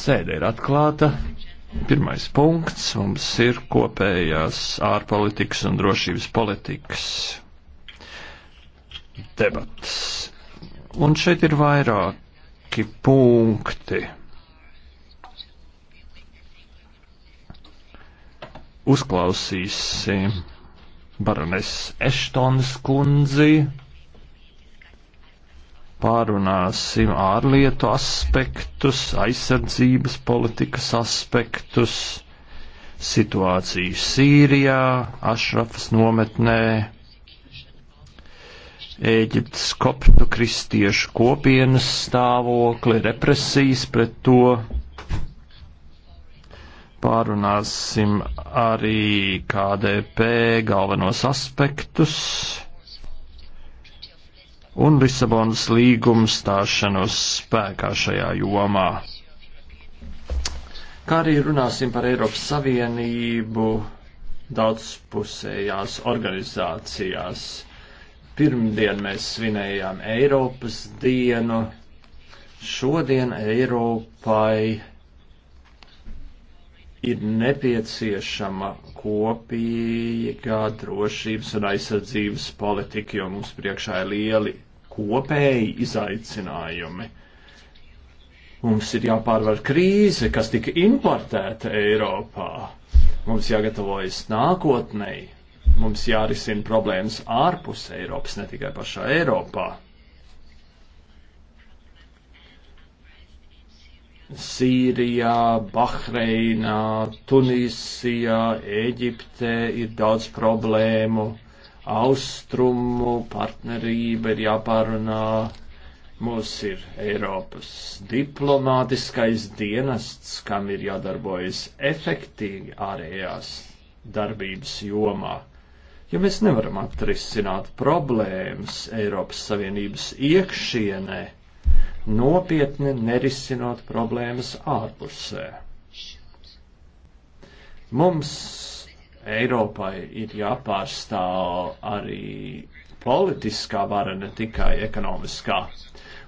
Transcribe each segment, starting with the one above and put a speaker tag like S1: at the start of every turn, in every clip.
S1: Sēde ir atklāta. Pirmais punkts mums ir kopējās ārpolitikas un drošības politikas debatas. Un šeit ir vairāki punkti. Uzklausīsim Barones Eštonas kundzi pārunāsim ārlietu aspektus, aizsardzības politikas aspektus, situāciju Sīrijā, Ašrafas nometnē, Ēģiptes koptu kristiešu kopienas stāvokli, represijas pret to. Pārunāsim arī KDP galvenos aspektus un Lisabonas līguma stāšanos spēkā šajā jomā. Kā arī runāsim par Eiropas Savienību daudzpusējās organizācijās. Pirmdien mēs svinējām Eiropas dienu, šodien Eiropai ir nepieciešama kopīga drošības un aizsardzības politika, jo mums priekšā ir lieli kopēji izaicinājumi. Mums ir jāpārvar krīze, kas tika importēta Eiropā. Mums jāgatavojas nākotnēji. Mums jārisina problēmas ārpus Eiropas, ne tikai pašā Eiropā. Sīrijā, Bahreinā, Tunisijā, Eģiptē ir daudz problēmu austrumu partnerība ir jāpārunā. Mums ir Eiropas diplomātiskais dienests, kam ir jādarbojas efektīgi ārējās darbības jomā. Ja mēs nevaram atrisināt problēmas Eiropas Savienības iekšienē, nopietni nerisinot problēmas ārpusē, mums Eiropai ir jāpārstāv arī politiskā vara, ne tikai ekonomiskā.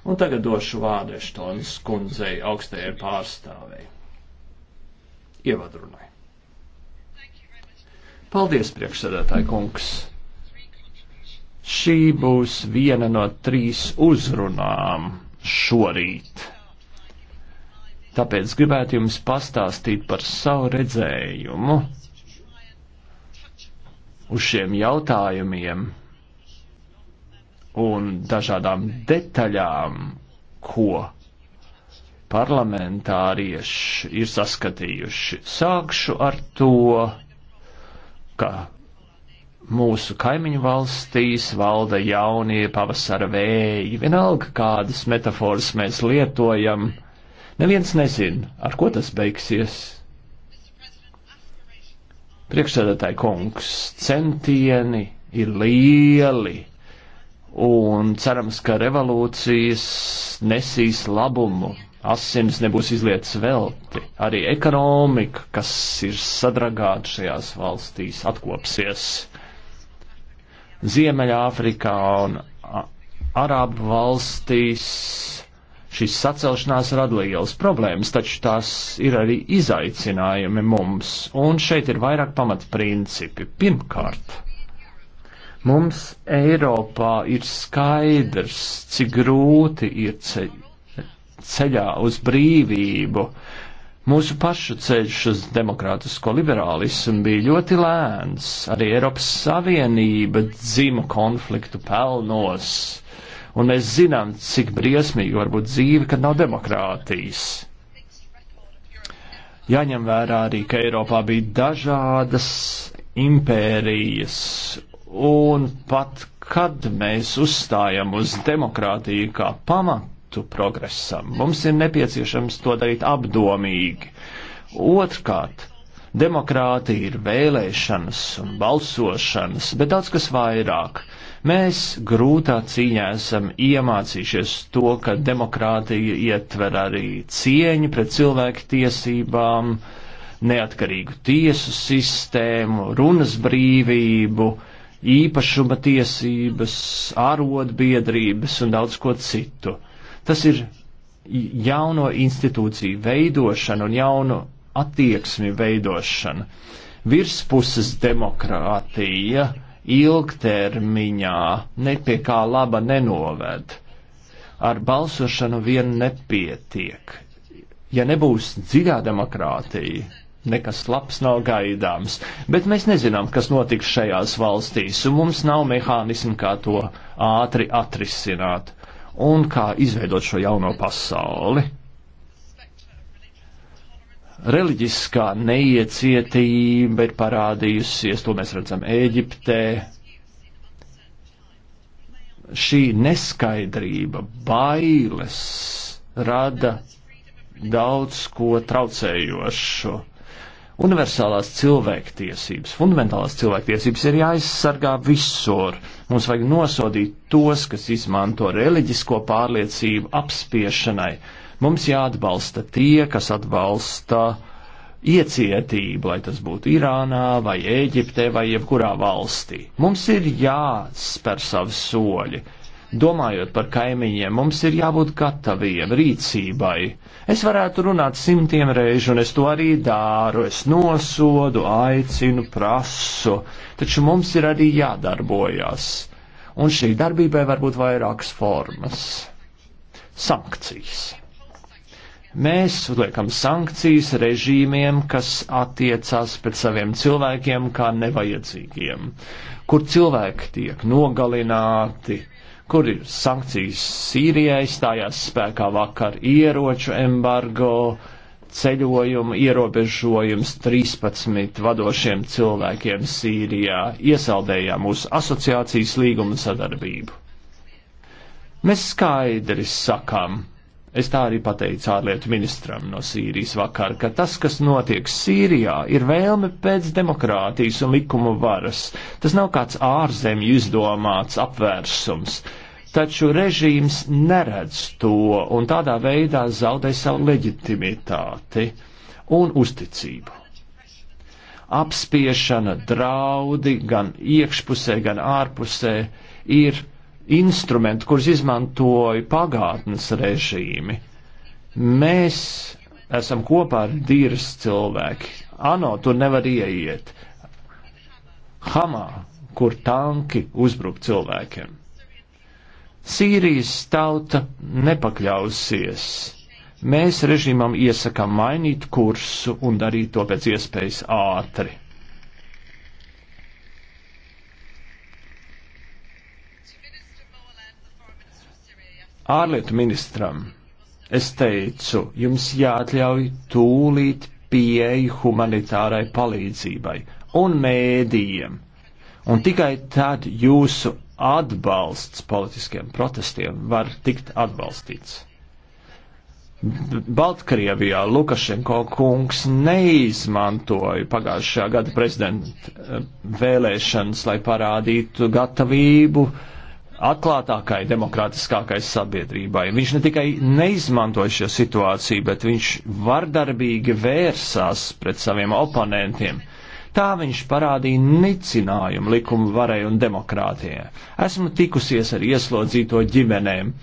S1: Un tagad došu vārdu Eštons kundzei augstajai pārstāvei. Ievadrunai. Paldies, priekšsēdētāji kungs. Šī būs viena no trīs uzrunām šorīt. Tāpēc gribētu jums pastāstīt par savu redzējumu uz šiem jautājumiem un dažādām detaļām, ko parlamentārieši ir saskatījuši. Sākšu ar to, ka mūsu kaimiņu valstīs valda jaunie pavasara vēji. Vienalga, kādas metafors mēs lietojam, neviens nezin, ar ko tas beigsies. Priekšsēdētāji kungs, centieni ir lieli, un cerams, ka revolūcijas nesīs labumu. Asins nebūs izlietas velti. Arī ekonomika, kas ir sadragāta šajās valstīs, atkopsies. Ziemeļāfrikā un Arābu valstīs Šis sacelšanās rada lielas problēmas, taču tās ir arī izaicinājumi mums, un šeit ir vairāk pamatprincipi. Pirmkārt, mums Eiropā ir skaidrs, cik grūti ir ceļā uz brīvību, Mūsu pašu ceļš uz demokrātisko liberālismu bija ļoti lēns, arī Eiropas Savienība dzima konfliktu pelnos. Un mēs zinām, cik briesmīgi var būt dzīve, kad nav demokrātijas. Jāņem vērā arī, ka Eiropā bija dažādas impērijas, un pat kad mēs uzstājam uz demokrātiju kā pamatu progresam, mums ir nepieciešams to darīt apdomīgi. Otrkārt, demokrātija ir vēlēšanas un balsošanas, bet daudz kas vairāk. Mēs grūtā cīņā esam iemācījušies to, ka demokrātija ietver arī cieņu pret cilvēku tiesībām, neatkarīgu tiesu sistēmu, runas brīvību, īpašuma tiesības, arotbiedrības un daudz ko citu. Tas ir jauno institūciju veidošana un jaunu attieksmi veidošana. Virspuses demokrātija ilgtermiņā nepie kā laba nenoved. Ar balsošanu vien nepietiek. Ja nebūs dziļā demokrātija, nekas labs nav gaidāms, bet mēs nezinām, kas notiks šajās valstīs, un mums nav mehānismu, kā to ātri atrisināt un kā izveidot šo jauno pasauli reliģiskā neiecietība ir parādījusies, to mēs redzam Ēģiptē. Šī neskaidrība, bailes rada daudz ko traucējošu. Universālās cilvēktiesības, fundamentālās cilvēktiesības ir jāaizsargā visur. Mums vajag nosodīt tos, kas izmanto reliģisko pārliecību apspiešanai, uh, Mums jāatbalsta tie, kas atbalsta iecietību, lai tas būtu Irānā, vai Ēģiptē, vai jebkurā valstī. Mums ir jāspēr savi soļi. Domājot par kaimiņiem, mums ir jābūt gataviem rīcībai. Es varētu runāt simtiem reižu, un es to arī dāru. Es nosodu, aicinu, prasu, taču mums ir arī jādarbojas. Un šī darbībai var būt vairākas formas - sankcijas Mēs uzliekam sankcijas režīmiem, kas attiecās pret saviem cilvēkiem kā nevajadzīgiem, kur cilvēki tiek nogalināti, kur ir sankcijas Sīrijai, stājās spēkā vakar ieroču embargo, ceļojuma ierobežojums 13 vadošiem cilvēkiem Sīrijā, iesaldējām mūsu asociācijas līguma sadarbību. Mēs skaidri sakām, Es tā arī pateicu ārlietu ministram no Sīrijas vakar, ka tas, kas notiek Sīrijā, ir vēlme pēc demokrātijas un likumu varas. Tas nav kāds ārzemju izdomāts apvērsums. Taču režīms neredz to un tādā veidā zaudē savu leģitimitāti un uzticību. Apspiešana, draudi gan iekšpusē, gan ārpusē ir instrumenti, kurus izmantoja pagātnes režīmi. Mēs esam kopā ar dīras cilvēki. Ano tur nevar ieiet. Hamā, kur tanki uzbruk cilvēkiem. Sīrijas tauta nepakļausies. Mēs režīmam iesakām mainīt kursu un darīt to pēc iespējas ātri. ārlietu ministram es teicu, jums jāatļauj tūlīt pieeju humanitārai palīdzībai un mēdījiem, un tikai tad jūsu atbalsts politiskiem protestiem var tikt atbalstīts. Baltkrievijā Lukašenko kungs neizmantoja pagājušā gada prezidenta eh, vēlēšanas, lai parādītu gatavību uh, atklātākai, demokrātiskākai sabiedrībai. Viņš ne tikai neizmantoja šo situāciju, bet viņš vardarbīgi vērsās pret saviem oponentiem. Tā viņš parādīja nicinājumu likumu varai un demokrātijai. Esmu tikusies ar ieslodzīto ģimenēm,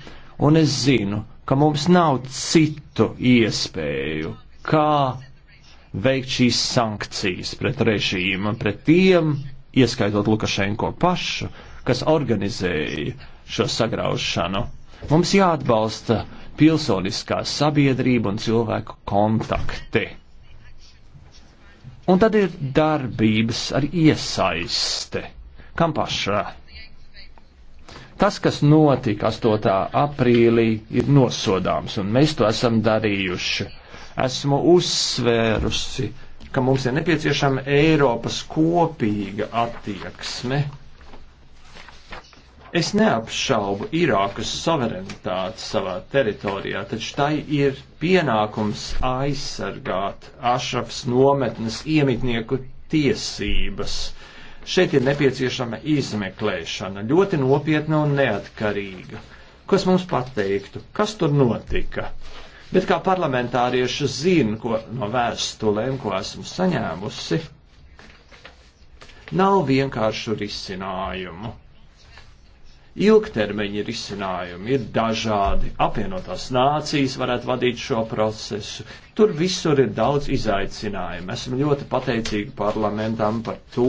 S1: un es zinu, ka mums nav citu iespēju, kā veikt šīs sankcijas pret režīmu, pret tiem, ieskaitot Lukašenko pašu, kas organizēja šo sagraušanu. Mums jāatbalsta pilsoniskā sabiedrība un cilvēku kontakti. Un tad ir darbības ar iesaiste. Kam pašā? Tas, kas notika 8. aprīlī, ir nosodāms, un mēs to esam darījuši. Esmu uzsvērusi, ka mums ir nepieciešama Eiropas kopīga attieksme Es neapšaubu Irākas suverenitāti savā teritorijā, taču tai ir pienākums aizsargāt Ašrafs nometnes iemitnieku tiesības. Šeit ir nepieciešama izmeklēšana, ļoti nopietna un neatkarīga. Kas mums pateiktu, kas tur notika? Bet kā parlamentārieši zinu, ko no vēstulēm, ko esmu saņēmusi, nav vienkāršu risinājumu ilgtermiņa risinājumi ir dažādi. Apvienotās nācijas varētu vadīt šo procesu. Tur visur ir daudz izaicinājumu. Esmu ļoti pateicīgi parlamentam par to,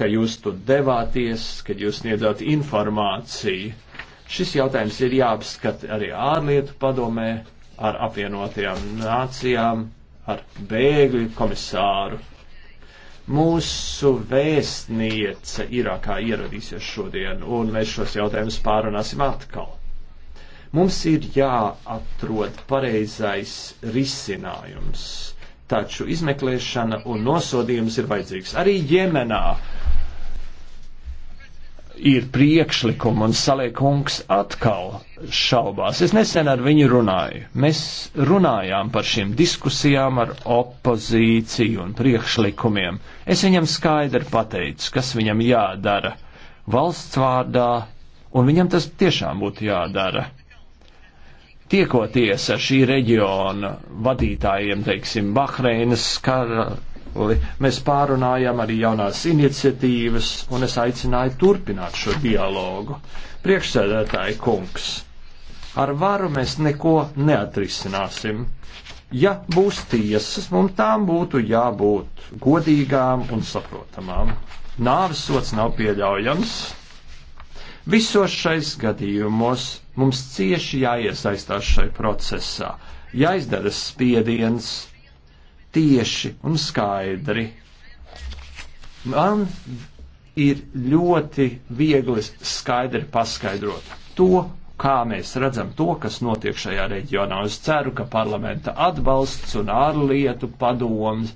S1: ka jūs tur devāties, ka jūs sniedzāt informāciju. Šis jautājums ir jāapskata arī ārlietu padomē, ar apvienotajām nācijām, ar bēgļu komisāru Mūsu vēstniece Irākā ieradīsies šodien, un mēs šos jautājumus pārunāsim atkal. Mums ir jāatrod pareizais risinājums, taču izmeklēšana un nosodījums ir vajadzīgs arī Jemenā ir priekšlikumi, un saliekungs atkal šaubās. Es nesen ar viņu runāju. Mēs runājām par šīm diskusijām ar opozīciju un priekšlikumiem. Es viņam skaidri pateicu, kas viņam jādara valsts vārdā, un viņam tas tiešām būtu jādara. Tiekoties ar šī reģiona vadītājiem, teiksim, Bahreinas kara Mēs pārunājām arī jaunās iniciatīvas, un es aicināju turpināt šo dialogu. Priekšsēdētāji kungs, ar varu mēs neko neatrisināsim. Ja būs tiesas, mums tām būtu jābūt godīgām un saprotamām. Nāves sots nav pieļaujams. Visos šais gadījumos mums cieši jāiesaistās šai procesā, jāizdara spiediens, tieši un skaidri. Man ir ļoti viegli skaidri paskaidrot to, kā mēs redzam to, kas notiek šajā reģionā. Es ceru, ka parlamenta atbalsts un ārlietu padoms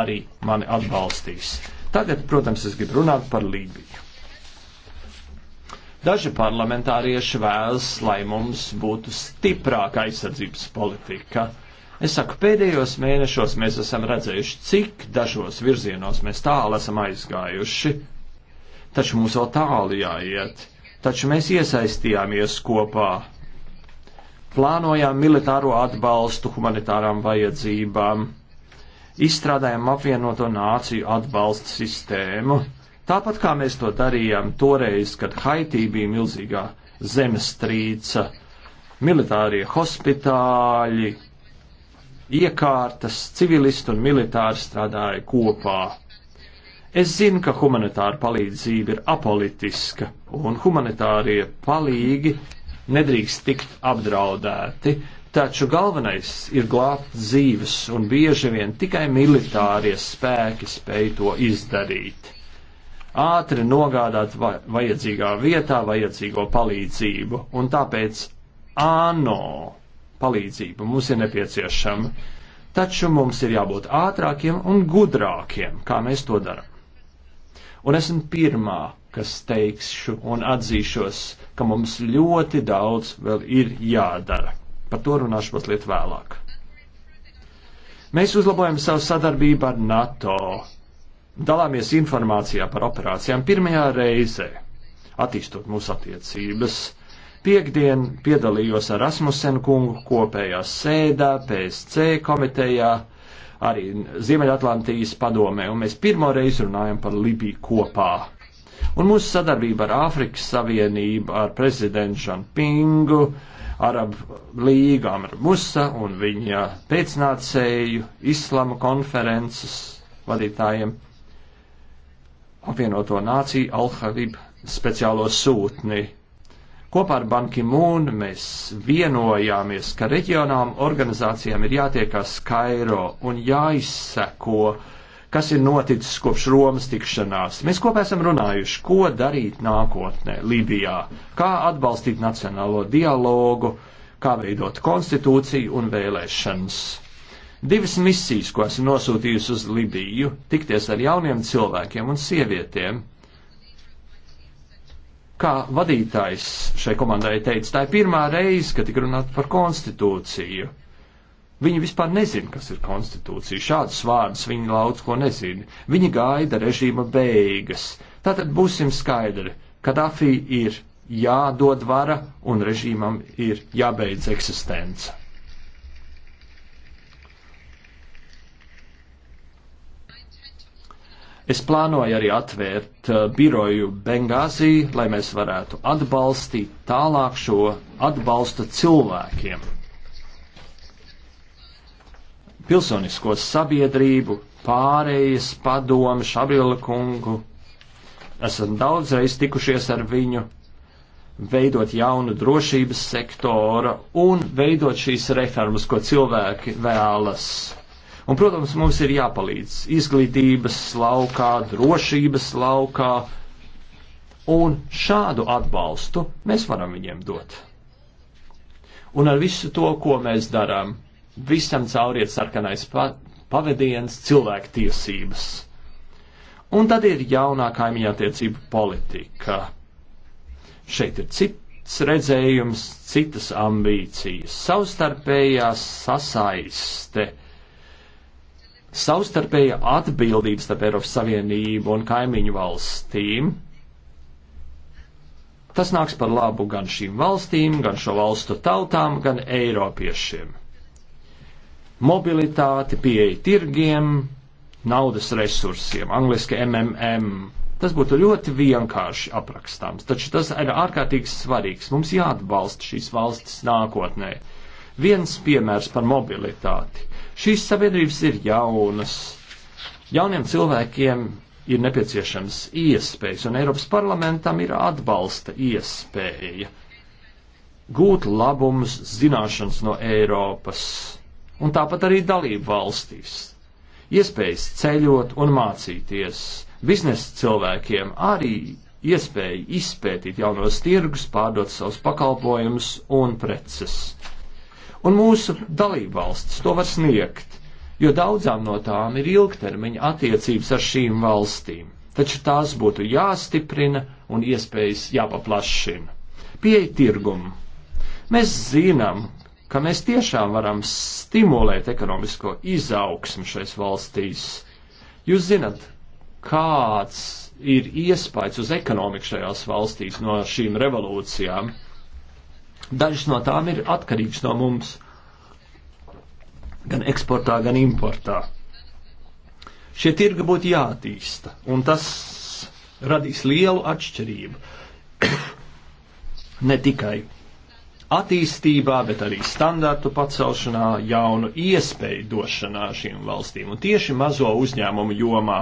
S1: arī mani atbalstīs. Tagad, protams, es gribu runāt par Lībiju. Daži parlamentārieši vēlas, lai mums būtu stiprāka aizsardzības politika. Uh, Es saku, pēdējos mēnešos mēs esam redzējuši, cik dažos virzienos mēs tālu esam aizgājuši, taču mums vēl tālu jāiet, taču mēs iesaistījāmies kopā, plānojām militāro atbalstu humanitārām vajadzībām, izstrādājām apvienoto nāciju atbalsta sistēmu, tāpat kā mēs to darījām toreiz, kad Haitī bija milzīgā zemestrīca, militārie hospitāļi, iekārtas, civilisti un militāri strādāja kopā. Es zinu, ka humanitāra palīdzība ir apolitiska, un humanitārie palīgi nedrīkst tikt apdraudēti, taču galvenais ir glābt dzīves, un bieži vien tikai militārie spēki spēj to izdarīt ātri nogādāt vajadzīgā vietā vajadzīgo palīdzību, un tāpēc ANO palīdzība mums ir nepieciešama, taču mums ir jābūt ātrākiem un gudrākiem, kā mēs to darām. Un esmu pirmā, kas teikšu un atzīšos, ka mums ļoti daudz vēl ir jādara. Par to runāšu mazliet vēlāk. Mēs uzlabojam savu sadarbību ar NATO, dalāmies informācijā par operācijām pirmajā reizē, attīstot mūsu attiecības Piektdien piedalījos ar Asmusenu kungu kopējā sēdā, PSC komitejā, arī Ziemeļatlantijas padomē, un mēs pirmo reizi runājam par Libiju kopā. Un mūsu sadarbība ar Āfrikas Savienību, ar prezidentu Žanpingu, Arabu līgu Amra Musa un viņa pēcnācēju islama konferences vadītājiem apvienoto nāciju Alhavib speciālo sūtni Kopā ar Banki Mūnu mēs vienojāmies, ka reģionālām organizācijām ir jātiekās Kairo un jāizseko, kas ir noticis kopš Romas tikšanās. Mēs kopā esam runājuši, ko darīt nākotnē Libijā, kā atbalstīt nacionālo dialogu, kā veidot konstitūciju un vēlēšanas divas misijas, ko esmu nosūtījusi uz Libiju, tikties ar jauniem cilvēkiem un sievietēm, Kā vadītājs šai komandai teica, tā ir pirmā reize, kad tika runāt par konstitūciju. Viņi vispār nezina, kas ir konstitūcija. Šādas vārdas viņi daudz ko nezina. Viņi gaida režīma beigas. Tātad būsim skaidri. Kadafī ir jādod vara un režīmam ir jābeidz eksistence. Es plānoju arī atvērt uh, biroju Bengāzī, lai mēs varētu atbalstīt tālāk šo atbalsta cilvēkiem. Pilsonisko sabiedrību, pārējas padomu, Šabila kungu. Esam daudzreiz tikušies ar viņu, veidot jaunu drošības sektoru un veidot šīs reformas, ko cilvēki vēlas Un, protams, mums ir jāpalīdz izglītības laukā, drošības laukā, un šādu atbalstu mēs varam viņiem dot. Un ar visu to, ko mēs darām, visam cauriet sarkanais pa pavadiens cilvēktiesības. Un tad ir jaunā kaimiņā tiecība politika. Šeit ir cits redzējums, citas ambīcijas, savstarpējās sasaiste savstarpēja atbildība starp Eiropas Savienību un kaimiņu valstīm. Tas nāks par labu gan šīm valstīm, gan šo valstu tautām, gan eiropiešiem. Mobilitāte, pieeja tirgiem, naudas resursiem, angliski MMM. Tas būtu ļoti vienkārši aprakstāms, taču tas ir ārkārtīgi svarīgs. Mums jāatbalsta šīs valstis nākotnē. Viens piemērs par mobilitāti. Šīs sabiedrības ir jaunas. Jauniem cilvēkiem ir nepieciešams iespējas, un Eiropas parlamentam ir atbalsta iespēja gūt labumus, zināšanas no Eiropas, un tāpat arī dalību valstīs. Iespējas ceļot un mācīties. Biznesa cilvēkiem arī iespēja izpētīt jaunos tirgus, pārdot savus pakalpojumus un preces. Un mūsu dalībvalstis to var sniegt, jo daudzām no tām ir ilgtermiņa attiecības ar šīm valstīm, taču tās būtu jāstiprina un iespējas jāpaplašina. Pieeja tirgumu. Mēs zinām, ka mēs tiešām varam stimulēt ekonomisko izaugsmu šais valstīs. Jūs zinat, kāds ir iespējas uz ekonomiku šajās valstīs no šīm revolūcijām. Dažas no tām ir atkarīgas no mums, gan eksportā, gan importā. Šie tirgi būtu jātīsta, un tas radīs lielu atšķirību. ne tikai attīstībā, bet arī standartu pacelšanā, jaunu iespēju došanā šīm valstīm, un tieši mazo uzņēmumu jomā.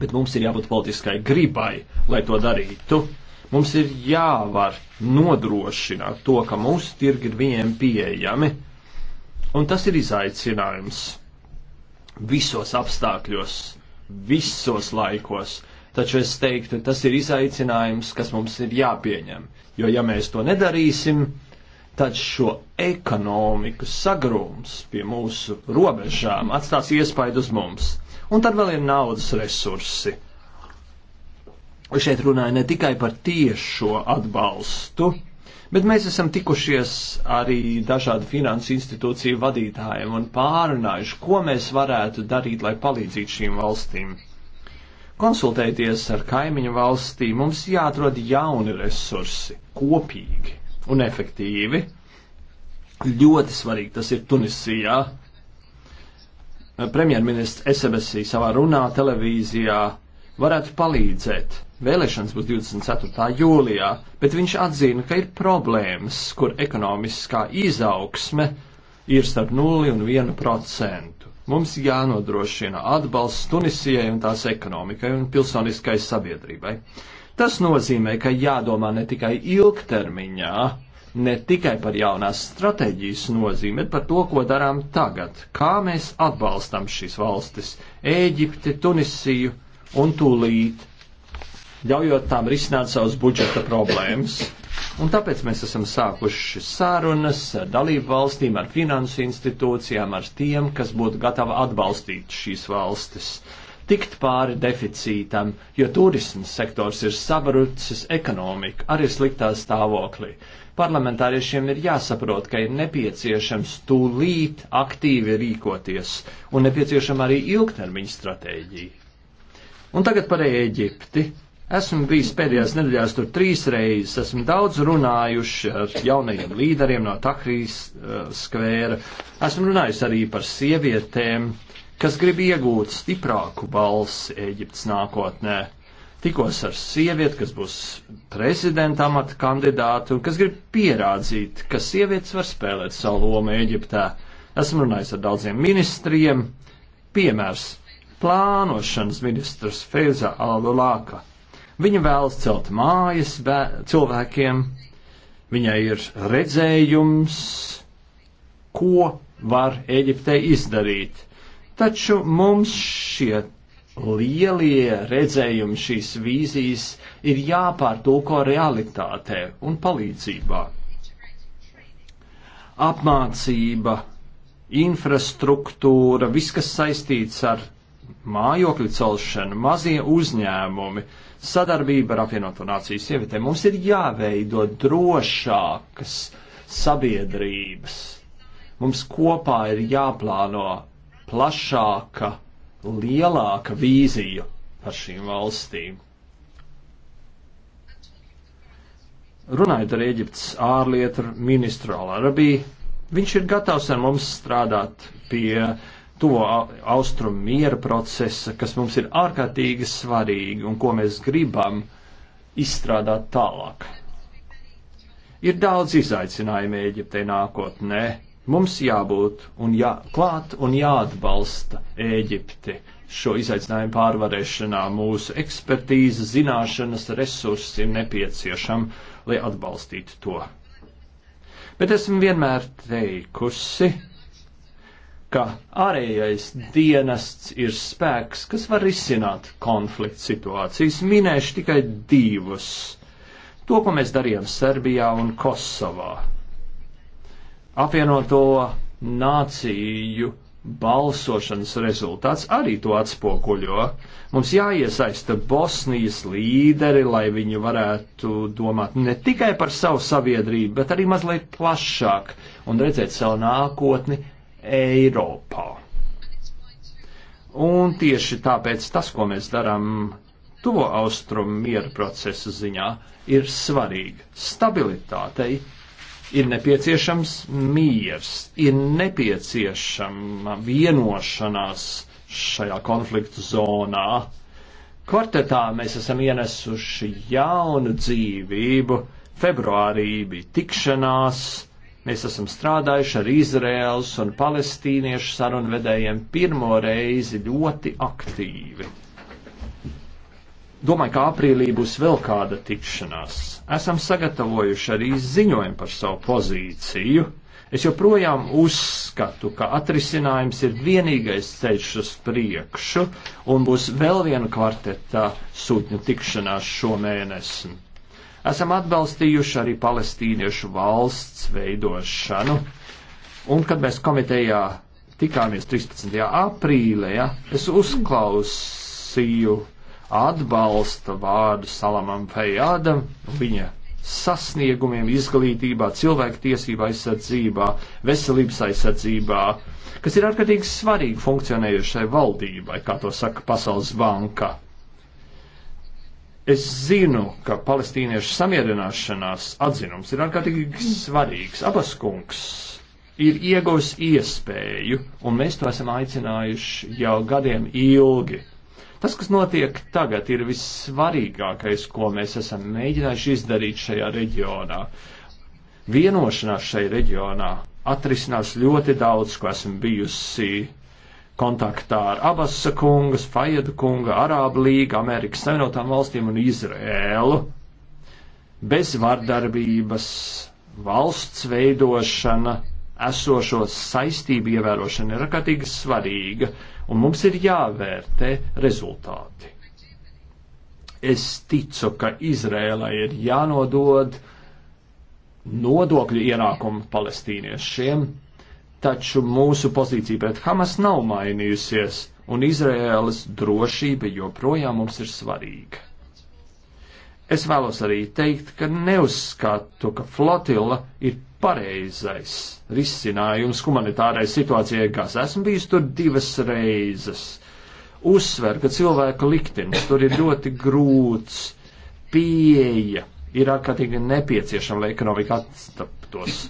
S1: Bet mums ir jābūt politiskai gribai, lai to darītu. Mums ir jāvar nodrošināt to, ka mūsu tirgi ir viņiem pieejami, un tas ir izaicinājums visos apstākļos, visos laikos. Taču es teiktu, tas ir izaicinājums, kas mums ir jāpieņem, jo ja mēs to nedarīsim, tad šo ekonomiku sagrūms pie mūsu robežām atstās iespaidu uz mums. Un tad vēl ir naudas resursi šeit runāju ne tikai par tiešo atbalstu, bet mēs esam tikušies arī dažādu finansu institūciju vadītājiem un pārunājuši, ko mēs varētu darīt, lai palīdzītu šīm valstīm. Konsultēties ar kaimiņu valstīm mums jāatrod jauni resursi, kopīgi un efektīvi. Ļoti svarīgi tas ir Tunisijā. Premjerministrs Esebesī savā runā televīzijā varētu palīdzēt Vēlēšanas būs 24. jūlijā, bet viņš atzina, ka ir problēmas, kur ekonomiskā izaugsme ir starp 0 un 1 procentu. Mums jānodrošina atbalsts Tunisijai un tās ekonomikai un pilsoniskai sabiedrībai. Tas nozīmē, ka jādomā ne tikai ilgtermiņā, ne tikai par jaunās stratēģijas nozīmi, bet par to, ko darām tagad, kā mēs atbalstam šīs valstis - Ēģipti, Tunisiju un tūlīt ļaujot tām risināt savas budžeta problēmas. Un tāpēc mēs esam sākuši sarunas ar dalību valstīm, ar finansu institūcijām, ar tiem, kas būtu gatavi atbalstīt šīs valstis, tikt pāri deficītam, jo turismas sektors ir sabarucis, ekonomika arī sliktā stāvoklī. Parlamentāriešiem ir jāsaprot, ka ir nepieciešams tūlīt aktīvi rīkoties un nepieciešama arī ilgtermiņa stratēģija. Un tagad par Ēģipti Esmu bijis pēdējās nedēļās tur trīs reizes, esmu daudz runājuši ar jaunajiem līderiem no Tahrīs uh, skvēra. Esmu runājis arī par sievietēm, kas grib iegūt stiprāku balsi Eģiptes nākotnē. Tikos ar sievieti, kas būs prezidenta amata kandidāte un kas grib pierādzīt, ka sievietes var spēlēt savu lomu Eģiptē. Esmu runājis ar daudziem ministriem. Piemērs - plānošanas ministrs Feiza Alulāka Viņa vēlas celt mājas cilvēkiem, viņai ir redzējums, ko var Eģiptei izdarīt. Taču mums šie lielie redzējumi, šīs vīzijas ir jāpārtulko realitātē un palīdzībā. Apmācība, infrastruktūra, viss, kas saistīts ar mājokļu celšanu, mazie uzņēmumi, uh, sadarbība ar apvienoto nāciju sievietēm. Mums ir jāveido drošākas sabiedrības. Mums kopā ir jāplāno plašāka, lielāka vīzija par šīm valstīm. Runājot ar Eģiptes ārlietu ministru Alarabī, viņš ir gatavs ar mums strādāt pie uh, to austrumu miera procesa, kas mums ir ārkārtīgi svarīgi un ko mēs gribam izstrādāt tālāk. Ir daudz izaicinājumu Eģiptei nākotnē. Mums jābūt un jā, klāt un jāatbalsta Eģipti šo izaicinājumu pārvarēšanā. Mūsu ekspertīze, zināšanas resursi ir nepieciešami, lai atbalstītu to. Bet esmu vienmēr teikusi, ka ārējais dienests ir spēks, kas var risināt konflikts situācijas. Minēšu tikai divus. To, ko mēs darījām Serbijā un Kosovā. Apvienoto nāciju balsošanas rezultāts arī to atspoguļo. Mums jāiesaista Bosnijas līderi, lai viņi varētu domāt ne tikai par savu sabiedrību, bet arī mazliet plašāk un redzēt savu nākotni Eiropā. Un tieši tāpēc tas, ko mēs darām tuvo austrumu miera procesa ziņā, ir svarīgi. Stabilitātei ir nepieciešams miers, ir nepieciešama vienošanās šajā konfliktu zonā. Kvartetā mēs esam ienesuši jaunu dzīvību, februārī bija tikšanās, Mēs esam strādājuši ar Izraels un palestīniešu sarunvedējiem pirmo reizi ļoti aktīvi. Domāju, ka aprīlī būs vēl kāda tikšanās. Esam sagatavojuši arī ziņojumu par savu pozīciju. Es joprojām uzskatu, ka atrisinājums ir vienīgais ceļš uz priekšu, un būs vēl viena kvarteta sūtņu tikšanās šomēnesim. Esam atbalstījuši arī palestīniešu valsts veidošanu. Un, kad mēs komitejā tikāmies 13. aprīlē, ja, es uzklausīju atbalsta vārdu Salamam Fejādam, viņa sasniegumiem izglītībā, cilvēktiesība aizsardzībā, veselības aizsardzībā, kas ir ārkārtīgi svarīgi funkcionējušai valdībai, kā to saka Pasaules banka. Es zinu, ka palestīniešu samierināšanās atzinums ir ārkārtīgi svarīgs. Abas kungs ir ieguvis iespēju, un mēs to esam aicinājuši jau gadiem ilgi. Tas, kas notiek tagad, ir vissvarīgākais, ko mēs esam mēģinājuši izdarīt šajā reģionā. Vienošanās šajā reģionā atrisinās ļoti daudz, ko esmu bijusi kontaktā ar Abasa kungas, Fajeda kunga, Arābu līga, Amerikas Savienotām valstīm un Izrēlu. Bez vardarbības valsts veidošana esošo saistību ievērošana ir ārkārtīgi svarīga, un mums ir jāvērtē rezultāti. Es ticu, ka Izrēlai ir jānodod nodokļu ienākumu palestīniešiem, Taču mūsu pozīcija pret Hamas nav mainījusies, un Izraēlas drošība joprojām mums ir svarīga. Es vēlos arī teikt, ka neuzskatu, ka flotila ir pareizais risinājums humanitārai situācijai Gazā. Esmu bijis tur divas reizes. Uzsver, ka cilvēka liktenis tur ir ļoti grūts, pieeja ir ārkārtīgi nepieciešama, lai ekonomika atstaptos.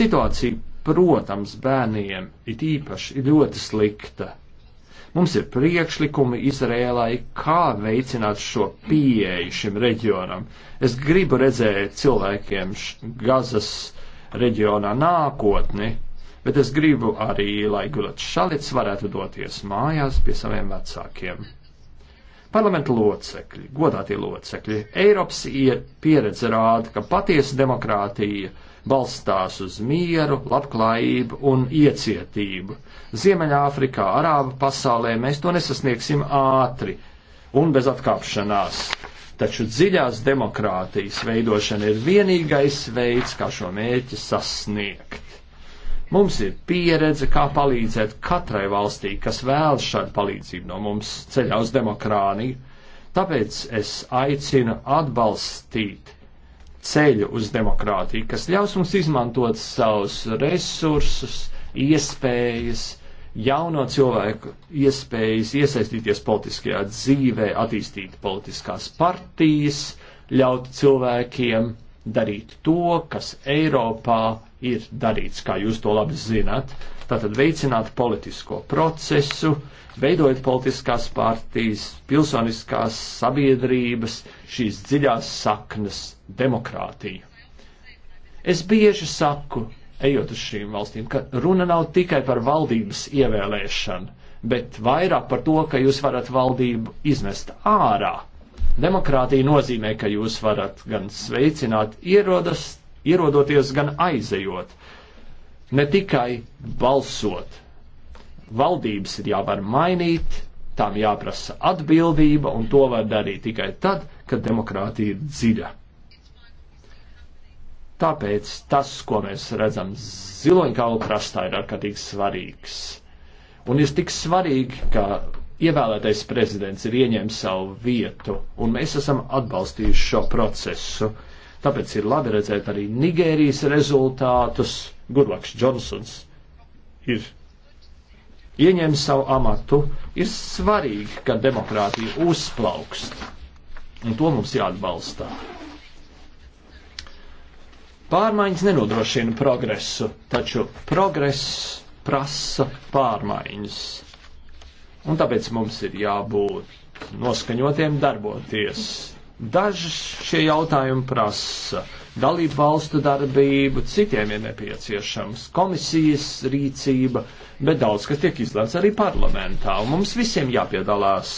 S1: Situācija protams, bērniem it īpaši ir ļoti slikta. Mums ir priekšlikumi Izrēlai, kā veicināt šo pieeju šim reģionam. Es gribu redzēt cilvēkiem Gazas reģionā nākotni, bet es gribu arī, lai Gulats Šalits varētu doties mājās pie saviem vecākiem. Parlamenta locekļi, godātie locekļi, Eiropas pieredze rāda, ka patiesa demokrātija balstās uz mieru, labklājību un iecietību. Ziemeļāfrikā, Arābu pasaulē mēs to nesasniegsim ātri un bez atkāpšanās. Taču dziļās demokrātijas veidošana ir vienīgais veids, kā šo mērķi sasniegt. Mums ir pieredze, kā palīdzēt katrai valstī, kas vēlas šādu palīdzību no mums ceļā uz demokrāniju. Tāpēc es aicinu atbalstīt ceļu uz demokrātiju, kas ļaus mums izmantot savus resursus, iespējas, jauno cilvēku iespējas iesaistīties politiskajā dzīvē, attīstīt politiskās partijas, ļaut cilvēkiem darīt to, kas Eiropā ir darīts, kā jūs to labi zināt. Tātad veicināt politisko procesu, veidojot politiskās partijas, pilsoniskās sabiedrības, šīs dziļās saknes demokrātiju. Es bieži saku, ejot uz šīm valstīm, ka runa nav tikai par valdības ievēlēšanu, bet vairāk par to, ka jūs varat valdību iznest ārā. Demokrātija nozīmē, ka jūs varat gan sveicināt ierodas, ierodoties, gan aizejot. Ne tikai balsot. Valdības ir jāvar mainīt, tām jāprasa atbildība, un to var darīt tikai tad, ka demokrātija ir dziļa. Tāpēc tas, ko mēs redzam ziloņkalu krastā, ir ārkārtīgi svarīgs. Un ir tik svarīgi, ka ievēlētais prezidents ir ieņēmis savu vietu, un mēs esam atbalstījuši šo procesu. Tāpēc ir labi redzēt arī Nigērijas rezultātus. Gurlaks Džonsons ir ieņēmis savu amatu. Ir svarīgi, ka demokrātija uzplaukst Un to mums jāatbalsta. Pārmaiņas nenodrošina progresu, taču progress prasa pārmaiņas. Un tāpēc mums ir jābūt noskaņotiem darboties. Dažas šie jautājumi prasa dalību valstu darbību, citiem ir nepieciešams komisijas rīcība, bet daudz kas tiek izlēts arī parlamentā, un mums visiem jāpiedalās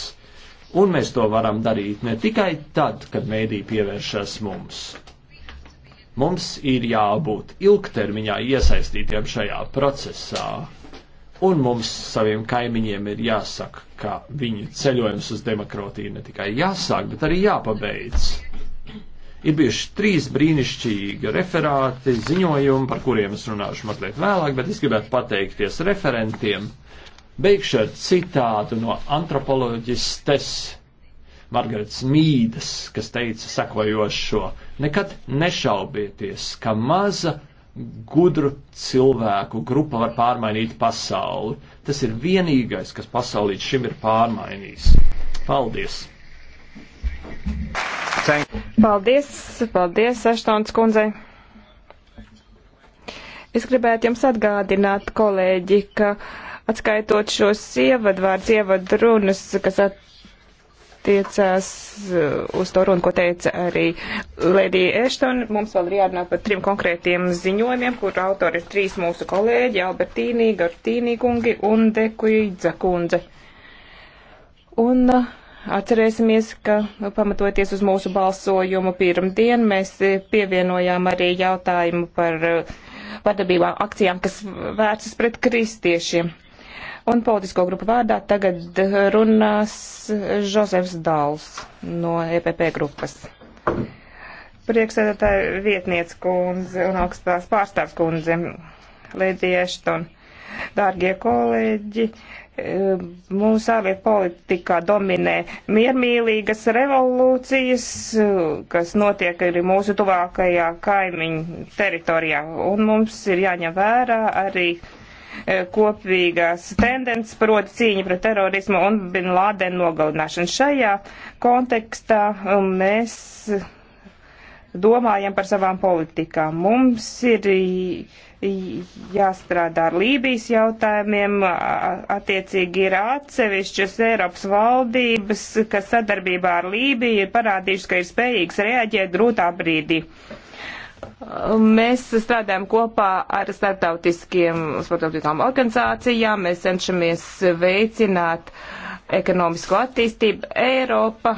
S1: Un mēs to varam darīt ne tikai tad, kad mēdī pievēršas mums. Mums ir jābūt ilgtermiņā iesaistītiem šajā procesā, un mums saviem kaimiņiem ir jāsaka, ka viņu ceļojums uz demokrātiju ne tikai jāsāk, bet arī jāpabeidz. Ir bijuši trīs brīnišķīgi referāti, ziņojumi, par kuriem es runāšu mazliet vēlāk, bet es gribētu pateikties referentiem Beigšu ar citātu no antropoloģistes Margaretas Mīdas, kas teica sekojošo: Nekad nešaubieties, ka maza gudru cilvēku grupa var pārmainīt pasauli. Tas ir vienīgais, kas pasaulī šim ir pārmainījis. Paldies!
S2: Paldies, paldies, Aštons kundzei! Es gribētu jums atgādināt, kolēģi, ka Atskaitot šos ievadvārds, ievadrunas, kas at attiecās uh, uz to runu, ko teica arī Lēdija Eštona. Mums vēl ir jārunā par trim konkrētiem ziņojumiem, kur autori ir trīs mūsu kolēģi - Albertīnī, Gartīnī kungi un Dekuidza kundze. Un uh, atcerēsimies, ka nu, pamatoties uz mūsu balsojumu pirmdien, mēs uh, pievienojām arī jautājumu par vardarbībām akcijām, kas vērstas pret kristiešiem. Un politisko grupu vārdā tagad runās Žozefs Dāls no EPP grupas. Priekšsēdētāja vietniece kundze un augstās pārstāvs kundze Lidija Ešton. Dārgie kolēģi, mūsu ārlietu politikā dominē miermīlīgas revolūcijas, kas notiek arī mūsu tuvākajā kaimiņu teritorijā. Un mums ir jāņem vērā arī uh, E, kopīgās tendences, proti cīņa pret terorismu un Bin Laden nogalināšanu. Šajā kontekstā um, mēs domājam par savām politikām. Mums ir jāstrādā ar Lībijas jautājumiem, attiecīgi ir atsevišķas Eiropas valdības, kas sadarbībā ar Lībiju ir parādījušas, ka ir spējīgs reaģēt grūtā brīdī. Uh, Mēs strādājam kopā ar starptautiskiem starptautiskām organizācijām, mēs cenšamies veicināt ekonomisko attīstību. Eiropa,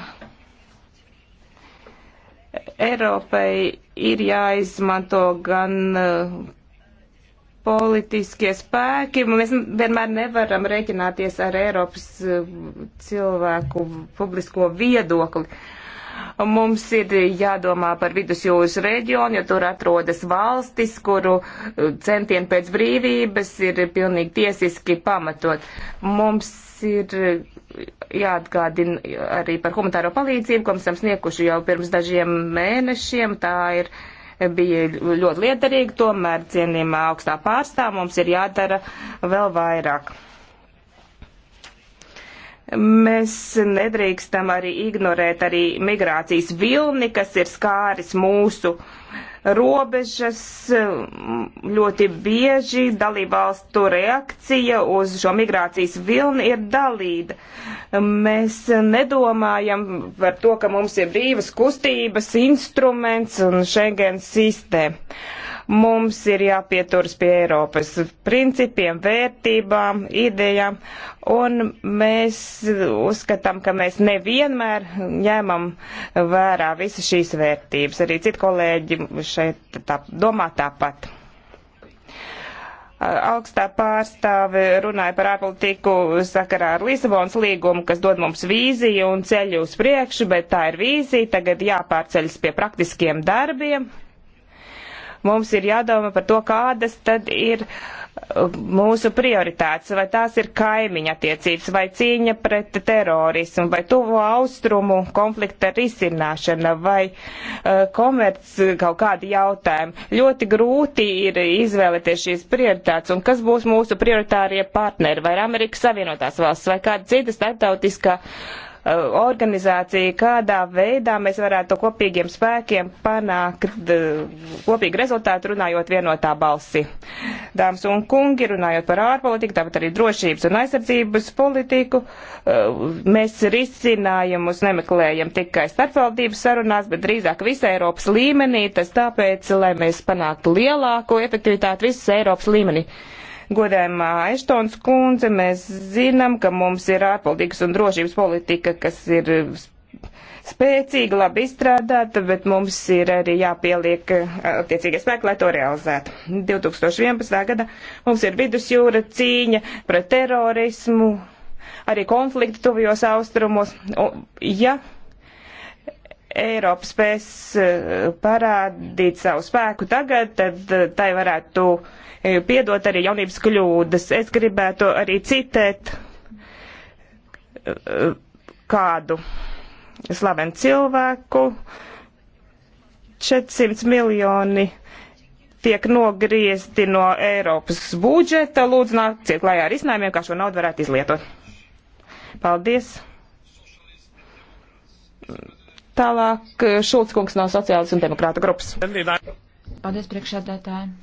S2: Eiropai ir jāizmanto gan uh, politiskie spēki. Mēs vienmēr nevaram rēķināties ar Eiropas uh, cilvēku publisko viedokli. Mums ir jādomā par vidusjūras reģionu, jo tur atrodas valstis, kuru uh, centieni pēc brīvības ir pilnīgi tiesiski pamatot. Mums ir uh, jāatgādina uh, arī par humanitāro palīdzību, ko mēs esam snieguši jau pirms dažiem mēnešiem. Tā ir bija ļoti liederīga, tomēr cienījumā augstā pārstāv mums ir jādara vēl vairāk. Mēs nedrīkstam arī ignorēt arī migrācijas vilni, kas ir skāris mūsu robežas. Ļoti bieži dalībvalstu reakcija uz šo migrācijas vilni ir dalīta. Mēs nedomājam par to, ka mums ir brīvas kustības instruments un Schengen sistēma Mums ir jāpieturas pie Eiropas principiem, vērtībām, idejām, un mēs uzskatām, ka mēs nevienmēr ņemam vērā visas šīs vērtības. Arī citi kolēģi šeit tā, domā tāpat augstā pārstāve runāja par ārpolitiku sakarā ar Lisabonas līgumu, kas dod mums vīziju un ceļu uz priekšu, bet tā ir vīzija, tagad jāpārceļas pie praktiskiem darbiem mums ir jādomā par to, kādas tad ir uh, mūsu prioritātes, vai tās ir kaimiņa attiecības, vai cīņa pret terorismu, vai tuvo austrumu konflikta risināšana, vai uh, komerc kaut kādi jautājumi. Ļoti grūti ir izvēlēties šīs prioritātes, un kas būs mūsu prioritārie partneri, vai Amerikas Savienotās valsts, vai kāda cita starptautiskā uh, Eh, organizācija, kādā veidā mēs varētu kopīgiem spēkiem panākt eh, kopīgu rezultātu, runājot vienotā balsi. Dāmas un kungi, runājot par ārpolitiku, tāpat arī drošības un aizsardzības politiku, eh, mēs risinājumus nemeklējam tikai starpvaldības sarunās, bet drīzāk visā Eiropas līmenī, tas tāpēc, lai mēs panāktu lielāko efektivitāti visas Eiropas līmenī. Godējumā Aištons kundze, mēs zinām, ka mums ir ārpolitikas un drošības politika, kas ir spēcīga, labi izstrādāta, bet mums ir arī jāpieliek eh, attiecīgie spēki, lai to realizētu. 2011. gada mums ir vidusjūra cīņa pret terorismu, arī konflikti tuvijos austrumos. Un, ja Eiropa spēs eh, parādīt savu spēku tagad, tad eh, tai varētu piedot arī jaunības kļūdas. Es gribētu arī citēt eh, kādu slavenu cilvēku. 400 miljoni tiek nogriezti no Eiropas budžeta. Lūdzu, nāciet klājā ar iznājumiem, kā šo naudu varētu izlietot. Paldies. Tālāk eh, Šulc kungs no Sociālas un Demokrāta grupas.
S3: Paldies priekšādētājiem.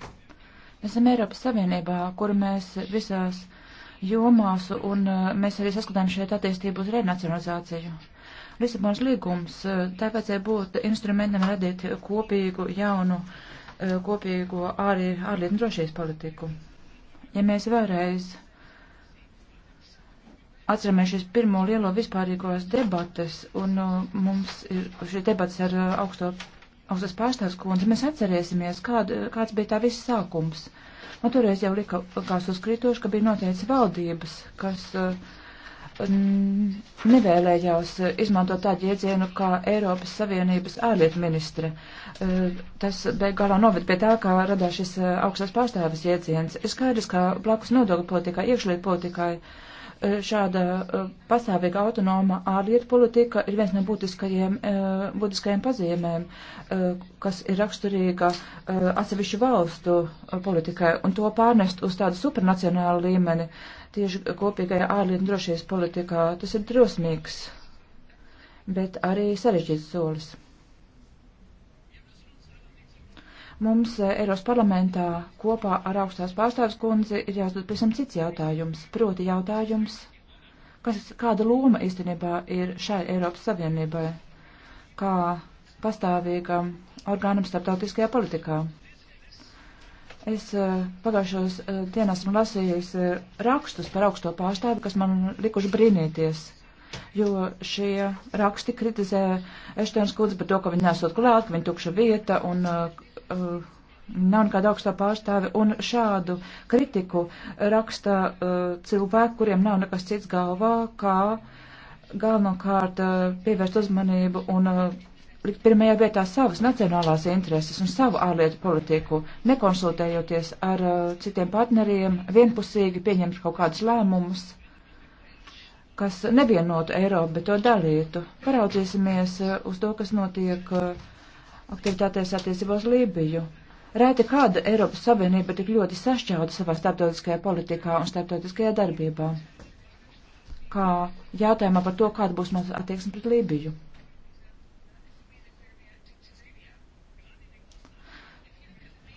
S3: Mēs esam Eiropas Savienībā, kur mēs visās jomās, un uh, mēs arī saskatām šeit attīstību uz renacionalizāciju. Lisabons līgums, uh, tā vajadzēja būt instrumentam radīt kopīgu jaunu, uh, kopīgo ārlietu un drošības politiku. Ja mēs vēlreiz atceramies šīs pirmo lielo vispārīgos debates, un mums ir šī debates ar augsto Ausas pārstāvs kundze, mēs atcerēsimies, kād, kāds bija tā viss sākums. Man nu, toreiz jau lika, kās uzkrītoši, ka bija noteicis valdības, kas uh, nevēlējās izmantot tādu jēdzienu kā Eiropas Savienības ārlietu ministre. Uh, tas beigās noved pie tā, kā radās šis uh, augstās pārstāvis jēdziens. Ir skaidrs, ka blakus nodokļu politikā, iekšlietu politikai. Uh, Eh, šāda eh, pastāvīga autonoma ārlietu politika ir viens no būtiskajiem, eh, būtiskajiem pazīmēm, kas ir raksturīga atsevišķu valstu politikai, un to pārnest uz tādu supranacionālu līmeni tieši kopīgajā ārlietu un drošības politikā. Tas ir drosmīgs, bet arī sarežģīts solis. Mums eh, Eiros parlamentā kopā ar augstās pārstāvis kundzi ir jāsdod pavisam cits jautājums, proti jautājums, kas, kāda loma īstenībā ir šai Eiropas Savienībai, kā pastāvīgam orgānam starptautiskajā politikā. Es uh, pagājušos uh, eh, dienās esmu lasījis uh, rakstus par augsto pārstāvi, kas man likuši brīnīties, jo šie raksti kritizē Eštēnas kundze par to, ka viņa nesot klāt, ka viņa tukša vieta un uh, uh, nav nekāda augstā pārstāve, un šādu kritiku raksta uh, cilvēki, kuriem nav nekas cits galvā, kā galvenokārt uh, pievērst uzmanību un uh, likt pirmajā vietā savas nacionālās intereses un savu ārlietu politiku, nekonsultējoties ar uh, citiem partneriem, vienpusīgi pieņemt kaut kādus lēmumus kas nevienotu Eiropu, bet to dalītu. Paraudzīsimies uh, uz to, kas notiek uh, aktivitātēs attiecībos Lībiju. Rēti kāda Eiropas Savienība tik ļoti sašķauda savā starptautiskajā politikā un starptautiskajā darbībā. Kā jātājumā par to, kāda būs mūsu attieksme pret Lībiju.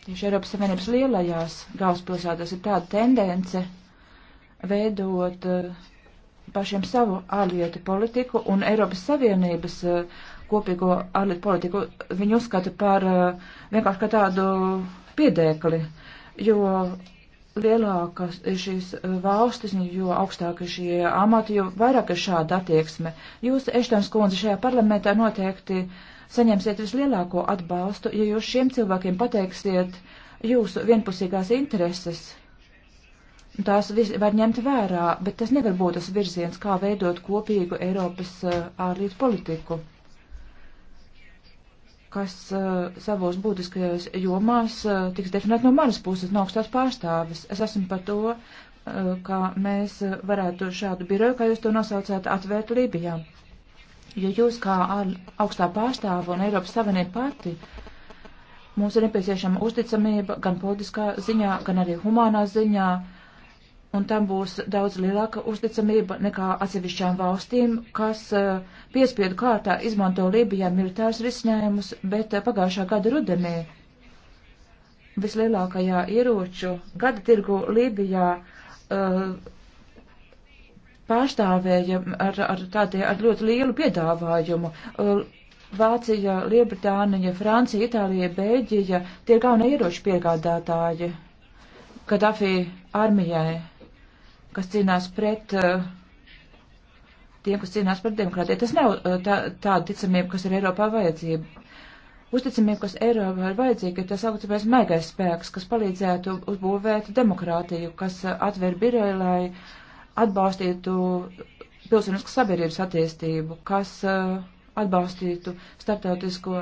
S3: Tieši Eiropas Savienības lielajās galvaspilsētās ir tāda tendence veidot eh, pašiem savu ārlietu politiku, un Eiropas Savienības eh, kopīgo ārlietu politiku. Viņi uzskata par uh, vienkārši kā tādu piedēkli, jo lielākas ir šīs uh, valstis, jo augstāka šie amati, jo vairāk ir šāda attieksme. Jūs, Eštons kundze, šajā parlamentā noteikti saņemsiet vislielāko atbalstu, ja jūs šiem cilvēkiem pateiksiet jūsu vienpusīgās intereses. Tās var ņemt vērā, bet tas nevar būt tas virziens, kā veidot kopīgu Eiropas uh, ārlietu politiku kas uh, savos būtiskajos jomās uh, tiks definēt no manas puses, no augstās pārstāvis. Es esmu par to, uh, ka mēs varētu šādu biroju, kā jūs to nosaucāt, atvērt Libijā. Jo jūs kā augstā pārstāva un Eiropas Savienība pati, mums ir nepieciešama uzticamība gan politiskā ziņā, gan arī humānā ziņā. Uh, un tam būs daudz lielāka uzticamība nekā atsevišķām valstīm, kas eh, piespiedu kārtā izmanto Lībijā militārs risinājumus, bet eh, pagājušā gada rudenī vislielākajā ieroču gada tirgu Lībijā eh, pārstāvēja ar, ar, tādie, ar ļoti lielu piedāvājumu. Vācija, Liebritānija, Francija, Itālija, Bēļģija tie ir galvenie ieroču piegādātāji Kadafī armijai kas cīnās pret uh, tiem, kas cīnās par demokrātiju. Tas nav uh, tā, tāda ticamība, kas ir Eiropā vajadzība. Uzticamība, kas Eiropā ir vajadzīga, ir tas augstākais maigais spēks, kas palīdzētu uzbūvēt demokrātiju, kas uh, atver biroju, lai atbalstītu pilsoniskas sabiedrības attīstību, kas atbalstītu starptautisko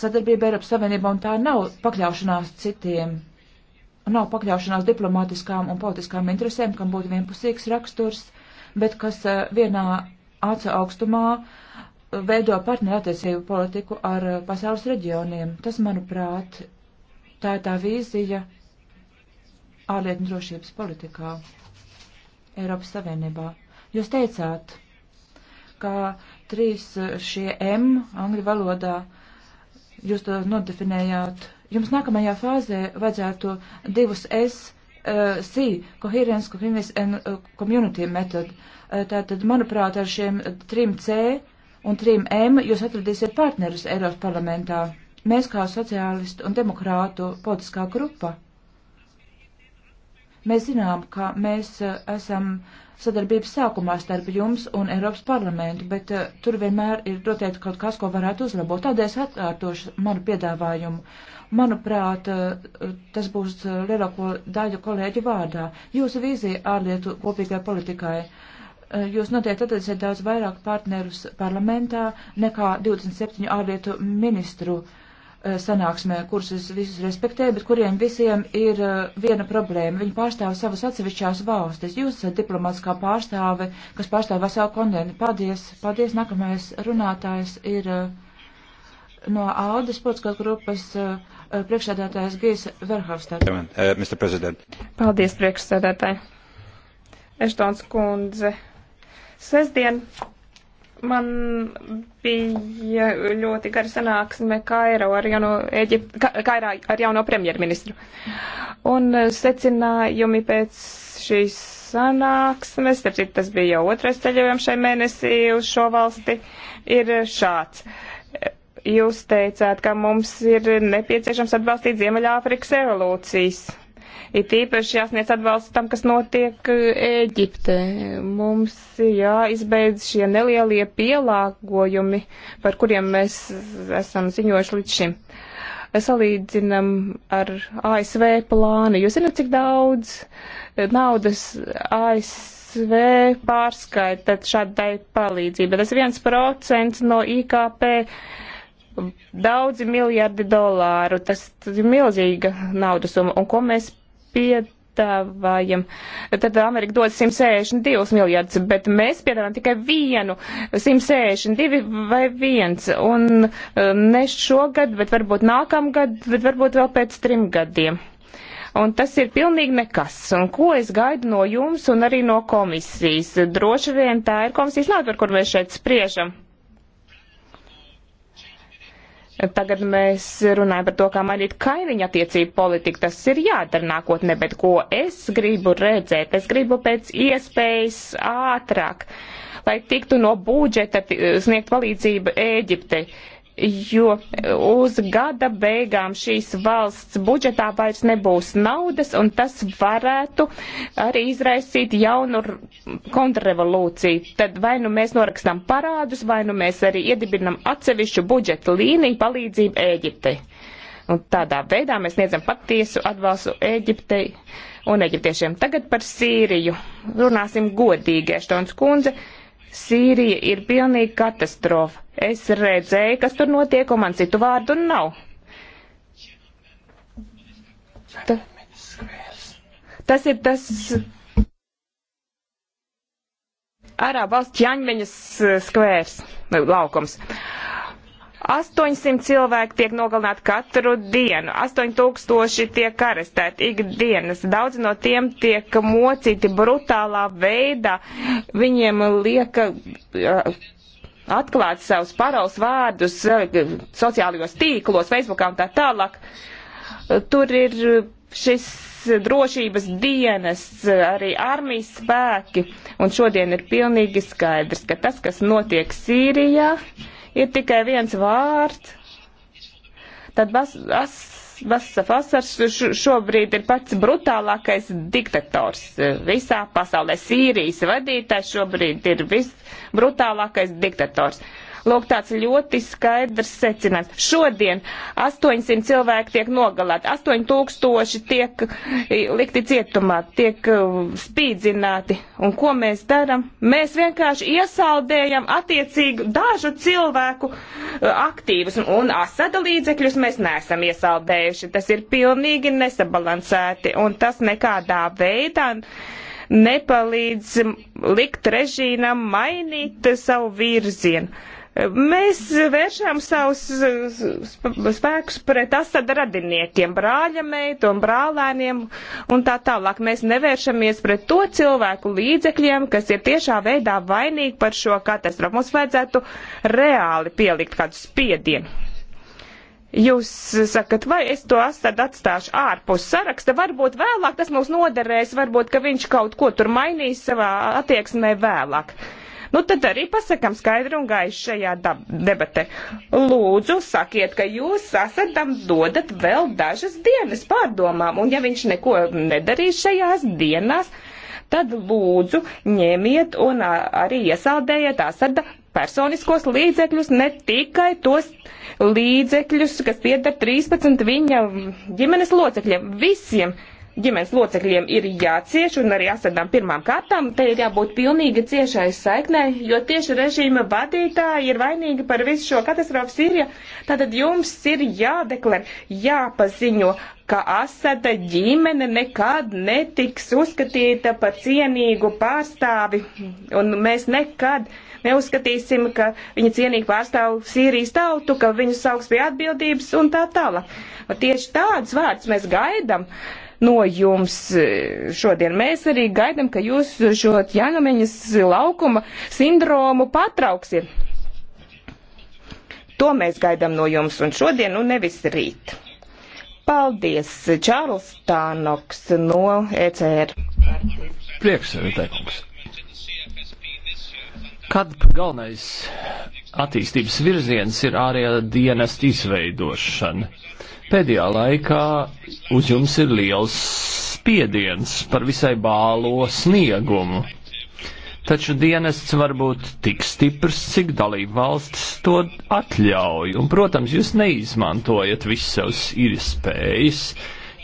S3: sadarbību Eiropas Savienībā, un tā nav pakļaušanās citiem nav pakļaušanās diplomātiskām un politiskām interesēm, kam būtu vienpusīgs raksturs, bet kas eh, vienā acu augstumā eh, veido partnerattiecību politiku ar eh, pasaules reģioniem. Tas, manuprāt, tā ir tā vīzija ārlietu drošības politikā Eiropas Savienībā. Jūs teicāt, ka trīs šie M angļu valodā jūs to nodefinējāt Jums nākamajā fāzē vajadzētu divus S, uh, C, Coherence, Coherence and uh, Community Method. Uh, tātad, manuprāt, ar šiem trim C un trim M jūs atradīsiet partnerus Eiropas parlamentā. Mēs kā sociālistu un demokrātu politiskā grupa. Mēs zinām, ka mēs uh, esam uh, sadarbības sākumā starp jums un Eiropas parlamentu, bet uh, tur vienmēr ir noteikti kaut kas, ko varētu uzlabot. Tādēļ es atkārtošu manu piedāvājumu. Manuprāt, uh, tas būs uh, lielāko daļu kolēģu vārdā. Jūsu vīzija ārlietu kopīgai politikai. Uh, jūs noteikti atradīsiet daudz vairāk partnerus parlamentā nekā 27 ārlietu ministru uh, Eh, sanāksmē, kurus es visus respektēju, bet kuriem visiem ir eh, viena problēma. Viņi pārstāv savas atsevišķās valstis. Jūs esat diplomāts kā pārstāve, kas pārstāv veselu kontinentu. Paldies, paldies. Nākamais runātājs ir eh, no Aldes sportskās grupas
S2: priekšsēdētājs Gijs Verhofstadt. Paldies, priekšsēdētāji. Eštons kundze. Sestdien Man bija ļoti gara sanāksme Kairo ar jauno Eģip, Ka, Kairā ar jauno premjerministru. Un eh, secinājumi pēc šīs sanāksmes, starp citu, tas bija jau otrais ceļojums šai mēnesī uz šo valsti, ir šāds. Jūs teicāt, ka mums ir nepieciešams atbalstīt Ziemeļāfrikas evolūcijas It īpaši jāsniedz atbalsts tam, kas notiek e, Ēģipte. Mums jāizbeidz šie nelielie pielāgojumi, par kuriem mēs esam ziņojuši līdz šim. Salīdzinam ar ASV plānu. Jūs zināt, cik daudz e, naudas ASV pārskaita šādai palīdzībai. Tas viens procents no IKP daudzi miljardi dolāru. Tas ir milzīga naudas summa. Un ko mēs piedāvājam, tad Amerika dod 162 miljardus, bet mēs piedāvājam tikai vienu, 162 vai viens, un um, ne šogad, bet varbūt nākamgad, bet varbūt vēl pēc trim gadiem. Un tas ir pilnīgi nekas. Un ko es gaidu no jums un arī no komisijas? Droši vien tā ir komisijas nauda, par kur mēs šeit spriežam. Tagad mēs runājam par to, kā mainīt kaimiņu attiecību politiku. Tas ir jādara nākotnē, bet ko es gribu redzēt? Es gribu pēc iespējas ātrāk, lai tiktu no budžeta sniegt palīdzību Ēģiptei jo uz gada beigām šīs valsts budžetā vairs nebūs naudas, un tas varētu arī izraisīt jaunu kontrrevolūciju. Tad vai nu mēs norakstām parādus, vai nu mēs arī iedibinam atsevišķu budžeta līniju palīdzību Ēģiptei. Un tādā veidā mēs sniedzam patiesu atbalstu Ēģiptei un eģiptiešiem. Tagad par Sīriju. Runāsim godīgi, Eštons kundze. Uh, Sīrija ir pilnīgi katastrofa. Es redzēju, kas tur notiek, un man citu vārdu nav. Ta, tas ir tas ārā valsts ķaņmeņas eh, skvērs, laukums. Uh, 800 cilvēki tiek nogalināti katru dienu, 8000 tiek arestēti ikdienas, daudz no tiem tiek mocīti brutālā veidā, viņiem lieka atklāt savus paroles vārdus sociālajos tīklos, Facebookā un tā tālāk. Tur ir šis drošības dienas, arī armijas spēki, un šodien ir pilnīgi skaidrs, ka tas, kas notiek Sīrijā, uh, ir tikai viens vārds, tad Bas, As, Basaf Asars šobrīd ir pats brutālākais diktators eh, visā pasaulē. Sīrijas vadītājs šobrīd ir visbrutālākais diktators. Uh, Lūk, tāds ļoti skaidrs secinājums. Šodien 800 cilvēki tiek nogalāti, 8000 tiek likti cietumā, tiek spīdzināti. Un ko mēs darām? Mēs vienkārši iesaldējam attiecīgi dažu cilvēku aktīvus un asada līdzekļus mēs neesam iesaldējuši. Tas ir pilnīgi nesabalansēti un tas nekādā veidā nepalīdz likt režīmam mainīt savu virzienu. Mēs vēršām savus spēkus pret asada radiniekiem, brāļameitu un brālēniem un tā tālāk. Mēs nevēršamies pret to cilvēku līdzekļiem, kas ir tiešā veidā vainīgi par šo katastrofu. Mums vajadzētu reāli pielikt kādu spiedienu. Jūs sakat, vai es to tad atstāšu ārpus saraksta, varbūt vēlāk tas mums noderēs, varbūt, ka viņš kaut ko tur mainīs savā attieksmē vēlāk. Uh, Nu, tad arī pasakam skaidri un gaiši šajā debate. Lūdzu, sakiet, ka jūs sasadam dodat vēl dažas dienas pārdomām, un ja viņš neko nedarīs šajās dienās, tad lūdzu ņemiet un arī iesaldējiet asada personiskos līdzekļus, ne tikai tos līdzekļus, kas pieder 13 viņa ģimenes locekļiem, visiem ģimenes locekļiem ir jācieš un arī asadām pirmām kārtām, te ir jābūt pilnīgi ciešai saiknei, jo tieši režīma vadītāji ir vainīgi par visu šo katastrofu Sīrijā. Tātad jums ir jādeklar, jāpaziņo, ka asada ģimene nekad netiks uzskatīta par cienīgu pārstāvi, un mēs nekad neuzskatīsim, ka viņa cienīgi pārstāv Sīrijas tautu, ka viņu sauks pie atbildības un tā tālāk. Tieši tāds vārds mēs gaidām no jums e, šodien. Mēs arī gaidām, ka jūs šo ķēnumeņas laukuma sindromu patrauksiet. To mēs gaidām no jums un šodien, nu nevis rīt. Paldies, Čārls Tānoks no ECR.
S1: Priekšsēdētājums. Kad galvenais attīstības virziens ir ārējā dienesta izveidošana? Pēdējā laikā uz jums ir liels spiediens par visai bālo sniegumu. Taču dienests var būt tik stiprs, cik dalība valsts to atļauj. Un, protams, jūs neizmantojat visas savas iespējas,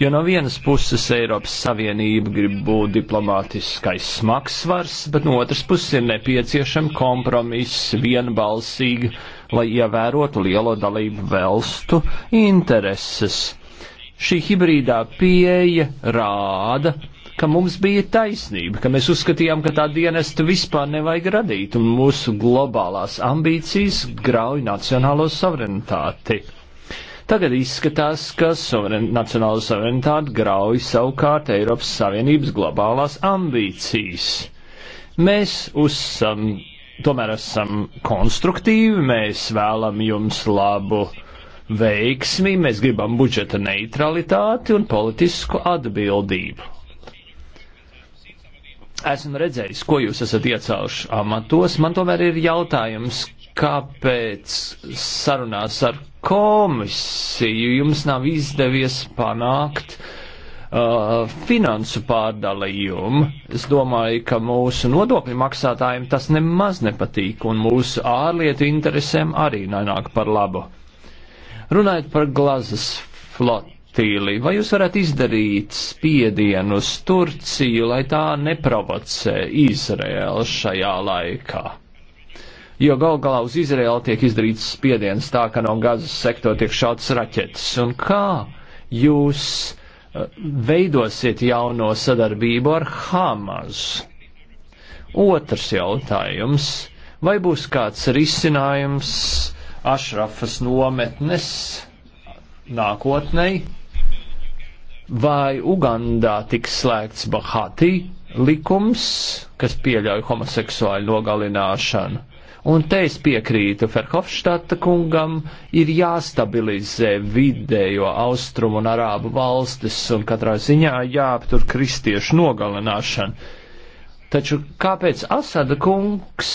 S1: jo no vienas puses Eiropas Savienība grib būt diplomātiskais smagsvars, bet no otras puses ir nepieciešama kompromiss, vienbalsīga lai ievērotu lielo dalību valstu intereses. Šī hibrīdā pieeja rāda, ka mums bija taisnība, ka mēs uzskatījām, ka tā dienesta vispār nevajag radīt, un mūsu globālās ambīcijas grauj nacionālo suverenitāti. Tagad izskatās, ka suveren, nacionāla suverenitāte grauj savukārt Eiropas Savienības globālās ambīcijas. Mēs uzsam tomēr esam konstruktīvi, mēs vēlam jums labu veiksmi, mēs gribam budžeta neutralitāti un politisku atbildību. Esmu redzējis, ko jūs esat iecēluši amatos. Man tomēr ir jautājums, kāpēc sarunās ar komisiju jums nav izdevies panākt uh, uh, finansu pārdalījumu. Es domāju, ka mūsu nodokļu maksātājiem tas nemaz nepatīk, un mūsu ārlietu interesēm arī nenāk par labu. Runājot par glazas flotu. Tīli, vai jūs varat izdarīt spiedienu uz Turciju, lai tā neprovocē Izraēlu šajā laikā? Jo gal galā uz Izraēlu tiek izdarīts spiediens tā, ka no gazas sektora tiek šauts raķetes. Un kā jūs veidosiet jauno sadarbību ar Hamas? Otrs jautājums. Vai būs kāds risinājums Ašrafas nometnes nākotnei? Vai Ugandā tiks slēgts Bahati likums, kas pieļauj homoseksuāļu nogalināšanu? Un te es piekrītu Ferhofštata kungam, ir jāstabilizē vidējo austrumu un arābu valstis un katrā ziņā jāaptur kristiešu nogalināšana. Taču kāpēc Asada kungs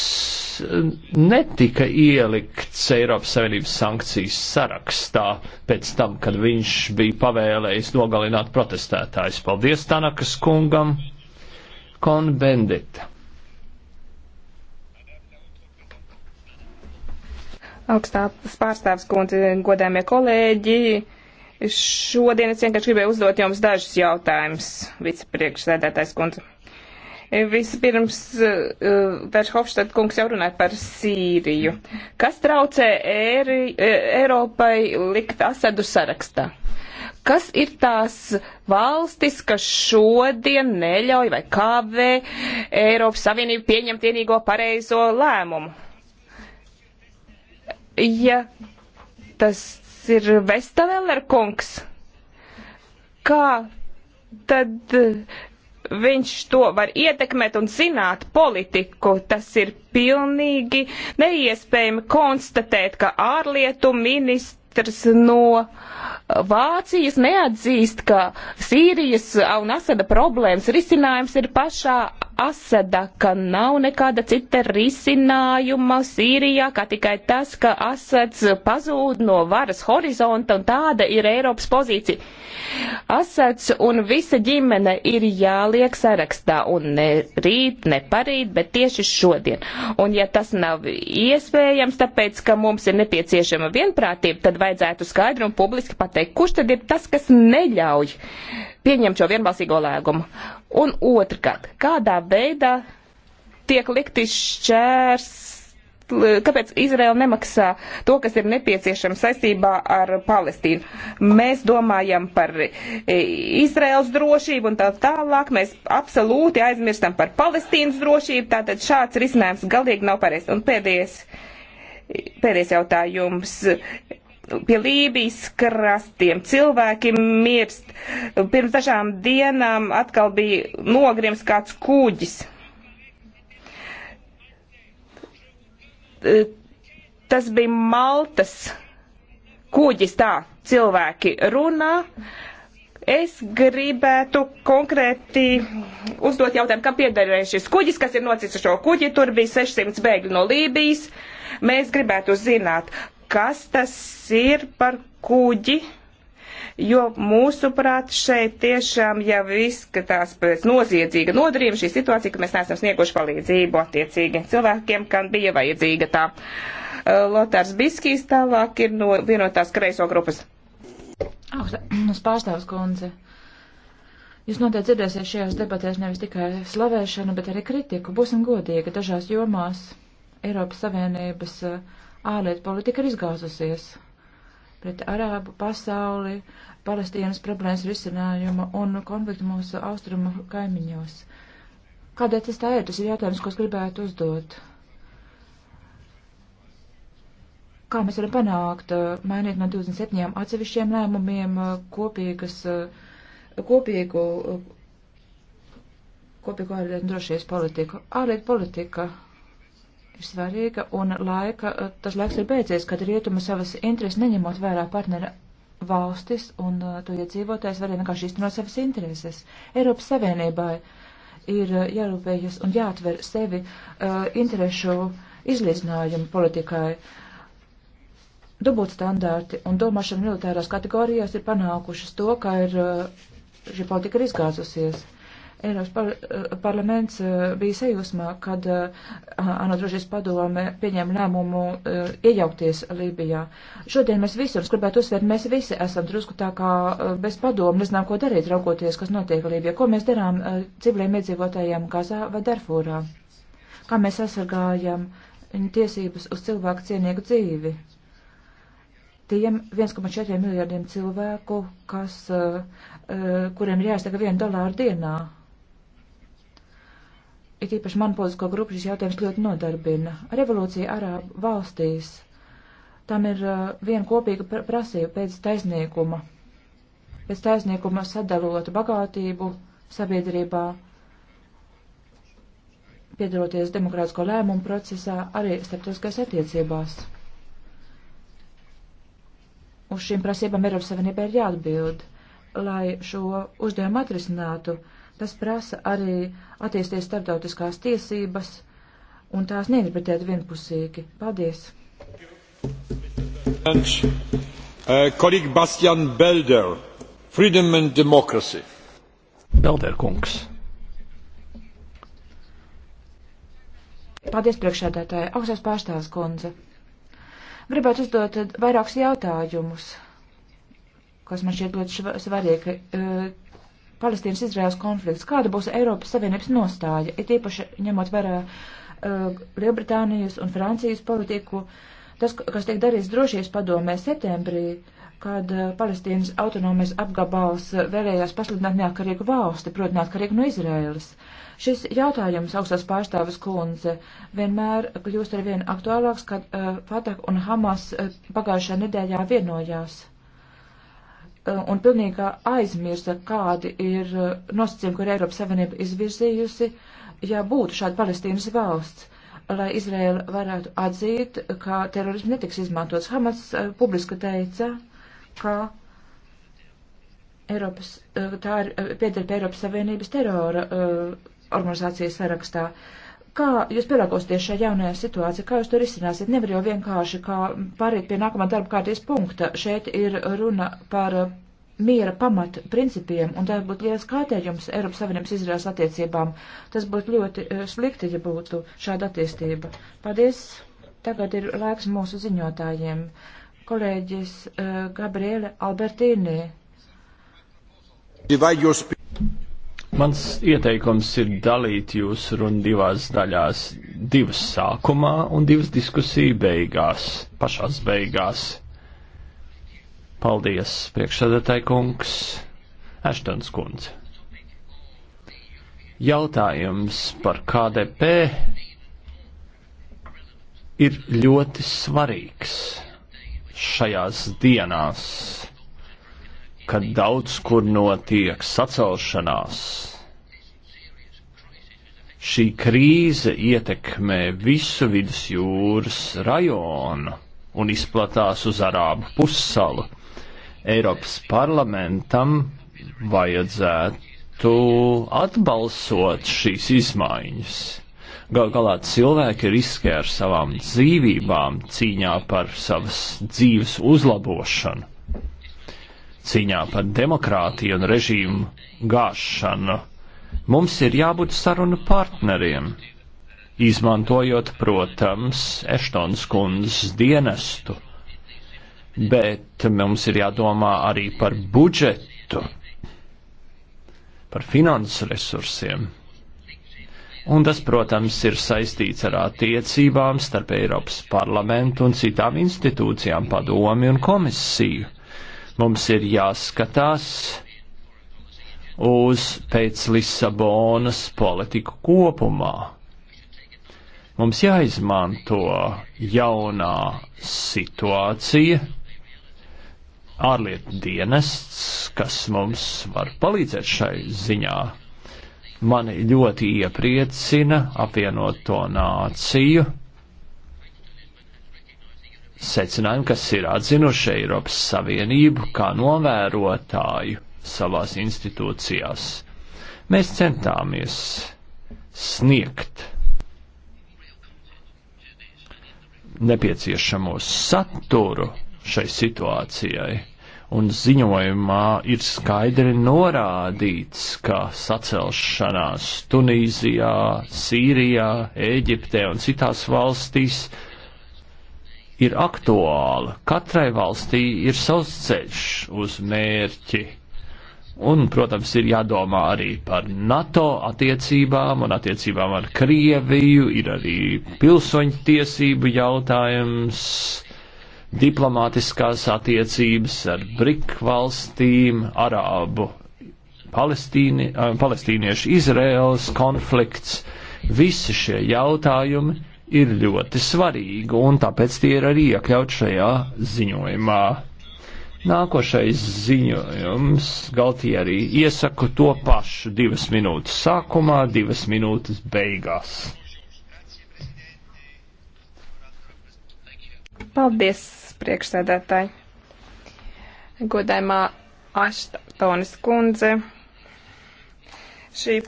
S1: netika ielikts Eiropas Savienības sankcijas sarakstā pēc tam, kad viņš bija pavēlējis nogalināt protestētājus? Paldies Tanakas kungam! Konbendita.
S2: augstās pārstāvs kundze, godāmie kolēģi. Šodien es vienkārši gribēju uzdot jums dažus jautājumus, vicepriekšsēdētājs kundze. Vispirms, eh, Verhofstadt kungs jau runāja par Sīriju. Kas traucē Ēri, eh, Eiropai likt Asadu sarakstā? Kas ir tās valstis, kas šodien neļauj vai kavē Eiropas Savienību pieņemt vienīgo pareizo lēmumu? ja tas ir Vestaveller kungs, kā tad eh, viņš to var ietekmēt un zināt politiku. Tas ir pilnīgi neiespējami konstatēt, ka ārlietu ministrs no Vācijas neatzīst, ka Sīrijas un Asada problēmas risinājums ir pašā Asadaka nav nekāda cita risinājuma Sīrijā, kā tikai tas, ka Asads pazūd no varas horizonta, un tāda ir Eiropas pozīcija. Asads un visa ģimene ir jāliek sarakstā, un ne rīt, ne parīt, bet tieši šodien. Un ja tas nav iespējams, tāpēc, ka mums ir nepieciešama vienprātība, tad vajadzētu skaidri un publiski pateikt, kurš tad ir tas, kas neļauj pieņemt šo vienbalsīgo lēgumu. Un otrkārt, kādā veidā tiek likti šķērs, kāpēc Izraela nemaksā to, kas ir nepieciešams saistībā ar Palestīnu. Mēs domājam par e, Izraels drošību un tā tālāk, mēs absolūti aizmirstam par Palestīnas drošību, tātad šāds risinājums galīgi nav pareizs. Un pēdējais. Pēdējais jautājums pie Lībijas krastiem. Cilvēki mirst. Pirms dažām dienām atkal bija nogrims kāds kuģis. Tas bija Maltas kuģis, tā cilvēki runā. Es gribētu konkrēti uzdot jautājumu, kam piederēja šis kuģis, kas ir nocis šo kuģi. Tur bija 600 bēgļi no Lībijas. Mēs gribētu zināt, kas tas ir par kuģi, jo mūsuprāt šeit tiešām jau izskatās pēc noziedzīga nodarījuma šī situācija, ka mēs neesam snieguši palīdzību attiecīgi cilvēkiem, kam bija vajadzīga tā. Uh, Lotārs Biskijs tālāk ir no vienotās kreiso grupas.
S3: Uz pārstāvs kundze. Jūs noteikti dzirdēsiet šajās debatēs nevis tikai slavēšanu, bet arī kritiku. Būsim godīgi, dažās jomās Eiropas Savienības uh, ārlietu politika ir izgāzusies pret arābu pasauli, Palestīnas problēmas risinājuma un konfliktu mūsu austrumu kaimiņos. Kādēļ tas tā ir? Tas ir jautājums, ko es gribētu uzdot. Kā mēs varam panākt, uh, mainīt no 27 atsevišķiem lēmumiem uh, kopīgas, uh, kopīgu, kopīgu ārlietu un drošības politiku? Ārlietu politika. politika ir svarīga un laika, eh, tas laiks ir beidzies, kad rietumi savas intereses neņemot vērā partnera valstis un eh, to iedzīvotājs varēja vienkārši iztenot savas intereses. Eiropas Savienībai ir eh, jārūpējas un jāatver sevi uh, interešu izlīdzinājumu politikai. Dubultstandarti un domāšana militārās kategorijās ir panākušas to, ka ir, uh, šī politika ir izgāzusies. Eiropas par, eh, parlaments eh, bija sajūsmā, kad eh, ANO drošības padome pieņēma lēmumu iejaukties Lībijā. Šodien mēs visur, es gribētu uzsvērt, mēs visi esam drusku tā kā bez padomu, nezinām, ko darīt, raugoties, kas notiek Lībijā, ko mēs darām civiliem iedzīvotājiem Gazā vai Darfūrā, kā mēs aizsargājam tiesības uz cilvēku cienīgu dzīvi tiem 1,4 miljardiem cilvēku, kas, uh, kuriem ir jāiztaka vienu dolāru dienā it īpaši man politisko grupu šis jautājums ļoti nodarbina. Revolūcija Arābu valstīs. Tam ir uh, viena kopīga prasība pēc taisnīguma. Pēc taisnīguma sadalot bagātību sabiedrībā, piedaloties demokrātisko lēmumu procesā, arī starptautiskās attiecībās. Uz šīm prasībām Eiropas Savienībai ir jāatbild, lai šo uzdevumu atrisinātu. Uh, Tas prasa arī attīsties starptautiskās tiesības un tās neinterpretēt vienpusīgi. Paldies!
S1: Kolīgi uh, Bastian Belder, Freedom and Democracy. Belder kungs.
S3: Paldies priekšādātāji, augstās pārstāvs kundze. Gribētu uzdot vairākus jautājumus, kas man šķiet ļoti svarīgi. Uh, Palestīnas-Izraels konflikts. Kāda būs Eiropas Savienības nostāja, it īpaši ņemot vērā uh, Lielbritānijas un Francijas politiku? Tas, kas tiek darīts drošības padomē septembrī, kad uh, Palestīnas autonomijas apgabals uh, vēlējās pasludināt neatkarīgu valsti, proti neatkarīgu no Izraēlas. Šis jautājums, augstās pārstāvis kundze, vienmēr kļūst ar vien aktuālāks, kad uh, Fatah un Hamas uh, pagājušajā nedēļā vienojās. Uh, Eh, un pilnīgā aizmirsta, kādi ir eh, nosacījumi, kur Eiropas Savienība izvirzījusi, ja būtu šāda Palestīnas valsts, lai Izraela varētu atzīt, ka terorismu netiks izmantots. Hamas uh, publiski teica, ka Eiropas, uh, tā ir piedara pie Eiropas Savienības terora uh, organizācijas sarakstā. Uh, Kā jūs pielāgosieties šajā jaunajā situācijā? Kā jūs to risināsiet? Nevar jau vienkārši kā pāriet pie nākamā darba kārties punkta. Šeit ir runa par uh, miera pamat principiem, un tā būtu liels kaitējums Eiropas Savienības Izraels attiecībām. Tas būtu ļoti uh, slikti, ja būtu šāda attīstība. Paldies! Tagad ir laiks mūsu ziņotājiem. Kolēģis uh, Gabriele Albertīni.
S1: Mans ieteikums ir dalīt jūsu runu divās daļās - divas sākumā un divas diskusiju beigās, pašās beigās. Paldies, priekšsēdētāji kungs, Eštons kundze. Jautājums par KDP ir ļoti svarīgs šajās dienās ka daudz kur notiek sacelšanās. Šī krīze ietekmē visu vidusjūras rajonu un izplatās uz Arābu pussalu. Eiropas parlamentam vajadzētu atbalsot šīs izmaiņas. Gal galā cilvēki riskē ar savām dzīvībām cīņā par savas dzīves uzlabošanu cīņā par demokrātiju un režīmu gāšanu, mums ir jābūt sarunu partneriem, izmantojot, protams, Eštons kundzes dienestu, bet mums ir jādomā arī par budžetu, par finanses resursiem. Un tas, protams, ir saistīts ar attiecībām starp Eiropas parlamentu un citām institūcijām, padomi un komisiju. Mums ir jāskatās uz pēc Lisabonas politiku kopumā. Mums jāizmanto jaunā situācija, ārlietu dienests, kas mums var palīdzēt šai ziņā. Mani ļoti iepriecina apvienoto nāciju secinājumi, kas ir atzinuši Eiropas Savienību kā novērotāju savās institūcijās. Mēs centāmies sniegt nepieciešamo saturu šai situācijai, un ziņojumā ir skaidri norādīts, ka sacelšanās Tunīzijā, Sīrijā, Ēģiptē un citās valstīs ir aktuāla. Katrai valstī ir savs ceļš uz mērķi. Un, protams, ir jādomā arī par NATO attiecībām un attiecībām ar Krieviju, ir arī pilsoņtiesību jautājums, diplomātiskās attiecības ar BRIK valstīm, Arābu, Palestīni, eh, Palestīniešu Izraels konflikts. Visi šie jautājumi ir ļoti svarīga, un tāpēc tie ir arī iekļaut šajā ziņojumā. Nākošais ziņojums Galtī arī iesaku to pašu divas minūtes sākumā, divas minūtes beigās.
S2: Paldies, priekšsēdētāji. Godājumā Aštonis kundze. Šī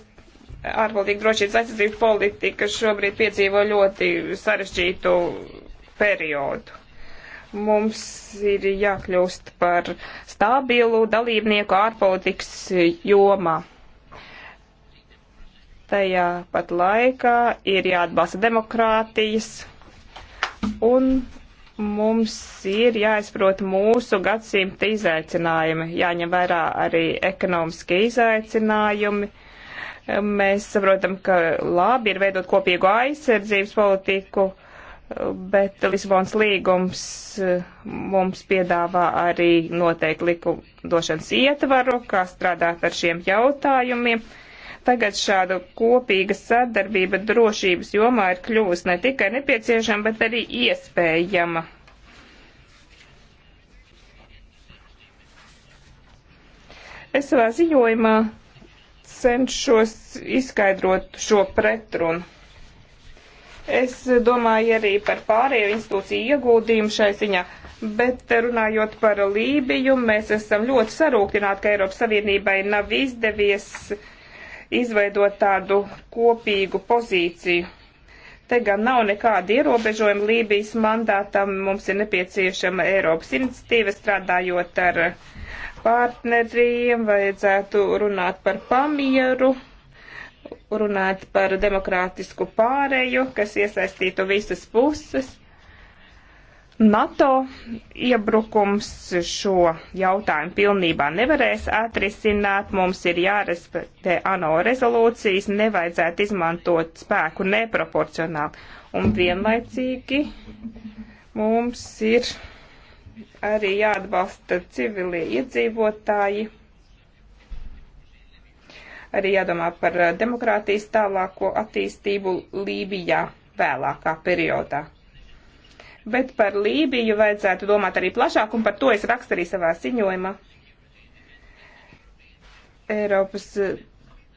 S2: ārpolitika drošības aizsardzības politika šobrīd piedzīvo ļoti sarežģītu periodu. Mums ir jākļūst par stabilu dalībnieku ārpolitikas jomā. Tajā pat laikā ir jāatbalsta demokrātijas un mums ir jāizprot mūsu gadsimta izaicinājumi, jāņem vērā arī ekonomiskie izaicinājumi. Uh, Mēs saprotam, ka labi ir veidot kopīgu aizsardzības politiku, bet Lisbonas līgums eh, mums piedāvā arī noteikti likumdošanas ietvaru, kā strādāt ar šiem jautājumiem tagad šāda kopīga sadarbība drošības jomā ir kļuvusi ne tikai nepieciešama, bet arī iespējama. Es savā ziņojumā cenšos izskaidrot šo pretrunu. Es domāju arī par pārējo institūciju ieguldījumu šai ziņā, bet runājot par Lībiju, mēs esam ļoti sarūktināti, ka Eiropas Savienībai nav izdevies izveidot tādu kopīgu pozīciju. Te gan nav nekāda ierobežojuma Lībijas mandātam, mums ir nepieciešama Eiropas iniciatīva strādājot ar partneriem vajadzētu runāt par pamieru, runāt par demokrātisku pāreju, kas iesaistītu visas puses. NATO iebrukums šo jautājumu pilnībā nevarēs atrisināt. Mums ir jārespektē ANO rezolūcijas, nevajadzētu izmantot spēku neproporcionāli. Un vienlaicīgi mums ir arī jāatbalsta civilie iedzīvotāji, arī jādomā par demokrātijas tālāko attīstību Lībijā vēlākā periodā. Bet par Lībiju vajadzētu domāt arī plašāk, un par to es rakstu arī savā ziņojumā. Eiropas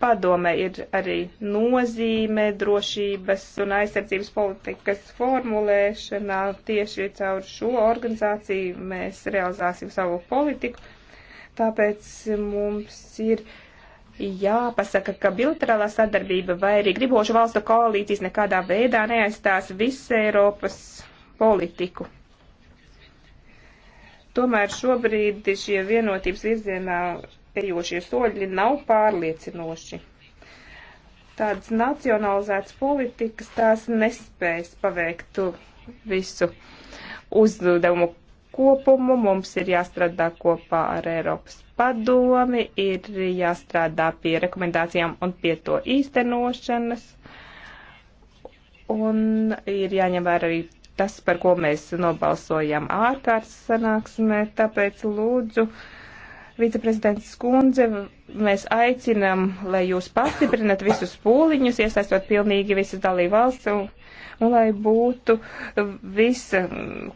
S2: Padome ir arī nozīme drošības un aizsardzības politikas formulēšanā. Tieši caur šo organizāciju mēs realizāsim savu politiku. Tāpēc mums ir jāpasaka, ka bilaterālā sadarbība vai arī gribošu valstu koalīcijas nekādā veidā neaizstās visu Eiropas politiku. Tomēr šobrīd šie vienotības virzienā ejošie soļi nav pārliecinoši. Tādas nacionalizētas politikas tās nespējas paveikt visu uzdevumu kopumu. Mums ir jāstrādā kopā ar Eiropas padomi, ir jāstrādā pie rekomendācijām un pie to īstenošanas. Un ir jāņem vērā arī tas, par ko mēs nobalsojam ārkārtas sanāksmē, tāpēc lūdzu uh, Viceprezidents Skundze, mēs aicinam, lai jūs pastiprinat visus pūliņus, iesaistot pilnīgi visas dalībvalsts un, un lai būtu visa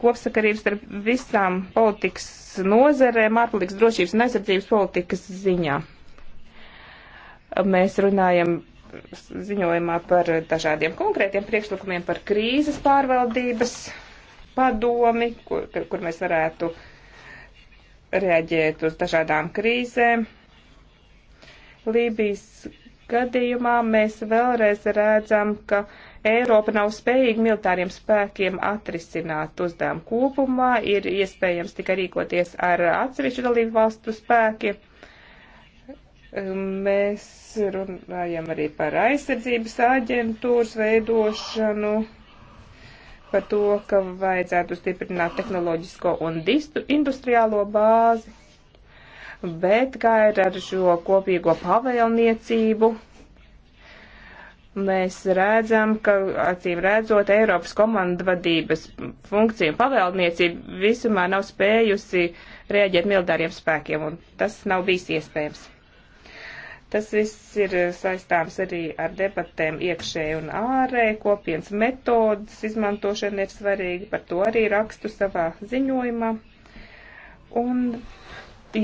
S2: kopsakarības starp visām politikas nozerēm, ārpolitikas drošības un aizsardzības politikas ziņā. Mēs runājam ziņojumā par dažādiem konkrētiem priekšlikumiem par krīzes pārvaldības padomi, kur, kur mēs varētu uh, reaģēt uz dažādām krīzēm. Lībijas gadījumā mēs vēlreiz redzam, ka Eiropa nav spējīga militāriem spēkiem atrisināt uzdevumu kopumā, ir iespējams tikai rīkoties ar atsevišķu dalību valstu spēkiem. Um, mēs runājam arī par aizsardzības aģentūras veidošanu par to, ka vajadzētu stiprināt tehnoloģisko un industriālo bāzi, bet kā ir ar šo kopīgo pavēlniecību, mēs redzam, ka acīm redzot Eiropas komandvadības funkcija un pavēlniecība visumā nav spējusi rēģēt militāriem spēkiem, un tas nav bijis iespējams. Tas viss ir eh, saistāms arī ar debatēm iekšēji un ārē, kopienas metodas izmantošana ir svarīga, par to arī rakstu savā ziņojumā. Un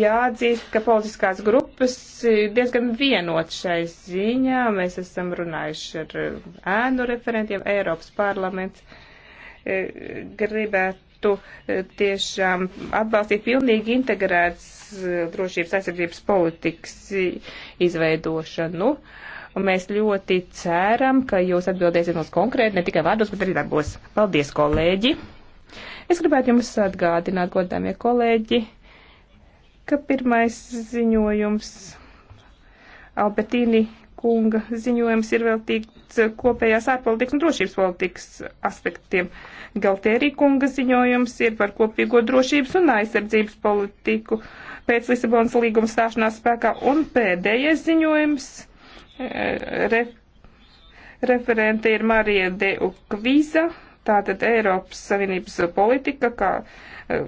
S2: jāatzīst, ka politiskās grupas diezgan vienot šai ziņā. Mēs esam runājuši ar eh, ēnu referentiem, Eiropas parlaments eh, gribētu varētu eh, tiešām atbalstīt pilnīgi integrētas eh, drošības aizsardzības politikas izveidošanu. Nu, un mēs ļoti ceram, ka jūs atbildēsiet mums konkrēti, ne tikai vārdos, bet arī darbos. Paldies, kolēģi! Es gribētu jums atgādināt, godāmie kolēģi, ka pirmais ziņojums Albertīni kunga ziņojums ir veltīts kopējās ārpolitikas un drošības politikas aspektiem. Galtērī kunga ziņojums ir par kopīgo drošības un aizsardzības politiku pēc Lisabonas līguma stāšanās spēkā. Un pēdējais ziņojums e, re, referente ir Marija De Ukvīza, tātad Eiropas Savienības politika kā e,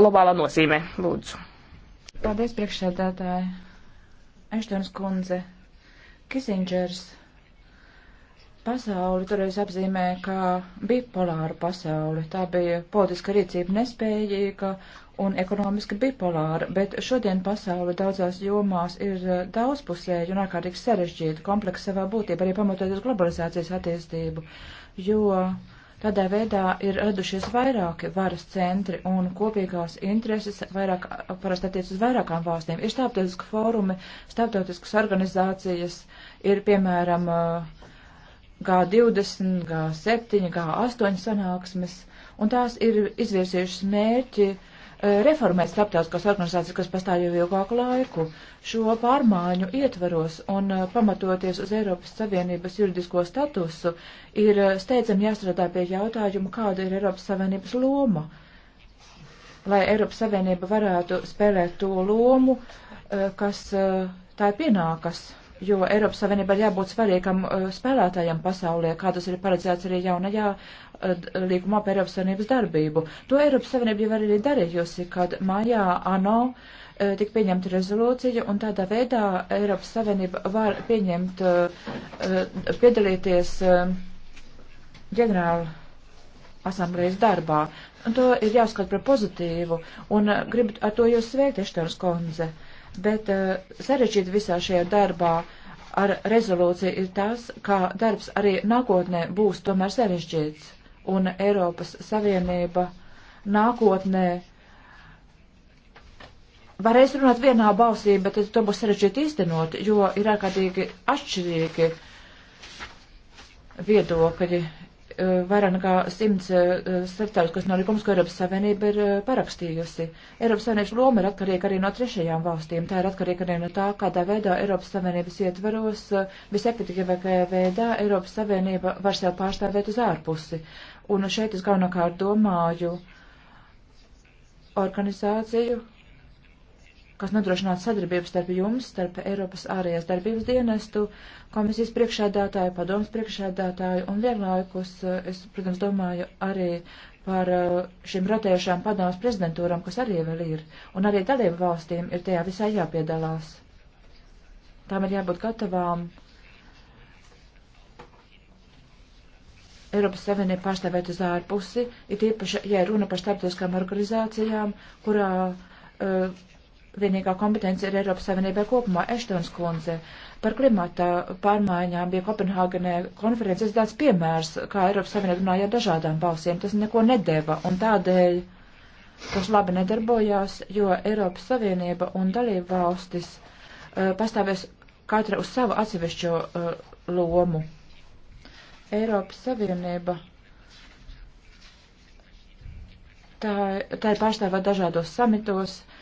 S2: globālā nozīmē. Lūdzu.
S3: Paldies, priekšsēdētāji. Eštonas kundze, Kisindžers pasauli toreiz apzīmēja kā bipolāru pasauli. Tā bija politiska rīcība nespējīga un ekonomiski bipolāra, bet šodien pasauli daudzās jomās ir eh, daudzpusēja un ārkārtīgi sarežģīta, kompleksa savā būtībā, arī pamatoties globalizācijas attīstību, jo uh, Tādā veidā ir radušies vairāki varas centri un kopīgās intereses vairāk, parasti attiec uz vairākām valstīm. Ir starptautiski fórumi, starptautiskas organizācijas, ir piemēram G20, G7, G8 sanāksmes, un tās ir izviesījušas mērķi uh, E, reformēt starptautiskās organizācijas, kas pastāv jau ilgāku laiku. Šo pārmaiņu ietveros un e, pamatoties uz Eiropas Savienības juridisko statusu, ir e, steidzami jāstrādā pie jautājuma, kāda ir Eiropas Savienības loma, lai Eiropas Savienība varētu spēlēt to lomu, kas tā pienākas jo Eiropas Savienība ir jābūt svarīgam uh, spēlētājam pasaulē, kā tas ir paredzēts arī jaunajā uh, līgumā par Eiropas Savienības darbību. To Eiropas Savienība jau arī darījusi, kad mājā ANO uh, tika pieņemta rezolūcija, un tādā veidā Eiropas Savienība var pieņemt, piedalīties ģenerāla asamblējas darbā. Un to ir jāuzskata par pozitīvu, un gribu ar to jūs sveikt, Eštāras konze. Uh, bet eh, sarežģīt visā šajā darbā ar rezolūciju ir tas, ka darbs arī nākotnē būs tomēr sarežģīts, un Eiropas Savienība nākotnē varēs runāt vienā balsī, bet to būs sarežģīti īstenot, jo ir ārkārtīgi atšķirīgi viedokļi Eh, vairāk nekā simts eh, starptautiskas nolikumus, ko Eiropas Savienība ir eh, parakstījusi. Eiropas Savienības loma ir atkarīga arī no trešajām valstīm. Tā ir atkarīga arī no tā, kādā veidā Eiropas Savienības ietvaros visefektīvākajā veidā Eiropas Savienība var sev pārstāvēt uz ārpusi. Un šeit es galvenokārt domāju organizāciju, kas nodrošinātu sadarbību starp jums, starp Eiropas ārējās darbības dienestu, komisijas priekšēdātāju, padomas priekšēdātāju un vienlaikus, eh, es, protams, domāju arī par eh, šīm rotējušām padomas prezidentūram, kas arī vēl ir, un arī dalību valstīm ir tajā visā jāpiedalās. Tām ir jābūt gatavām Eiropas Savienību pārstāvēt uz ārpusi, ir īpaši, ja runa par starptautiskām organizācijām, kurā uh, vienīgā kompetence ir Eiropas Savienībai kopumā - Eštons kundze. Par klimata pārmaiņām bija Kopenhāgenē konferences tāds piemērs, kā Eiropas Savienība runāja ar dažādām balsīm. Tas neko nedeva, un tādēļ tas labi nedarbojās, jo Eiropas Savienība un dalība valstis uh, pastāvēs katra uz savu atsevišķo uh, lomu. Eiropas Savienība tā, tā ir pārstāvā dažādos samitos. Uh,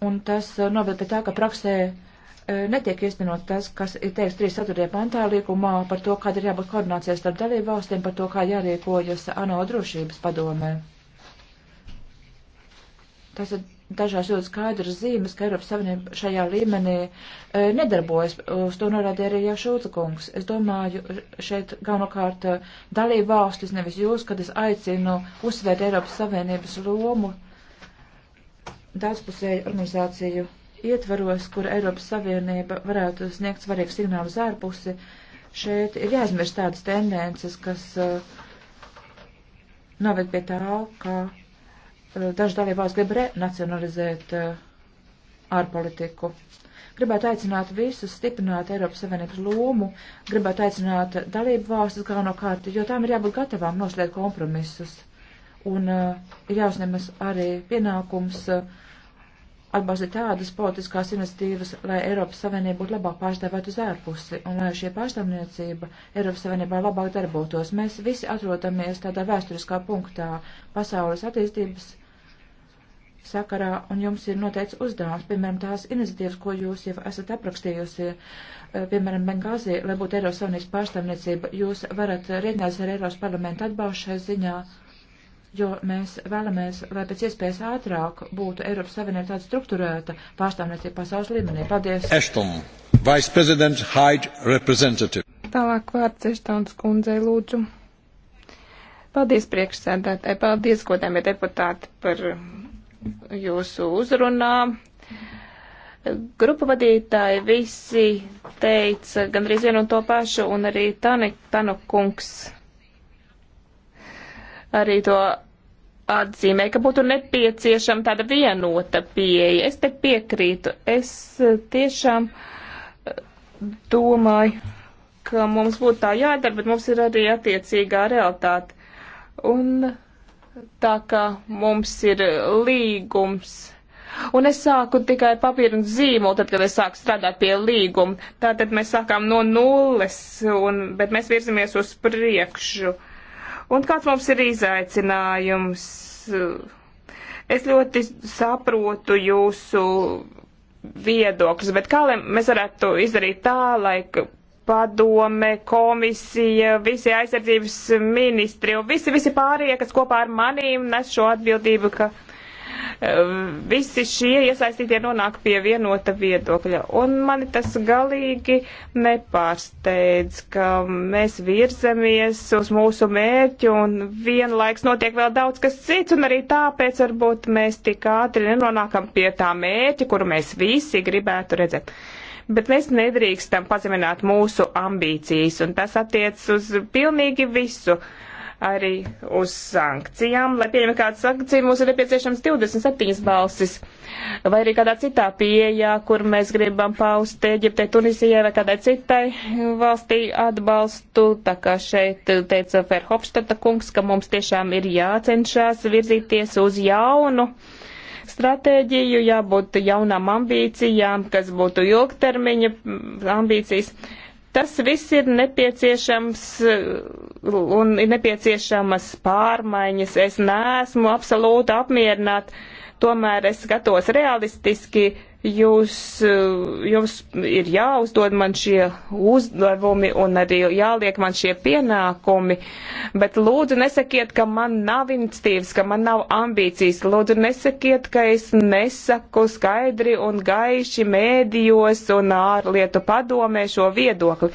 S3: un tas uh, noved pie tā, ka praksē uh, netiek īstenot tas, kas ir teiks 34. pantā līkumā par to, kāda ir jābūt koordinācijai starp dalību valstīm, par to, kā jārīkojas ANO drošības padomē. Tas ir dažās ļoti skaidras zīmes, ka Eiropas Savienība šajā līmenī e, nedarbojas. Uz to norādīja arī Jāšūca kungs. Es domāju, šeit galvenokārt dalību valstis, nevis jūs, kad es aicinu uzsvērt Eiropas Savienības lomu daudzpusēju organizāciju ietvaros, kur Eiropas Savienība varētu sniegt svarīgu signālu uz ārpusi, šeit ir jāizmirst tādas tendences, kas uh, noved pie tā, ka uh, eh, daži dalībvalsts grib renacionalizēt uh, ārpolitiku. Gribētu aicināt visus stiprināt Eiropas Savienības lomu, gribētu aicināt dalību valstis galvenokārt, jo tām ir jābūt gatavām noslēgt kompromisus. Un uh, ir jāuzņemas arī pienākums uh, atbalstīt tādas politiskās iniciatīvas, lai Eiropas Savienība būtu labāk pārstāvēt uz ārpusi un lai šie pārstāvniecība Eiropas Savienībā labāk darbotos. Mēs visi atrodamies tādā vēsturiskā punktā pasaules attīstības sakarā, un jums ir noteikts uzdevums, piemēram, tās iniciatīvas, ko jūs jau esat aprakstījusi, eh, piemēram, Bengāzī, lai būtu Eiropas Savienības pārstāvniecība, jūs varat rēķināties ar Eiropas parlamentu atbalstu šai ziņā jo mēs vēlamies, lai pēc iespējas ātrāk būtu Eiropas Savienība tāda struktūrēta pārstāvniecība pasaules
S2: līmenī. Paldies! Ashton, Vice President Hyde Representative. Tālāk vārds Eštons kundzei lūdzu. Paldies priekšsēdētāji, paldies godājumie deputāti par jūsu uzrunām grupu vadītāji visi teica gandrīz vienu un to pašu, un arī Tani, Tanu kungs arī to atzīmē, ka būtu nepieciešama tāda vienota pieeja. Es te piekrītu. Es eh, tiešām eh, domāju, ka mums būtu tā jādara, bet mums ir arī attiecīgā realitāte. Un tā kā mums ir līgums. Un es sāku tikai papīru un zīmolu, tad, kad es sāku strādāt pie līguma. Tātad mēs sākām no nulles, un, bet mēs virzamies uz priekšu. Uh, Un kāds mums ir izaicinājums? Es ļoti saprotu jūsu viedokļus, bet kā lai mēs varētu izdarīt tā, lai padome, komisija, visi aizsardzības ministri un visi, visi pārējie, kas kopā ar manīm nes šo atbildību, ka uh, visi šie iesaistītie nonāk pie vienota viedokļa. Un mani tas galīgi nepārsteidz, ka mēs virzamies uz mūsu mērķu un vienlaiks notiek vēl daudz kas cits, un arī tāpēc varbūt mēs tik ātri nenonākam pie tā mērķa, kuru mēs visi gribētu redzēt bet mēs nedrīkstam pazemināt mūsu ambīcijas, un tas attiec uz pilnīgi visu arī uz sankcijām. Lai pieņemtu kādu sankciju, mums ir nepieciešams 27 balsis. Vai arī kādā citā pieejā, kur mēs gribam paust Eģiptei, Tunisijai vai kādai citai valstī atbalstu. Tā kā šeit teica Ferhopštata kungs, ka mums tiešām ir jācenšas virzīties uz jaunu stratēģiju, jābūt jaunām ambīcijām, kas būtu ilgtermiņa ambīcijas. Uh, Tas viss ir nepieciešams eh, un ir nepieciešamas pārmaiņas. Es neesmu absolūti apmierināta, tomēr es skatos realistiski jūs, eh, jums ir jāuzdod man šie uzdevumi un arī jāliek man šie pienākumi, bet lūdzu nesakiet, ka man nav iniciatīvas, ka man nav ambīcijas, lūdzu nesakiet, ka es nesaku skaidri un gaiši mēdījos un ārlietu padomē šo viedokli.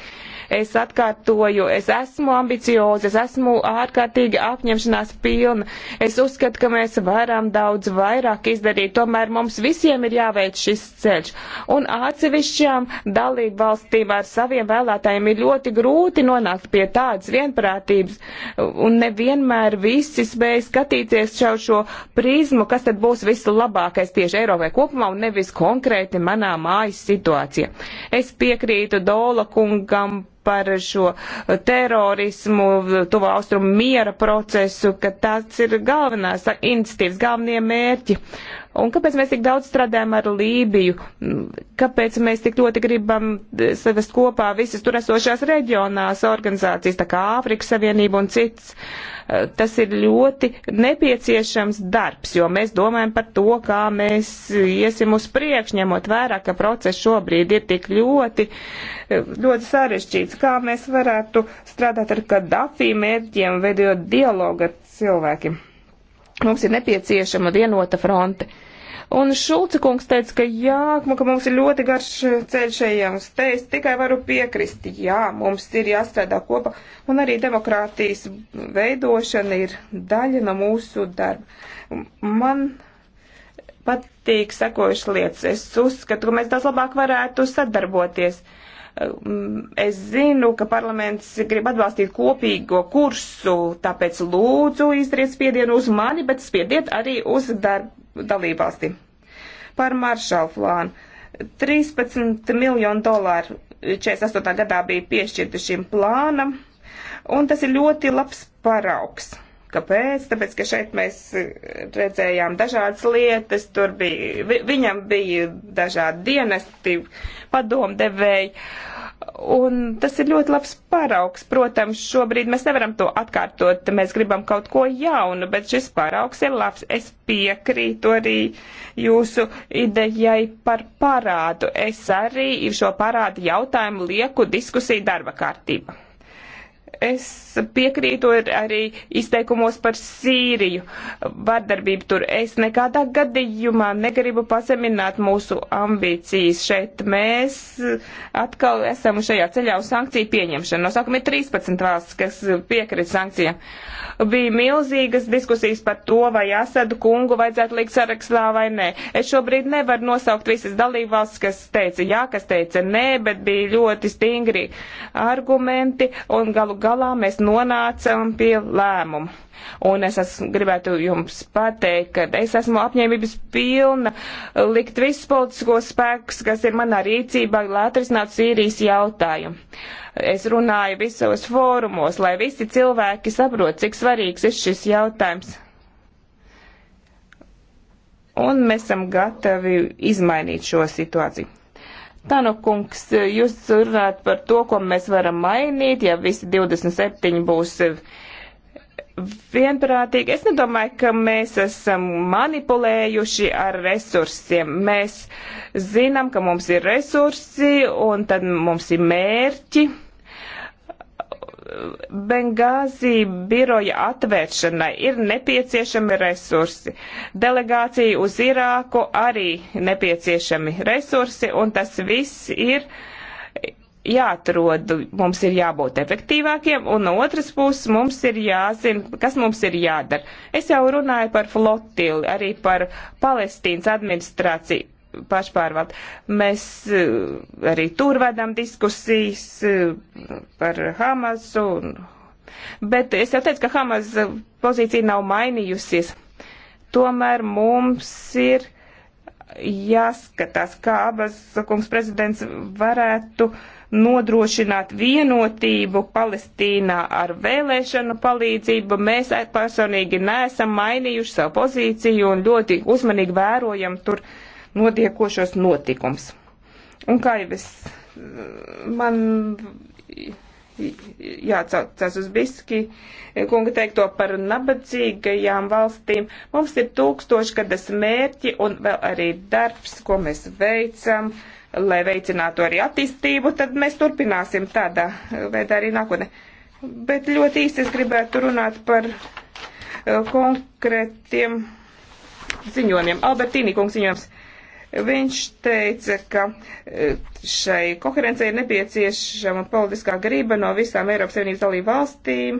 S2: Es atkārtoju, es esmu ambiciozi, es esmu ārkārtīgi apņemšanās pilna. Es uzskatu, ka mēs varam daudz vairāk izdarīt, tomēr mums visiem ir jāveic šis ceļš. Un atsevišķām dalību valstīm ar saviem vēlētājiem ir ļoti grūti nonākt pie tādas vienprātības, un nevienmēr visi spēj skatīties šau šo prizmu, kas tad būs vislabākais tieši Eiropai kopumā un nevis konkrēti manā mājas situācija. Es piekrītu Dola kungam par šo terorismu, tuvo austrumu miera procesu, ka tās ir galvenās iniciatīvas, galvenie mērķi. Uh, Un kāpēc mēs tik daudz strādājam ar Lībiju? Kāpēc mēs tik ļoti gribam eh, savest kopā visas tur esošās reģionās organizācijas, tā kā Āfrikas Savienība un cits? Eh, tas ir ļoti nepieciešams darbs, jo mēs domājam par to, kā mēs iesim uz priekšu, ņemot vērā, ka process šobrīd ir tik ļoti, eh, ļoti sarežģīts. Kā mēs varētu strādāt ar Kadafī mērķiem, veidojot dialogu ar cilvēkiem? Mums ir nepieciešama vienota fronte. Un Šulce kungs teica, ka jā, ka mums ir ļoti garš ceļš ejams. Te es tikai varu piekrist, jā, mums ir jāstrādā kopā. Un arī demokrātijas veidošana ir daļa no mūsu darba. Man patīk sekojuši lietas. Es uzskatu, ka mēs daudz labāk varētu sadarboties. Uh, Es zinu, ka parlaments grib atbalstīt kopīgo kursu, tāpēc lūdzu izdariet spiedienu uz mani, bet spiediet arī uz dalībvalsti. Par maršalu plānu. 13 miljonu dolāru 48. gadā bija piešķirti šim plānam, un tas ir ļoti labs paraugs Kāpēc? Tāpēc, ka šeit mēs e, redzējām dažādas lietas, tur bija, vi, viņam bija dažādi dienesti, padomdevēji, un tas ir ļoti labs paraugs. Protams, šobrīd mēs nevaram to atkārtot, mēs gribam kaut ko jaunu, bet šis paraugs ir labs. Es piekrītu arī jūsu idejai par parādu. Es arī šo parādu jautājumu lieku diskusiju darba kārtībā. Es piekrītu arī izteikumos par Sīriju vardarbību tur. Es nekādā gadījumā negribu pazemināt mūsu ambīcijas šeit. Mēs atkal esam šajā ceļā uz sankciju pieņemšanu. No sākuma ir 13 valsts, kas piekrīt sankcijām. Bija milzīgas diskusijas par to, vai Asadu kungu vajadzētu likt sarakstā vai nē. Es šobrīd nevaru nosaukt visas dalību valsts, kas teica jā, kas teica nē, bet bija ļoti stingri argumenti un galu galā mēs nonācam pie lēmuma. Un es esmu, gribētu jums pateikt, ka es esmu apņēmības pilna likt visus politiskos spēkus, kas ir manā rīcībā, lai atrisinātu Sīrijas jautājumu. Es runāju visos fórumos, lai visi cilvēki saprot, cik svarīgs ir šis jautājums. Un mēs esam gatavi izmainīt šo situāciju. Tanukungs, jūs runājat par to, ko mēs varam mainīt, ja visi 27 būs vienprātīgi. Es nedomāju, ka mēs esam manipulējuši ar resursiem. Mēs zinām, ka mums ir resursi un tad mums ir mērķi Bengāzī biroja atvēršanai ir nepieciešami resursi. Delegācija uz Irāku arī nepieciešami resursi, un tas viss ir jāatrod. Mums ir jābūt efektīvākiem, un no otras puses mums ir jāzina, kas mums ir jādara. Es jau runāju par flotili, arī par Palestīnas administrāciju pašpārvald. Mēs eh, arī tur vedam diskusijas eh, par Hamasu. Bet es jau teicu, ka Hamas pozīcija nav mainījusies. Tomēr mums ir jāskatās, kā abas kungs prezidents varētu nodrošināt vienotību Palestīnā ar vēlēšanu palīdzību. Mēs personīgi neesam mainījuši savu pozīciju un ļoti uzmanīgi vērojam tur uh, notiekošos notikums. Un kā jau es, man jāatcaucas uz Biski kunga teikto par nabadzīgajām valstīm. Mums ir tūkstošgadas mērķi un vēl arī darbs, ko mēs veicam, lai veicinātu arī attīstību, tad mēs turpināsim tādā veidā arī nākotnē. Bet ļoti īsti es gribētu runāt par eh, konkrētiem ziņojumiem. Albertīnī kungs ziņojums Viņš teica, ka e, šai koherencei ir nepieciešama politiskā grība no visām Eiropas Savienības dalību valstīm,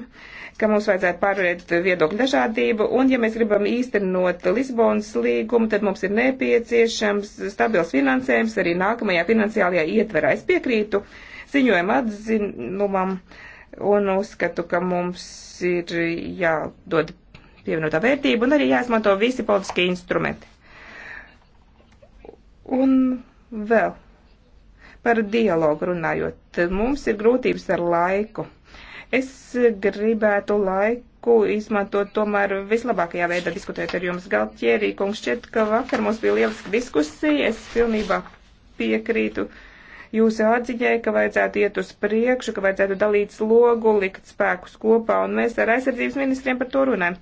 S2: ka mums vajadzētu pārvarēt viedokļu dažādību, un ja mēs gribam īstenot Lisbonas līgumu, tad mums ir nepieciešams stabils finansējums arī nākamajā finansiālajā ietverā. Es piekrītu ziņojuma atzinumam un uzskatu, ka mums ir jādod pievienotā vērtība un arī jāizmanto visi politiskie instrumenti. Un vēl par dialogu runājot, mums ir grūtības ar laiku. Es gribētu laiku izmantot tomēr vislabākajā veidā diskutēt ar jums. Galtjērī, kungs, šķiet, ka vakar mums bija lieliska diskusija. Es pilnībā piekrītu jūsu atziņai, ka vajadzētu iet uz priekšu, ka vajadzētu dalīt slogu, likt spēkus kopā, un mēs ar aizsardzības ministriem par to runājam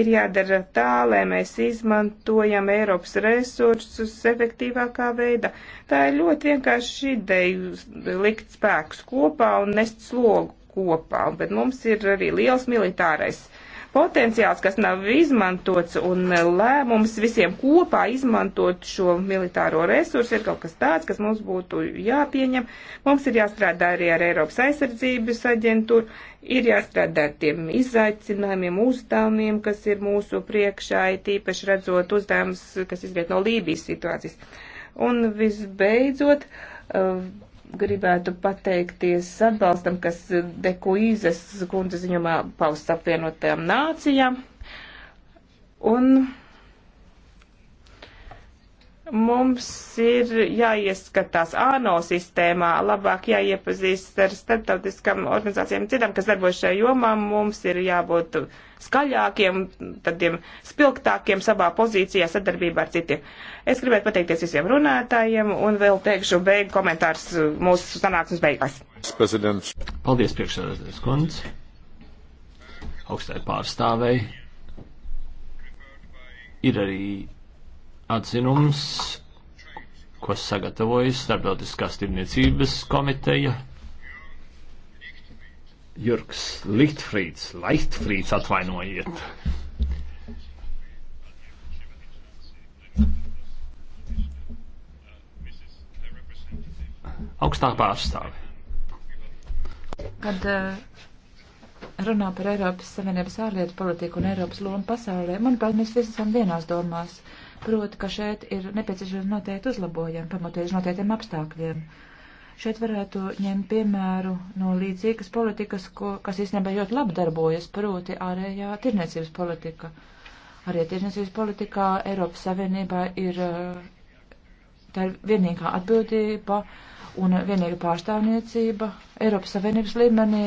S2: ir jādara tā, lai mēs izmantojam Eiropas resursus efektīvākā veidā. Tā ir ļoti vienkārši ideja likt spēkus kopā un nest slogu kopā, bet mums ir arī liels militārais uh, potenciāls, kas nav izmantots, un lēmums visiem kopā izmantot šo militāro resursu ir kaut kas tāds, kas mums būtu jāpieņem. Mums ir jāstrādā arī ar Eiropas aizsardzības aģentūru, ir jāstrādā ar tiem izaicinājumiem, uzdevumiem, kas ir mūsu priekšā, it īpaši redzot uzdevumus, kas izriet no Lībijas situācijas. Un visbeidzot, uh, gribētu pateikties atbalstam, kas Dekuīzes kundze ziņumā pausts apvienotajām nācijām. Un Mums ir jāieskatās ANO sistēmā, labāk jāiepazīst ar starptautiskām organizācijām citām, kas darbojas šajā jomā. Mums ir jābūt skaļākiem, tādiem spilgtākiem savā pozīcijā sadarbībā ar citiem. Es gribētu pateikties visiem runātājiem un vēl teikšu beigu komentārs mūsu sanāksmes beigās.
S1: Presidents. Paldies, priekšsēdētājs kundze. Augstai pārstāvei. Ir arī atzinums, ko sagatavojas Starptautiskās tirniecības komiteja. Jurgs Lichtfrīds, Lichtfrīds atvainojiet. Augstā pārstāve.
S3: Kad uh, runā par Eiropas Savienības ārlietu politiku un Eiropas lomu pasaulē, manuprāt, mēs visi esam vienās domās. Uh, proti, ka šeit ir nepieciešams noteikti uzlabojumi, pamatoties noteiktiem apstākļiem. Šeit varētu ņemt piemēru no līdzīgas politikas, ko, kas īstenībā ļoti labi darbojas, proti ārējā tirniecības politika. Arī tirniecības politikā Eiropas Savienībā ir, eh, tā ir vienīgā atbildība un vienīga pārstāvniecība Eiropas Savienības līmenī.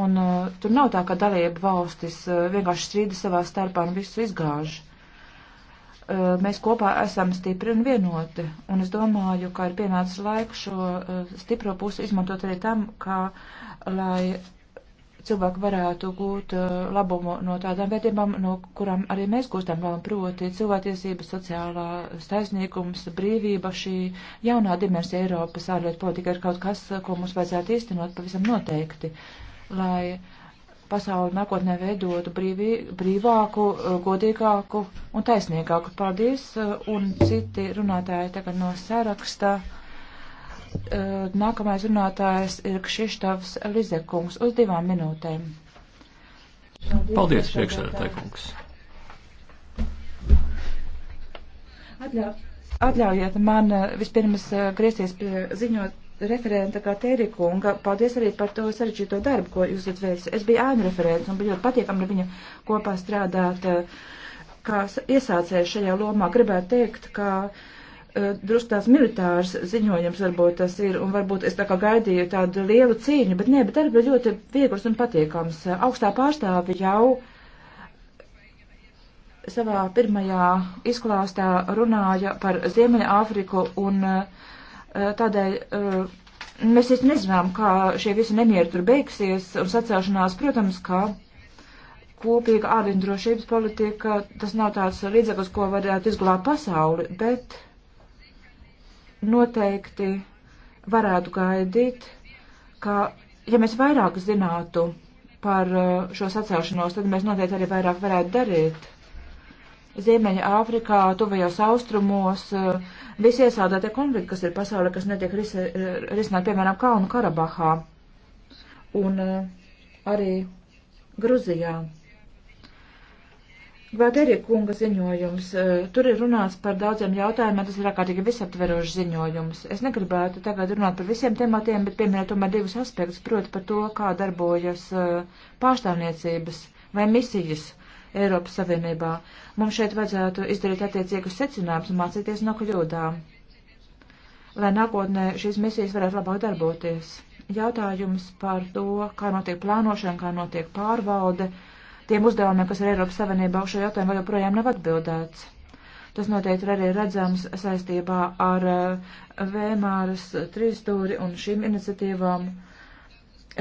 S3: Un uh, tur nav tā, ka dalība valstis uh, vienkārši strīda savā starpā un visu izgāž. Eh, mēs kopā esam stipri un vienoti. Un es domāju, ka ir pienācis laiks šo eh, stipro pusi izmantot arī tam, kā, lai cilvēki varētu gūt eh, labumu no tādām vērtībām, no kurām arī mēs gūstam labumu, proti cilvēktiesības, sociālā taisnīgums, brīvība, šī jaunā dimensija Eiropas ārlietu politika ir kaut kas, ko mums vajadzētu īstenot pavisam noteikti, lai uh, pasauli nākotnē veidotu brīvī, brīvāku, eh, godīgāku un taisnīgāku. Paldies, eh, un citi runātāji tagad no saraksta. Eh, nākamais runātājs ir Kšištavs Lizekungs uz divām minūtēm. Paldies,
S1: Paldies priekšsēdētāji kungs.
S3: Atļaujiet man vispirms griezties pie ziņot referenta kā Tērikunga. Paldies arī par to sarežģīto darbu, ko jūs esat veicis. Es biju ēnu referents un bija ļoti patīkami ar viņa kopā strādāt. Eh, kā iesācēju šajā lomā, gribētu teikt, ka eh, drusku tās militārs ziņojums varbūt tas ir, un varbūt es tā kā gaidīju tādu lielu cīņu, bet nē, bet darba ļoti viegls un patīkams. Augstā pārstāve jau savā pirmajā izklāstā runāja par Ziemeļa Āfriku un uh, Eh, tādēļ eh, mēs īsti nezinām, kā šie visi nemieri tur beigsies un sacēlšanās, protams, kā kopīga ārvindrošības politika, tas nav tāds līdzeklis, ko varētu izglābt pasauli, bet noteikti varētu gaidīt, ka, ja mēs vairāk zinātu par eh, šo sacēlšanos, tad mēs noteikti arī vairāk varētu darīt. Ziemeņa Āfrikā, tuvajos austrumos, eh, visi iesādātie konflikti, kas ir pasaulē, kas netiek eh, risināti, piemēram, Kalnu Karabahā un eh, arī Gruzijā. Gvētērija kunga ziņojums. Tur ir runāts par daudziem jautājumiem, tas ir ārkārtīgi visaptverošs ziņojums. Es negribētu tagad runāt par visiem tematiem, bet pieminēt tomēr divus aspektus, proti par to, kā darbojas pārstāvniecības vai misijas Eiropas Savienībā. Mums šeit vajadzētu izdarīt attiecīgus secinājumus un mācīties no kļūdām, lai nākotnē šīs misijas varētu labāk darboties. Jautājums par to, kā notiek plānošana, kā notiek pārbaude, tiem uzdevumiem, kas ir Eiropas Savienībā, šo jautājumu vēl joprojām nav atbildēts. Tas noteikti ir arī redzams saistībā ar eh, Vēmāras trīsstūri un šīm iniciatīvām.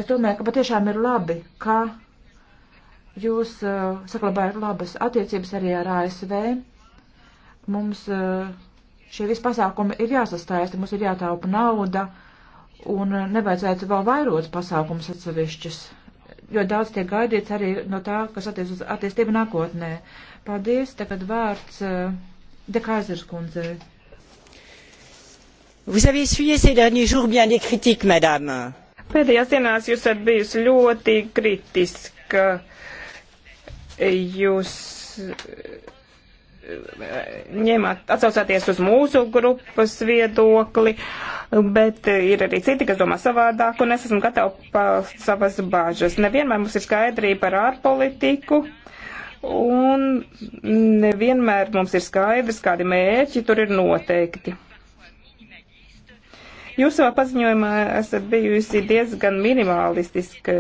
S3: Es domāju, ka patiešām ir labi, ka Jūs uh, saklabājat labas attiecības arī ar ASV. Mums uh, šie visi pasākumi ir jāsastājas, mums ir jātaupa nauda un eh, nevajadzētu vēl vairot pasākumus atsevišķus, jo daudz tiek gaidīts arī no tā, kas attiec uz attīstību nākotnē. Paldies, tagad vārds
S2: uh, Dekaizers kundzei. Vous avez essuyé ces derniers jours bien des critiques, madame. Pēdējās dienās jūs esat bijusi ļoti kritiska. Uh, jūs eh, ņemat, atsaucāties uz mūsu grupas viedokli, bet ir arī citi, kas domā savādāk, un es esmu gatava paust savas bāžas. Nevienmēr mums ir skaidrība par ārpolitiku, un nevienmēr mums ir skaidrs, kādi mērķi tur ir noteikti. Jūs savā paziņojumā esat bijusi diezgan minimalistiska.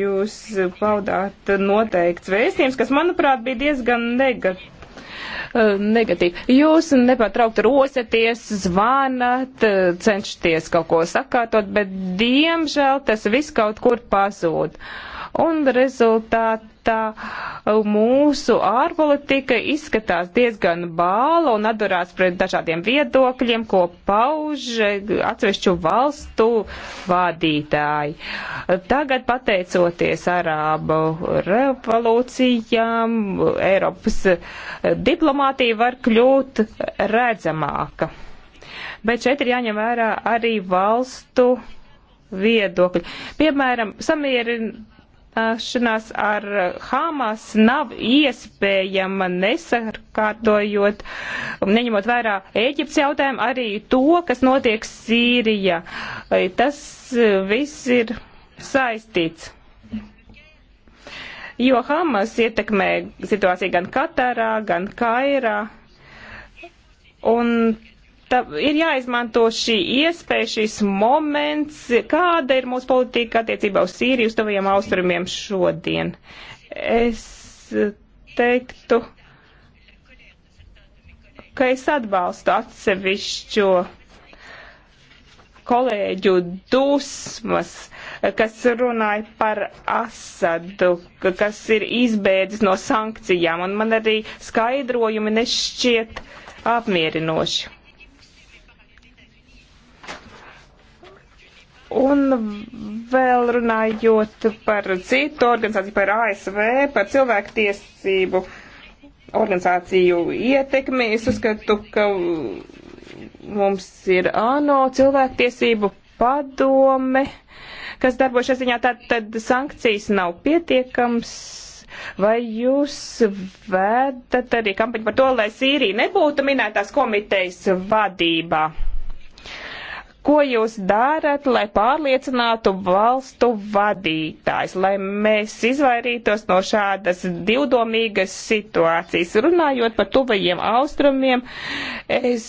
S2: Jūs paudāt noteikts vēstījums, kas, manuprāt, bija diezgan negatīvs eh, negatīvi. Jūs nepārtraukti rosaties, zvanat, eh, cenšaties kaut ko sakārtot, bet diemžēl tas viss kaut kur pazūd. Un rezultāti tā uh, mūsu ārpolitika izskatās diezgan bāla un adorās pret dažādiem viedokļiem, ko pauž eh, atsevišķu valstu vadītāji. Tagad, pateicoties Arābu revolūcijām, Eiropas eh, diplomātija var kļūt redzamāka. Bet šeit ir jāņem vērā arī valstu viedokļi. Piemēram, samierin vienošanās ar Hamas nav iespējama nesarkārtojot, neņemot vērā Ēģipts jautājumu, arī to, kas notiek Sīrijā. Tas viss ir saistīts. Jo Hamas ietekmē situāciju gan Katarā, gan Kairā. Un Ta, ir jāizmanto šī iespēja, šis moments, kāda ir mūsu politika attiecībā uz Sīriju, uz taviem austrumiem šodien. Es teiktu, ka es atbalstu atsevišķo kolēģu dusmas, kas runāja par Asadu, kas ir izbēdzis no sankcijām, un man arī skaidrojumi nešķiet apmierinoši. Un vēl runājot par citu organizāciju, par ASV, par cilvēktiesību organizāciju ietekmi, es uzskatu, ka mums ir ANO cilvēktiesību padome, kas darbojas ziņā, tad, tad sankcijas nav pietiekams. Vai jūs vēdat arī kampaņu par to, lai Sīrija nebūtu minētās komitejas vadībā? Ko jūs darat, lai pārliecinātu valstu vadītājs, lai mēs izvairītos no šādas divdomīgas situācijas? Runājot par tuvajiem austrumiem, es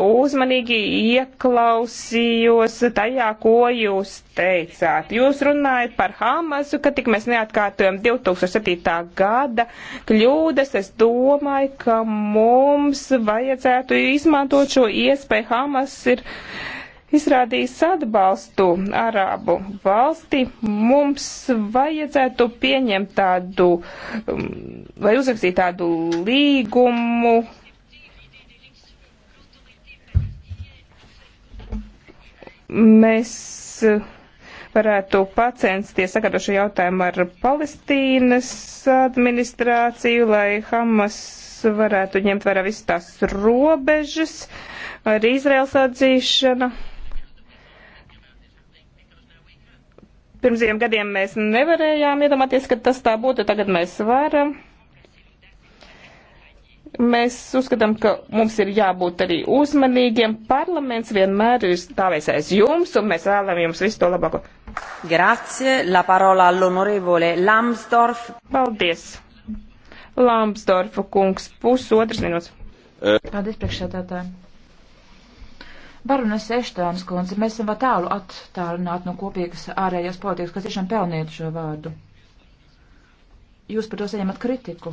S2: uzmanīgi ieklausījos tajā, ko jūs teicāt. Jūs runājat par Hamasu, ka tik mēs neatkārtojam 2007. gada kļūdas. Es domāju, ka mums vajadzētu izmantot šo iespēju. Hamas ir izrādījis atbalstu arābu valsti, mums vajadzētu pieņemt tādu vai um, uzrakstīt tādu līgumu. Mēs varētu pacensties sagatavot šo jautājumu ar Palestīnas administrāciju, lai Hamas varētu ņemt vērā visas tās robežas, arī Izraels atzīšana. Pirms diviem gadiem mēs nevarējām iedomāties, ka tas tā būtu, tagad mēs varam. Mēs uzskatām, ka mums ir jābūt arī uzmanīgiem. Parlaments vienmēr ir stāvējis aiz jums, un mēs vēlam jums visu to labāko.
S3: Grazie, la parola all'onorevole
S2: Lambsdorff. Paldies. Lambsdorfa kungs, pusotras minūtes. Eh. Paldies, priekšsēdētāji. Baronas Eštānas
S3: kundze, mēs esam vēl tālu attālināt no kopīgas ārējās politikas, kas tiešām pelnītu šo vārdu. Jūs par to saņemat kritiku,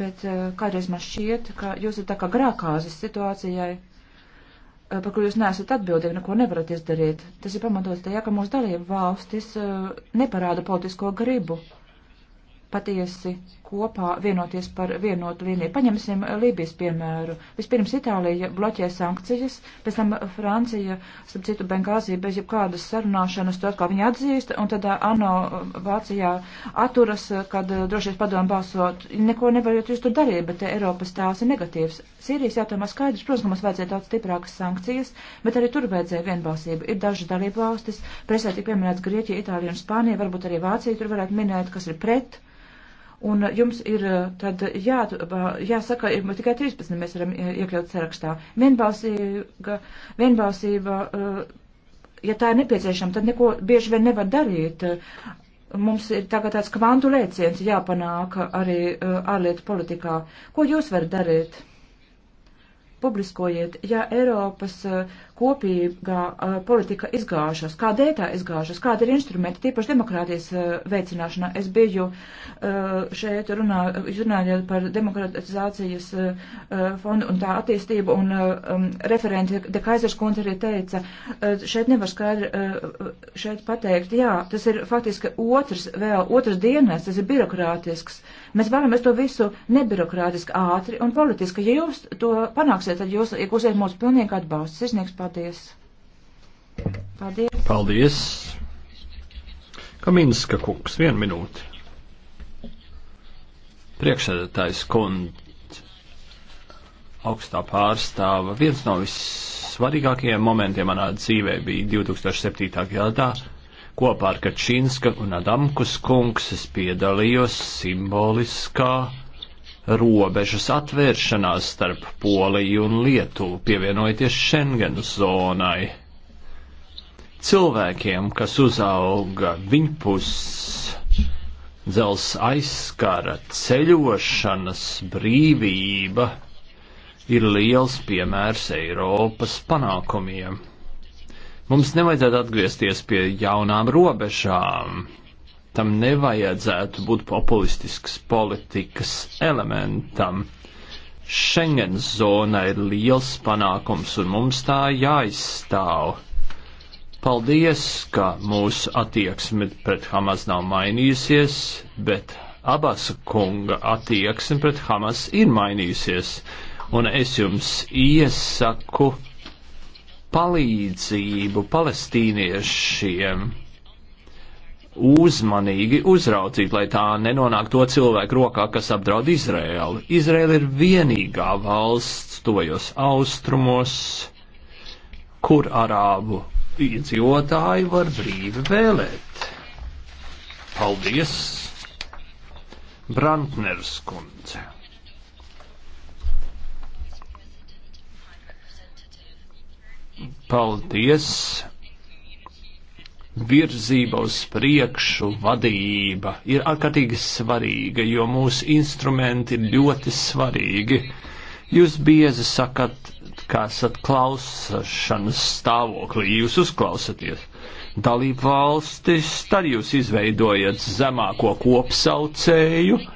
S3: bet eh, kādreiz man šķiet, ka jūs esat tā kā grākāzes situācijai, eh, par ko jūs neesat atbildīgi, neko nevarat izdarīt. Tas ir pamatots tajā, ka mūsu dalība valstis eh, neparāda politisko gribu patiesi kopā vienoties par vienotu vienību. Paņemsim Lībijas piemēru. Vispirms Itālija bloķē sankcijas, pēc tam Francija, starp citu, Bengāzija bez jebkādas sarunāšanas, to atkal viņi atzīst, un tad uh, ANO uh, Vācijā atturas, uh, kad drošies padomu balsot, neko nevarot jūs tur darīt, bet Eiropas tās ir negatīvs. Sīrijas jautājumā skaidrs, protams, ka mums vajadzēja daudz stiprākas sankcijas, bet arī tur vajadzēja vienbalsību. Ir daži dalību valstis, presē tik pieminēts Grieķija, Itālija un Spānija, varbūt arī Vācija tur varētu minēt, kas ir pret. Un jums ir eh, tad jā, jāsaka, ir tikai 13 mēs varam eh, iekļaut sarakstā. Vienbalsīga, vienbalsība, eh, ja tā ir nepieciešama, tad neko bieži vien nevar darīt. Mums ir tagad tāds kvantu lēciens jāpanāk arī ārlietu politikā. Ko jūs varat darīt? Publiskojiet, ja Eiropas uh, kopīgā uh, politika izgāžas, kā dētā izgāžas, kāda ir instrumenti, tīpaši demokrātijas uh, veicināšanā. Es biju uh, šeit runā, runājot par demokratizācijas uh, uh, fondu un tā attīstību, un uh, um, referenti De Kaisers kundze arī teica, uh, šeit nevar skaidri uh, šeit pateikt, jā, tas ir faktiski otrs vēl, otrs dienas, tas ir birokrātisks, Mēs vēlamies to visu nebirokrātiski ātri un politiski. Ja jūs to panāksiet, tad jūs iegūsiet mūsu pilnīgu atbalstu. Sirsnieks, paldies! Paldies!
S1: Paldies! Kaminska kungs, vienu minūti. Priekšsēdētājs kundze, augstā pārstāva, viens no vissvarīgākajiem momentiem manā dzīvē bija 2007. gadā Kopā ar Kačinska un Adamkus kungs es piedalījos simboliskā robežas atvēršanās starp Poliju un Lietuvu, pievienojoties Schengen zonai. Cilvēkiem, kas uzauga viņpus dzels aizskara ceļošanas brīvība ir liels piemērs Eiropas panākumiem. Mums nevajadzētu atgriezties pie jaunām robežām. Tam nevajadzētu būt populistisks politikas elementam. Schengens zona ir liels panākums un mums tā jāizstāv. Paldies, ka mūsu attieksme pret Hamas nav mainījusies, bet Abasa kunga attieksme pret Hamas ir mainījusies. Un es jums iesaku palīdzību palestīniešiem uzmanīgi uzraucīt, lai tā nenonāk to cilvēku rokā, kas apdraud Izrēlu. Izrēla ir vienīgā valsts tojos austrumos, kur arābu iedzīvotāji var brīvi vēlēt. Paldies! Brantners kundze. Paldies! Virzība uz priekšu, vadība ir ārkārtīgi svarīga, jo mūsu instrumenti ir ļoti svarīgi. Jūs biezi sakat, kā esat klausāšanas stāvoklī, jūs uzklausaties. Dalību valstis, tad jūs izveidojat zemāko kopsaucēju,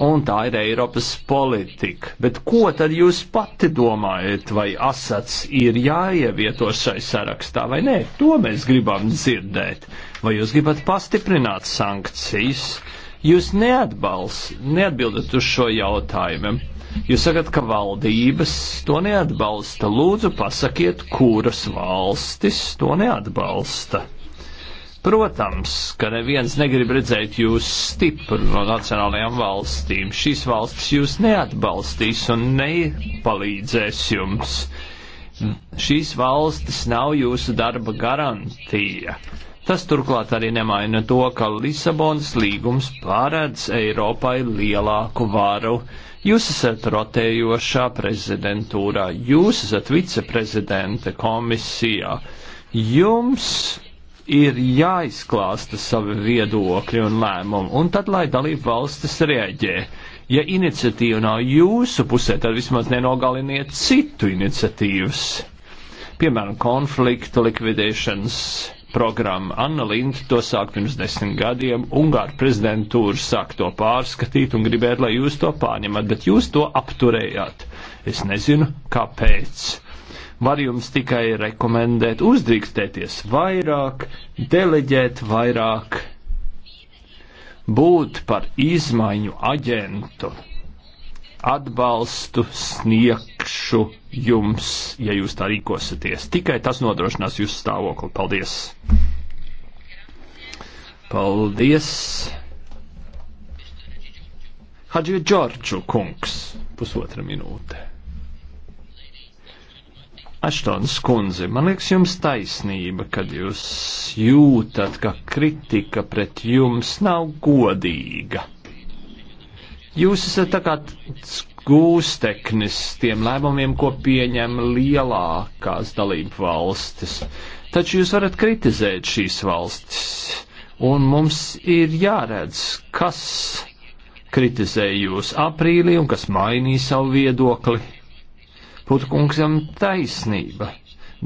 S1: un tā ir Eiropas politika. Bet ko tad jūs pati domājat, vai asats ir jāievieto šai sarakstā vai nē? To mēs gribam dzirdēt. Vai jūs gribat pastiprināt sankcijas? Jūs neatbalst, neatbildat uz šo jautājumu. Jūs sakat, ka valdības to neatbalsta. Lūdzu, pasakiet, kuras valstis to neatbalsta. Protams, ka neviens negrib redzēt jūs stipru no nacionālajām valstīm. Šīs valstis jūs neatbalstīs un nepalīdzēs jums. Šīs valstis nav jūsu darba garantija. Tas turklāt arī nemaina to, ka Lisabonas līgums pārēdz Eiropai lielāku varu. Jūs esat rotējošā prezidentūrā, jūs esat viceprezidente komisijā. Jums ir jāizklāsta savi viedokļi un lēmumi, un tad, lai dalību valstis rēģē. Ja iniciatīva nav jūsu pusē, tad vismaz nenogaliniet citu iniciatīvas. Piemēram, konfliktu likvidēšanas programma Anna Linda to sāk pirms desmit gadiem, Ungāra prezidentūra sāk to pārskatīt un gribēt, lai jūs to pārņemat, bet jūs to apturējāt. Es nezinu, kāpēc Var jums tikai rekomendēt uzdrīkstēties vairāk, deleģēt vairāk, būt par izmaiņu aģentu. Atbalstu sniegšu jums, ja jūs tā rīkosieties. Tikai tas nodrošinās jūsu stāvokli. Paldies! Paldies! Hadži Džordžu kungs, pusotra minūte. Aštons kundze, man liekas jums taisnība, kad jūs jūtat, ka kritika pret jums nav godīga. Jūs esat tā kā gūsteknis tiem lēmumiem, ko pieņem lielākās dalību valstis. Taču jūs varat kritizēt šīs valstis, un mums ir jāredz, kas kritizē jūs aprīlī un kas mainīja savu viedokli Putkungam taisnība.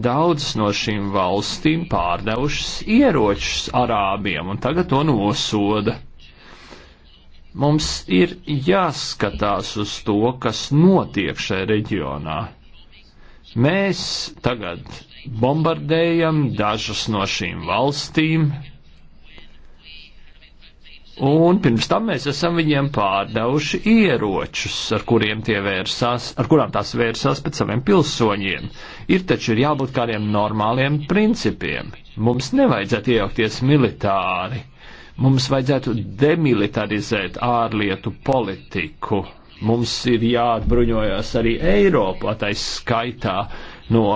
S1: Daudzas no šīm valstīm pārdevušas ieročus arābiem, un tagad to nosoda. Mums ir jāskatās uz to, kas notiek šajā reģionā. Mēs tagad bombardējam dažas no šīm valstīm, Un pirms tam mēs esam viņiem pārdevuši ieročus, ar kuriem tie vērsās, ar kurām tās vērsās pēc saviem pilsoņiem. Ir taču ir jābūt kādiem normāliem principiem. Mums nevajadzētu iejaukties militāri. Mums vajadzētu demilitarizēt ārlietu politiku. Mums ir jāatbruņojas arī Eiropā, taisa skaitā no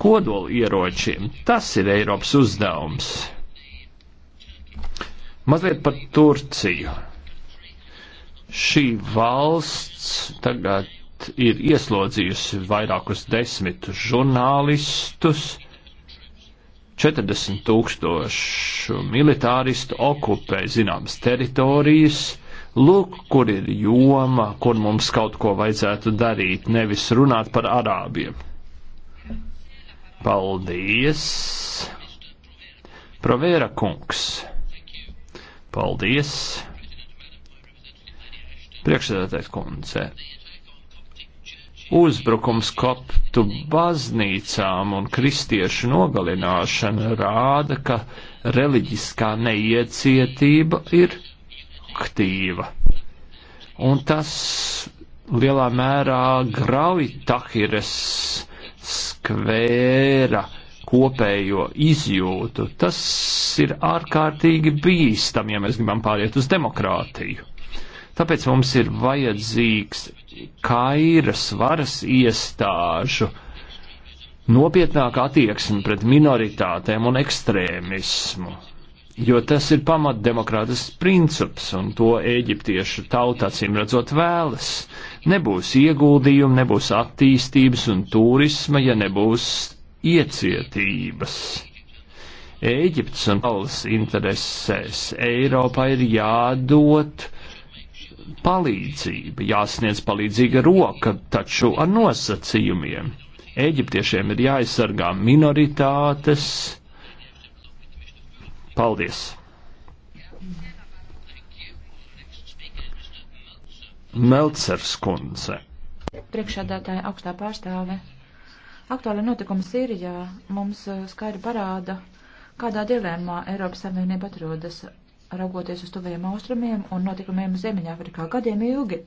S1: kodolieročiem. Tas ir Eiropas uzdevums Mazliet par Turciju. Šī valsts tagad ir ieslodzījusi vairākus desmit žurnālistus, 40 tūkstošu militāristu okupē zināmas teritorijas. Lūk, kur ir joma, kur mums kaut ko vajadzētu darīt, nevis runāt par arābiem. Paldies! Provēra kungs! Paldies! Priekšsēdētājs kundze. Uzbrukums koptu baznīcām un kristiešu nogalināšana rāda, ka reliģiskā neiecietība ir aktīva. Un tas lielā mērā grauj Tahiras skvēra kopējo izjūtu. Tas ir ārkārtīgi bīstam, ja mēs gribam pāriet uz demokrātiju. Tāpēc mums ir vajadzīgs kairas varas iestāžu nopietnāk attieksmi pret minoritātēm un ekstrēmismu, jo tas ir pamatdemokrātisks princips, un to eģiptiešu tautācīm redzot vēlas. Nebūs ieguldījumi, nebūs attīstības un turisma, ja nebūs iecietības. Ēģiptes un valsts interesēs Eiropā ir jādod palīdzība, jāsniedz palīdzīga roka, taču ar nosacījumiem. Eģiptiešiem ir jāaizsargā minoritātes. Paldies! Melcers kundze.
S3: Priekšādātāja augstā pārstāve Aktuāla notikuma Sīrijā mums uh, skaidri parāda, kādā dilemmā Eiropas Savienība atrodas, raugoties uz tuvajiem austrumiem un notikumiem Ziemeņāfrikā gadiem ilgi.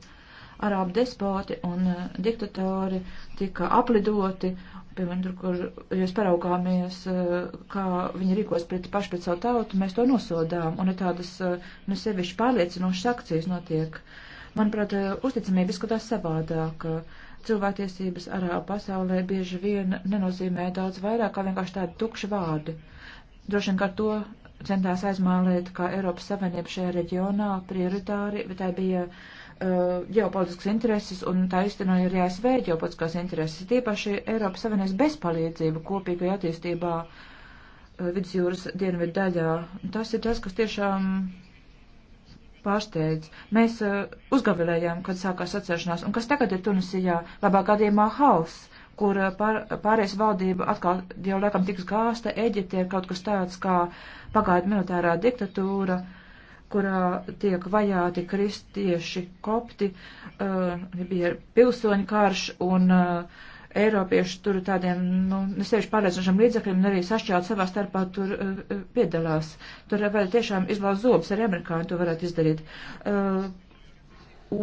S3: Arābu despoti un uh, diktatori tika aplidoti, piemēram, tur, kur jūs paraugāmies, uh, kā viņi rīkos pret paši pret savu tautu, mēs to nosodām, un ir tādas, nu, sevišķi pārliecinošas akcijas notiek. Manuprāt, uzticamība izskatās savādāk. Uh, Cilvēktiesības arā pasaulē bieži vien nenozīmē daudz vairāk kā vienkārši tādi tukši vārdi. Droši vien, ka to centās aizmālēt, kā Eiropas Savienība šajā reģionā prioritāri, bet tā bija uh, ģeopolitiskas intereses, un tā īstenoja arī ASV ģeopolitiskās intereses, tīpaši Eiropas Savienības bezpalīdzība kopīgai attīstībā uh, vidusjūras dienvidu daļā. Tas ir tas, kas tiešām pārsteidz. Mēs uh, uzgavilējām, kad sākās atceršanās, un kas tagad ir Tunisijā, labā gadījumā hauss, kur eh, pār, pārējais valdība atkal jau laikam tiks gāsta, Eģipte ir kaut kas tāds kā pagaidu militārā diktatūra, kurā tiek vajāti kristieši, kopti, uh, bija pilsoņu karš un uh, Eiropieši tur tādiem, nu, nesievišķi nu, pārliecinošiem līdzekļiem un arī sašķelt savā starpā tur uh, piedalās. Tur var tiešām izlauz zobus ar amerikāņu, to varētu izdarīt. Uh,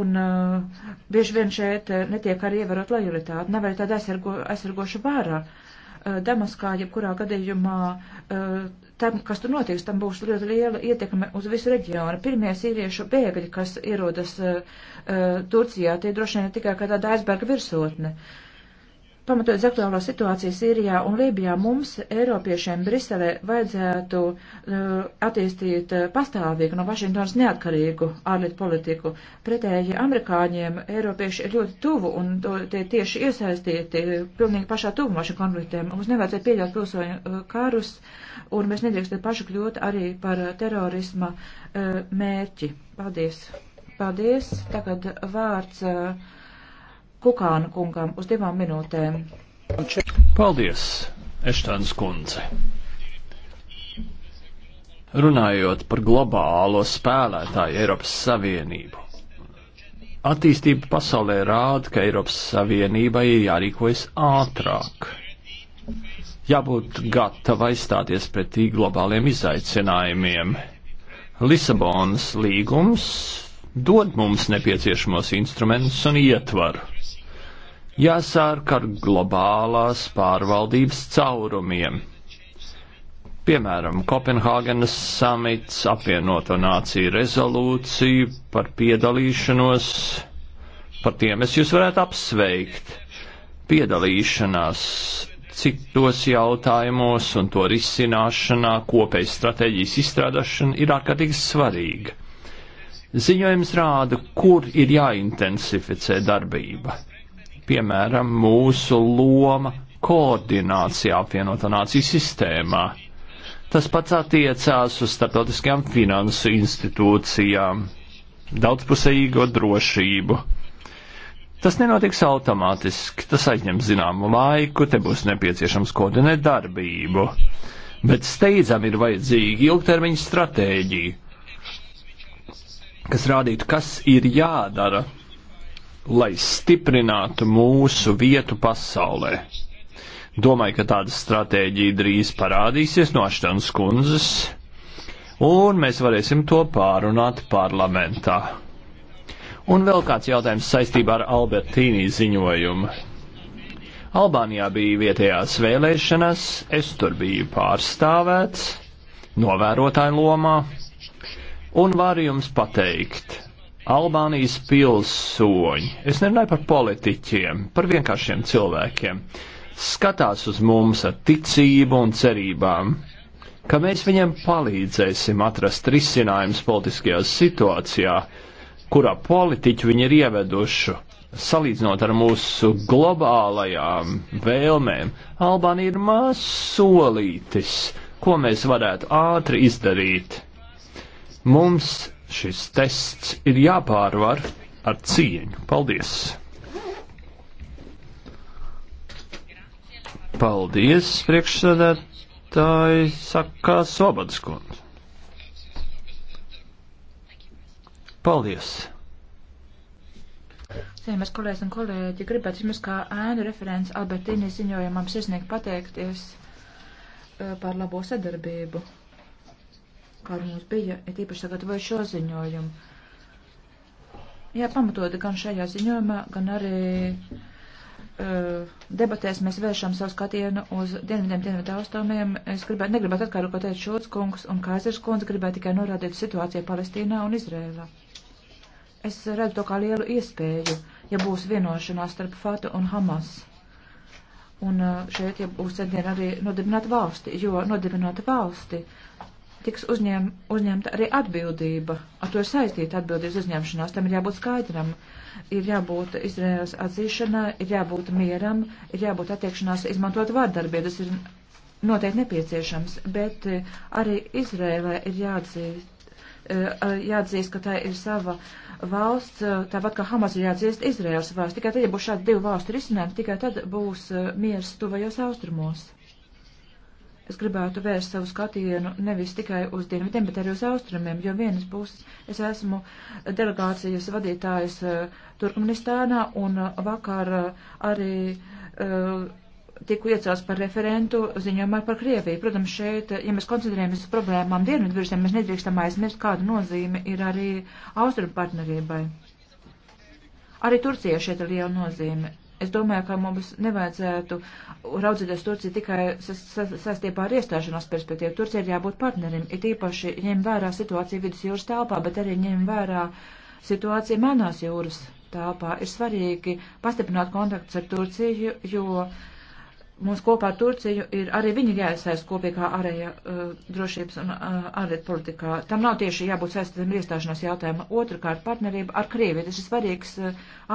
S3: un uh, bieži vien šeit uh, netiek arī ievarot lojalitāti, nav arī tāda aizsargo, aizsargoša vārā. Uh, Damaskā, jebkurā gadījumā, uh, tam, kas tur notiks, tam būs ļoti liela ietekme uz visu reģionu. Pirmie sīriešu bēgļi, kas ierodas uh, Turcijā, tie droši vien ir tikai kā tāda aizberga virsotne. Uh, pamatojot aktuālo situāciju Sīrijā un Lībijā, mums, Eiropiešiem, Briselē, vajadzētu uh, attīstīt uh, pastāvīgu no Vašingtonas neatkarīgu ārlietu politiku. Pretēji amerikāņiem Eiropieši ir ļoti tuvu un to, tie tieši iesaistīti uh, pilnīgi pašā tuvumā šiem konfliktiem. Mums nevajadzētu pieļaut pilsoņu uh, karus un mēs nedrīkstam paši kļūt arī par uh, terorisma uh, mērķi. Paldies! Paldies! Tagad vārds. Uh, Kukāna kungam uz divām minūtēm.
S1: Paldies, Eštāns kundze. Runājot par globālo spēlētāju Eiropas Savienību. Attīstība pasaulē rāda, ka Eiropas Savienībai ir jārīkojas ātrāk. Jābūt gatavai stāties pretī globāliem izaicinājumiem. Lisabonas līgums dod mums nepieciešamos instrumentus un ietvaru. Jāsāk ar globālās pārvaldības caurumiem. Piemēram, Kopenhāgenes samits, apvienoto nāciju rezolūciju par piedalīšanos, par tiem es jūs varētu apsveikt. Piedalīšanās citos jautājumos un to risināšanā kopējas stratēģijas izstrādāšana ir ārkārtīgi svarīga Ziņojums rāda, kur ir jāintensificē darbība. Piemēram, mūsu loma koordinācijā apvienotā nāciju sistēmā. Tas pats attiecās uz starptautiskajām finansu institūcijām, daudzpusējo drošību. Tas nenotiks automātiski, tas aizņem zināmu laiku, te būs nepieciešams koordinēt darbību. Bet steidzam ir vajadzīga ilgtermiņa stratēģija kas rādītu, kas ir jādara, lai stiprinātu mūsu vietu pasaulē. Domāju, ka tāda stratēģija drīz parādīsies no Aštanas kundzes, un mēs varēsim to pārunāt parlamentā. Un vēl kāds jautājums saistībā ar Albertīnī ziņojumu. Albānijā bija vietējās vēlēšanas, es tur biju pārstāvēts, novērotāju lomā, Un varu jums pateikt, Albānijas pilsoņi, es nerunāju par politiķiem, par vienkāršiem cilvēkiem, skatās uz mums ar ticību un cerībām, ka mēs viņiem palīdzēsim atrast risinājumus politiskajā situācijā, kurā politiķi viņi ir ieveduši. Salīdzinot ar mūsu globālajām vēlmēm, Albānija ir mazs solītis, ko mēs varētu ātri izdarīt Mums šis tests ir jāpārvar ar cieņu. Paldies! Paldies, priekšsēdētāji, saka Sobats kundze. Paldies!
S3: Cienījamies kolēģis un kolēģi, gribētu jums kā ēnu referents Albertīnijas ziņojumam sirsnīgi pateikties eh, par labo sadarbību kāda mums bija, ir īpaši sagatavoju šo ziņojumu. Jā, pamatot gan šajā ziņojumā, gan arī uh, debatēs mēs vēršam savu skatienu uz dienvidiem, dienvidu austrumiem. Es gribētu, negribētu atkārtot, ko teica Šulc kungs un Kaisers kungs, gribētu tikai norādīt situāciju Palestīnā un Izrēlā. Es redzu to kā lielu iespēju, ja būs vienošanās starp Fatu un Hamas. Un e, šeit, ja būs centieni arī nodibināt valsti, jo nodibināt valsti tiks uzņēm, uzņemta arī atbildība. Ar to ir saistīta atbildības uzņemšanās. Tam ir jābūt skaidram. Ir jābūt Izraels atzīšanai, ir jābūt mieram, ir jābūt attiekšanās izmantot vārdarbību. Tas ir noteikti nepieciešams, bet eh, arī Izrēlē ir jāatzīst, eh, jāatzīst, ka tā ir sava valsts, eh, tāpat kā Hamas ir jāatzīst Izraels valsts. Tikai tad, ja būs šādi divu valstu risinājumi, tikai tad būs miers tuvajos austrumos. Es gribētu vērst savu skatienu nevis tikai uz dienvidiem, bet arī uz austrumiem, jo vienas puses es esmu delegācijas vadītājs eh, Turkmenistānā un eh, vakar eh, arī uh, tiku iecelts par referentu ziņojumā par Krieviju. Protams, šeit, ja mēs koncentrējamies uz problēmām dienvidvirsiem, mēs nedrīkstam aizmirst, kāda nozīme ir arī austrumu partnerībai. Arī Turcija šeit ir liela nozīme. Es domāju, ka mums nevajadzētu raudzīties Turciju tikai saistībā ar iestāšanos perspektīvu. Turcija ir jābūt partnerim, it īpaši ņem vērā situāciju vidus jūras telpā, bet arī ņem vērā situāciju Melnās jūras telpā. Ir svarīgi pastiprināt kontaktus ar Turciju, jo mums kopā ar Turciju ir arī viņi ir jāiesaist kopīgā ārējā uh, drošības un uh, ārlietu politikā. Tam nav tieši jābūt saistītam iestāšanās jautājumu. Otrakārt, partnerība ar Krieviju. Tas ir svarīgs uh,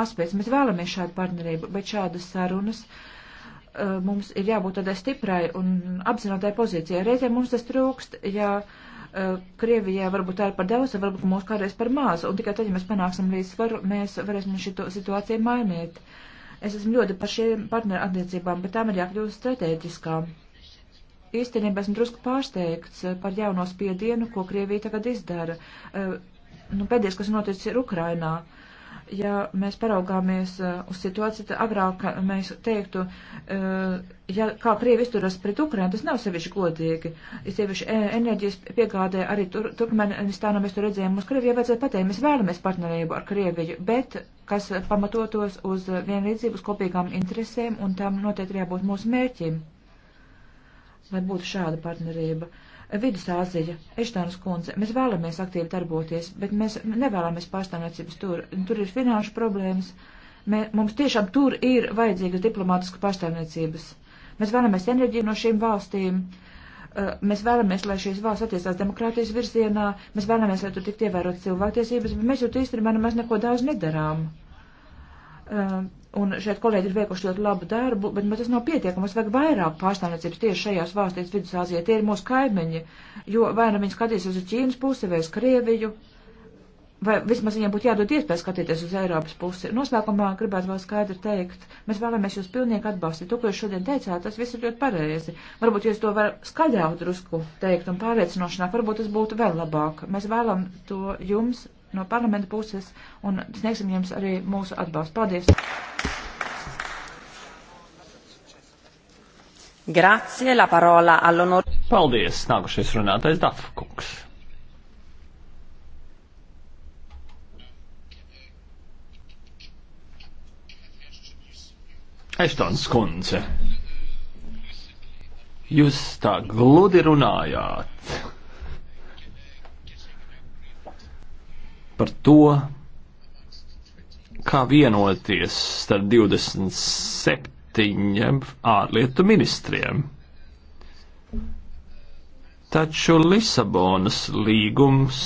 S3: aspekts. Mēs vēlamies šādu partnerību, bet šādas sarunas uh, mums ir jābūt tādai stiprai un apzinātai pozīcijai. Reizēm mums tas trūkst, ja uh, Krievijai varbūt tā ir par daudz, varbūt mūs kādreiz par maz. Un tikai tad, ja mēs panāksim līdzsvaru, mēs varēsim šo situāciju mainīt. Uh, Es esmu ļoti par šiem partneru attiecībām, bet tām ir jākļūst strateģiskām. Īstenībā esmu drusku pārsteigts eh, par jauno spiedienu, ko Krievija tagad izdara. Eh, nu, pēdējais, kas noticis, ir Ukrainā. Uh, ja mēs paraugāmies eh, uz situāciju, tad agrāk mēs teiktu, eh, ja kā Krievi izturas pret Ukrainu, tas nav sevišķi godīgi. Es sevišķi eh, enerģijas piegādē arī tur, Turkmenistānā mēs tur redzējām, mums Krievijai vajadzēja pateikt, mēs vēlamies partnerību ar Krieviju, bet kas pamatotos uz vienlīdzību, uz kopīgām interesēm, un tam noteikti jābūt mūsu mērķim, lai būtu šāda partnerība. Uh, Vidusāzija, Eštānas kundze, mēs vēlamies aktīvi darboties, bet mēs nevēlamies pārstāvniecības tur. Tur ir finanšu problēmas. Mē, mums tiešām tur ir vajadzīgas diplomātiskas pārstāvniecības. Mēs vēlamies enerģiju no šīm valstīm. Uh, mēs vēlamies, lai šīs valsts attīstās demokrātijas virzienā. Mēs vēlamies, lai tur tiktu ievērotas cilvēktiesības, bet mēs jau īstenībā nemaz neko daudz nedarām uh, Un šeit kolēģi ir veikuši ļoti labu darbu, bet, bet tas nav pietiekami. Mums vajag vairāk pārstāvniecības tieši šajās valstīs Vidusāzijā. Tie ir mūsu kaimiņi, jo vai nu viņi skatīsies uz Ķīnas pusi vai uz Krieviju, vai vismaz viņiem būtu jādod iespēja skatīties uz Eiropas pusi. Noslēgumā gribētu vēl skaidri teikt, mēs vēlamies jūs pilnīgi atbalstīt. To, ko jūs šodien teicāt, tas viss ir ļoti pareizi. Varbūt jūs to var skaļāk drusku teikt un pārliecinošanāk, varbūt tas būtu vēl labāk. Mēs vēlam to jums no parlamenta puses un sniegsim jums arī mūsu atbalstu. Paldies!
S1: Grazie, la parola all'onor. Paldies, nākošais runātais Dafkungs. Eštons kundze, jūs tā gludi runājāt. par to, kā vienoties starp 27 ārlietu ministriem. Taču Lisabonas līgums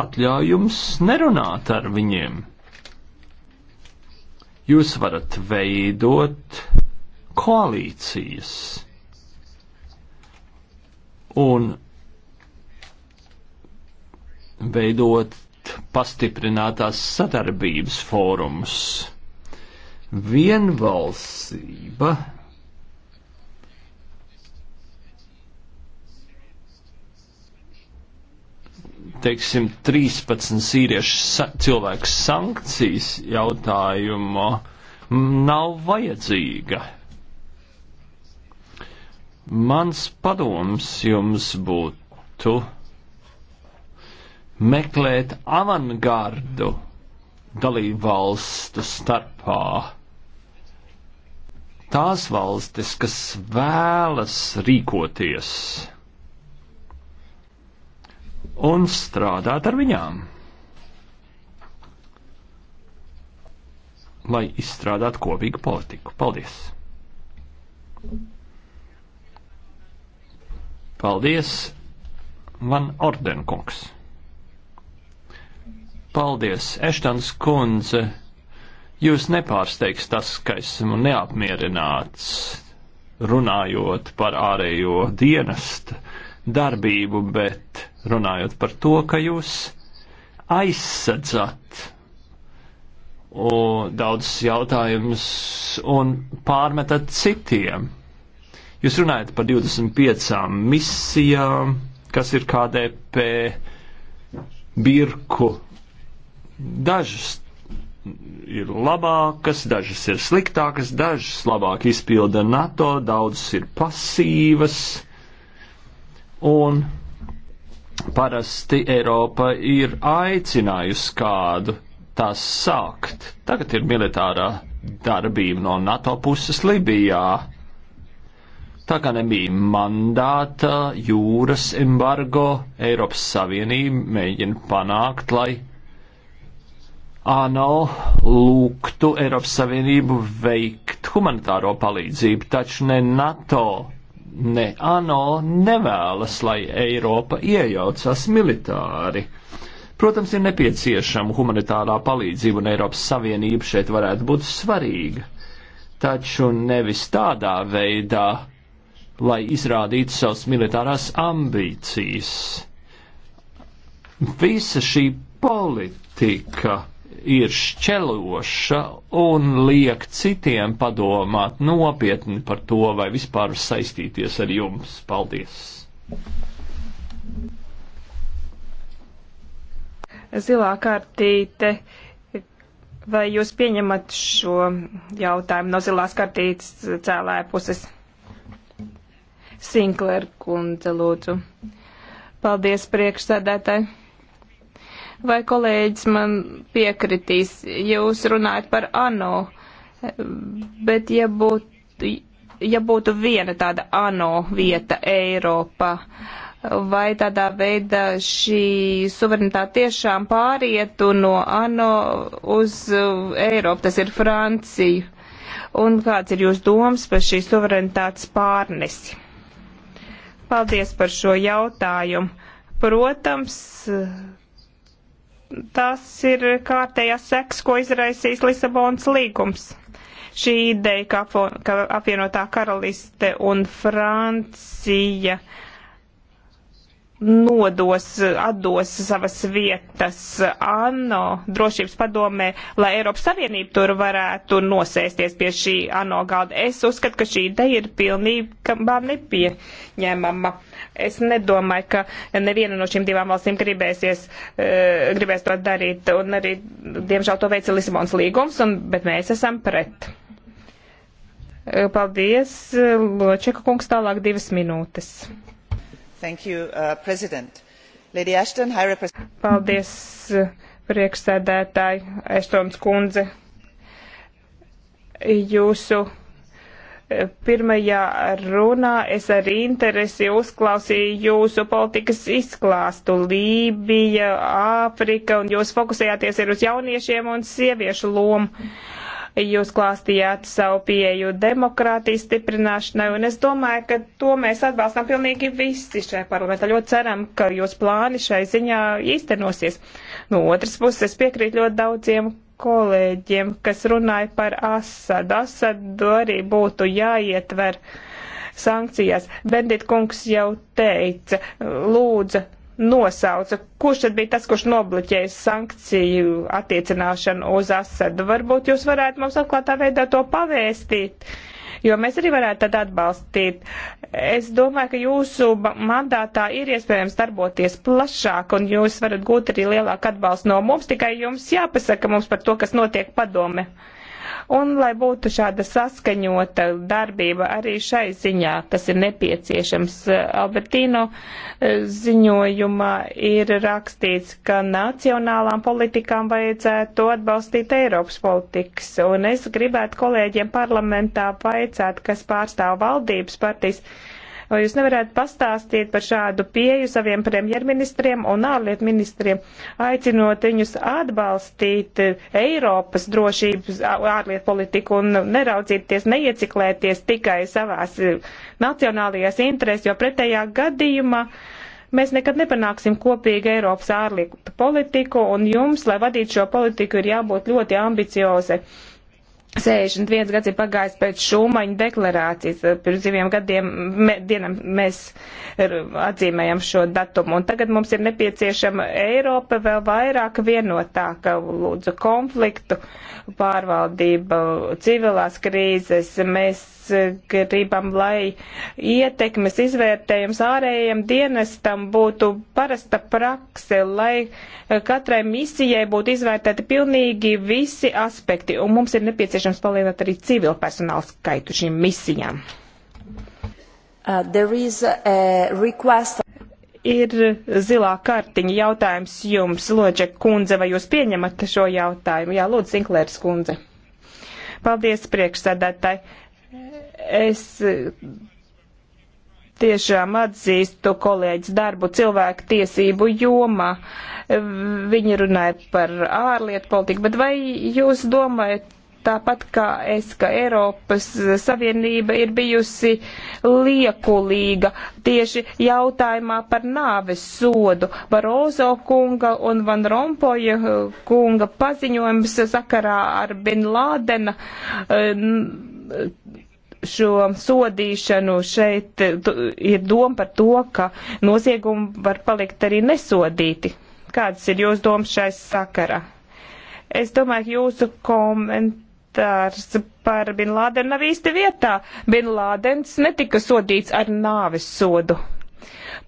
S1: atļauj jums nerunāt ar viņiem. Jūs varat veidot koalīcijas. Un veidot pastiprinātās sadarbības fórums. Vienvalsība teiksim, 13 sīriešu sa cilvēku sankcijas jautājumā nav vajadzīga. Mans padoms jums būtu meklēt avangardu dalību valstu starpā. Tās valstis, kas vēlas rīkoties un strādāt ar viņām, lai izstrādātu kopīgu politiku. Paldies! Paldies, Van Ordenkungs! Paldies, Eštans kundze. Jūs nepārsteigs tas, ka esmu neapmierināts runājot par ārējo dienestu darbību, bet runājot par to, ka jūs aizsadzat daudzus jautājumus un pārmetat citiem. Jūs runājat par 25 misijām, kas ir KDP birku Dažas ir labākas, dažas ir sliktākas, dažas labāk izpilda NATO, daudzas ir pasīvas. Un parasti Eiropa ir aicinājusi kādu tās sākt. Tagad ir militārā darbība no NATO puses Libijā. Tā kā nebija mandāta jūras embargo, Eiropas Savienība mēģina panākt, lai ANO lūgtu Eiropas Savienību veikt humanitāro palīdzību, taču ne NATO, ne ANO nevēlas, lai Eiropa iejaucas militāri. Protams, ir nepieciešama humanitārā palīdzība, un Eiropas Savienība šeit varētu būt svarīga. Taču nevis tādā veidā, lai izrādītu savas militārās ambīcijas. Visa šī politika ir šķeloša un liek citiem padomāt nopietni par to, vai vispār saistīties ar jums. Paldies!
S2: Zilā kartīte. Vai jūs pieņemat šo jautājumu no zilās kartītes cēlē puses? Sinclair kundze, lūdzu. Paldies priekšsēdētāji. Vai kolēģis man piekritīs, jūs runājat par ANO, bet ja būtu, ja būtu viena tāda ANO vieta Eiropā, vai tādā veidā šī suverenitāte tiešām pārietu no ANO uz Eiropu, tas ir Franciju, un kāds ir jūs domas par šī suverenitātes pārnesi? Paldies par šo jautājumu. Protams, tas ir kārtējās seks, ko izraisīs Lisabonas līgums. Šī ideja, ka apvienotā karaliste un Francija uh, nodos, atdos savas vietas ANO drošības padomē, lai Eiropas Savienība tur varētu nosēsties pie šī ANO galda. Es uzskatu, ka šī ideja ir pilnībā nepieņemama. Es nedomāju, ka neviena no šīm divām valstīm gribēsies, eh, gribēs to darīt, un arī, diemžēl, to veica Lisabons līgums, un, bet mēs esam pret. Eh, paldies, Čeka kungs, tālāk divas minūtes. You, uh, Ashton, Paldies, uh, priekšsēdētāji, Eštons kundze. Jūsu uh, pirmajā runā es ar interesi uzklausīju jūsu politikas izklāstu Lībija, Āfrika, un jūs fokusējāties ir uz jauniešiem un sieviešu lomu. Jūs klāstījāt savu pieju demokrātijas stiprināšanai, un es domāju, ka to mēs atbalstām pilnīgi visi šajā parlamentā. Ļoti ceram, ka jūs plāni šai ziņā īstenosies. No otras puses, es piekrītu ļoti daudziem kolēģiem, kas runāja par Asadu. Asadu arī būtu jāietver sankcijās. Bendit kungs jau teica, lūdza nosauca. Kurš tad bija tas, kurš nobloķēja sankciju attiecināšanu uz Asadu? Varbūt jūs varētu mums atklātā veidā to pavēstīt, jo mēs arī varētu tad atbalstīt. Es domāju, ka jūsu mandātā ir iespējams darboties plašāk, un jūs varat gūt arī lielāku atbalstu no mums, tikai jums jāpasaka mums par to, kas notiek padome. Uh, un lai būtu šāda saskaņota darbība arī šai ziņā, kas ir nepieciešams. Eh, Albertino eh, ziņojumā ir rakstīts, ka nacionālām politikām vajadzētu atbalstīt Eiropas politikas, un es gribētu kolēģiem parlamentā vaicāt, kas pārstāv valdības partijas, Vai jūs nevarētu pastāstīt par šādu pieju saviem premjerministriem un ārlietu ministriem, aicinot viņus atbalstīt Eiropas drošības ārlietu politiku un neraudzīties, neieciklēties tikai savās e, nacionālajās interesēs, jo pretējā gadījumā mēs nekad nepanāksim kopīgu Eiropas ārlietu politiku, un jums, lai vadītu šo politiku, ir jābūt ļoti ambiciozai. 61 gads ir pagājis pēc Šūmaņa deklarācijas. Pirms diviem gadiem mē, dienam mēs atzīmējam šo datumu. Un tagad mums ir nepieciešama Eiropa vēl vairāk vienotāka, lūdzu, konfliktu pārvaldība, civilās krīzes. Mēs gribam, lai ietekmes izvērtējums ārējiem dienestam būtu parasta prakse, lai katrai misijai būtu izvērtēti pilnīgi visi aspekti, un mums ir nepieciešams palielināt arī civil personāla skaitu šīm misijām. Uh, ir zilā kartiņa jautājums jums, Lodža kundze, vai jūs pieņemat šo jautājumu? Jā, lūdzu, Sinklērs kundze. Paldies, priekšsēdētāji. Es e, tiešām atzīstu kolēģis darbu cilvēku tiesību jomā. E, viņi runāja par ārlietu politiku, bet vai jūs domājat tāpat kā es, ka Eiropas Savienība ir bijusi liekulīga tieši jautājumā par nāves sodu. Barozo kunga un Van Rompoja kunga paziņojums sakarā ar Bin Lādena. Um, šo sodīšanu šeit eh, ir doma par to, ka noziegumi var palikt arī nesodīti. Kādas ir jūsu domas šai sakarā? Es domāju, ka jūsu komentārs par Bin Lādenu nav īsti vietā. Bin Lādens netika sodīts ar nāves sodu.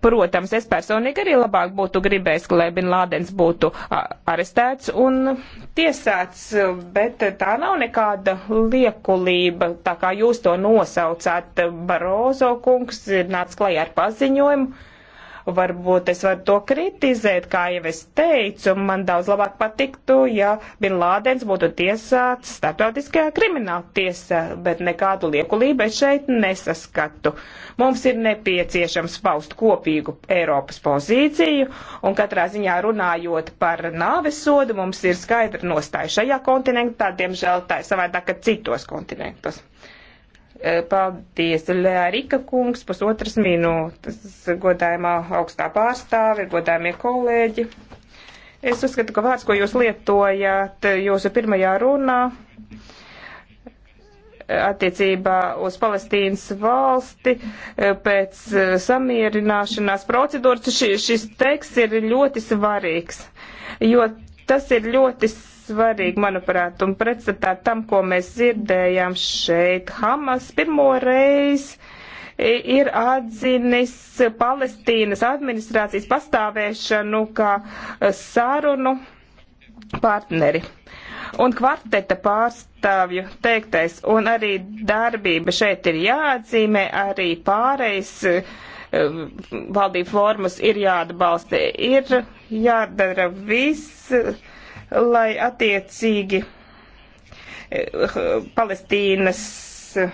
S2: Protams, es personīgi arī labāk būtu gribējis, ka Lēbin Lādens būtu arestēts un tiesāts, bet tā nav nekāda liekulība, tā kā jūs to nosaucāt. Barozo kungs ir nācis klajā ar paziņojumu, Varbūt es varu to kritizēt, kā jau es teicu, man daudz labāk patiktu, ja Bin Lādens būtu tiesāts starptautiskajā krimināla tiesā, bet nekādu liekulību es šeit nesaskatu. Mums ir nepieciešams paust kopīgu Eiropas pozīciju, un katrā ziņā runājot par nāves sodu, mums ir skaidra nostāja šajā kontinentā, diemžēl tā ir savādāk, ka citos kontinentos. Eh, paldies, Lērika kungs, pusotras minūtes, godājumā augstā pārstāve, godājumie kolēģi. Es uzskatu, ka vārds, ko jūs lietojāt jūsu pirmajā runā attiecībā uz Palestīnas valsti eh, pēc eh, samierināšanās procedūras, šis teksts ir ļoti svarīgs, jo tas ir ļoti svarīgi, manuprāt, un pretstatā tam, ko mēs dzirdējām šeit, Hamas pirmo reizi ir atzinis Palestīnas administrācijas pastāvēšanu kā e, sarunu partneri. Un kvarteta pārstāvju teiktais, un arī darbība šeit ir jāatzīmē, arī pārējais e, e, valdību formas ir jāatbalsta, ir jādara viss lai attiecīgi eh, Palestīnas eh,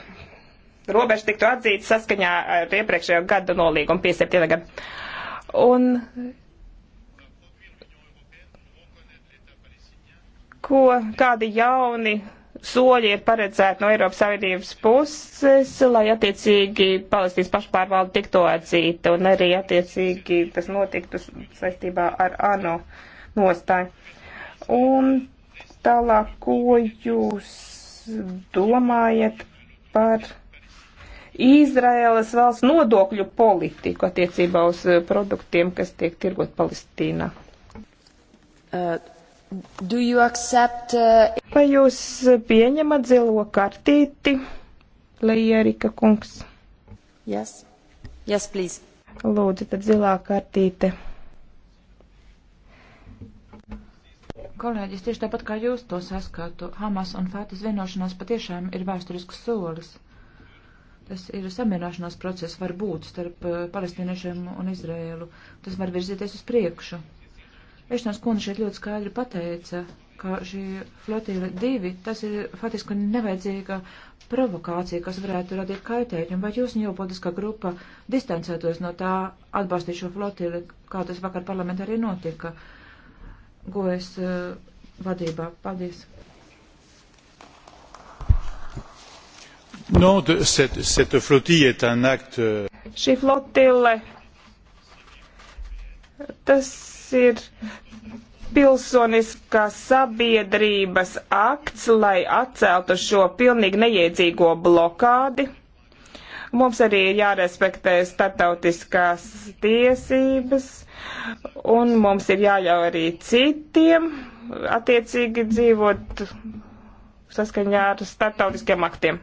S2: robeža tiktu atzīta saskaņā ar iepriekšējo gada nolīgumu 57. gadu. Un ko, kādi jauni soļi ir paredzēti no Eiropas Savienības puses, lai attiecīgi Palestīnas pašpārvalde tiktu atzīta un arī attiecīgi tas notiktu saistībā ar ANO nostāju. Un tālāk, ko jūs domājat par Izraēlas valsts nodokļu politiku attiecībā uz eh, produktiem, kas tiek tirgot Palestīnā? Uh, accept, uh... Vai jūs pieņemat zilo kartīti, Lejerika kungs? Yes. Yes, please. Lūdzu, tad zilā kartīte.
S3: kolēģis, tieši tāpat kā jūs to saskatu, Hamas un Fātas vienošanās patiešām ir vēsturisks solis. Tas ir samierināšanās process, var būt starp uh, palestīniešiem un Izrēlu. Tas var virzīties uz priekšu. Ešanās kundze šeit ļoti skaidri pateica, ka šī flotīla divi, tas ir faktiski nevajadzīga provokācija, kas varētu radīt kaitējumu, vai jūs un jau politiskā grupa distancētos no tā atbalstīt šo flotīli, kā tas vakar parlamentā arī notika. Uh, gojas uh, eh, vadībā.
S2: Paldies!
S1: Non, de,
S3: cette, cette flottille est un acte. Euh,
S2: Šī flotile, tas ir pilsoniskās sabiedrības akts, lai atceltu šo pilnīgi neiedzīgo blokādi Mums arī ir jārespektē startautiskās tiesības, un mums ir jāļauj arī citiem attiecīgi dzīvot saskaņā ar startautiskiem aktiem.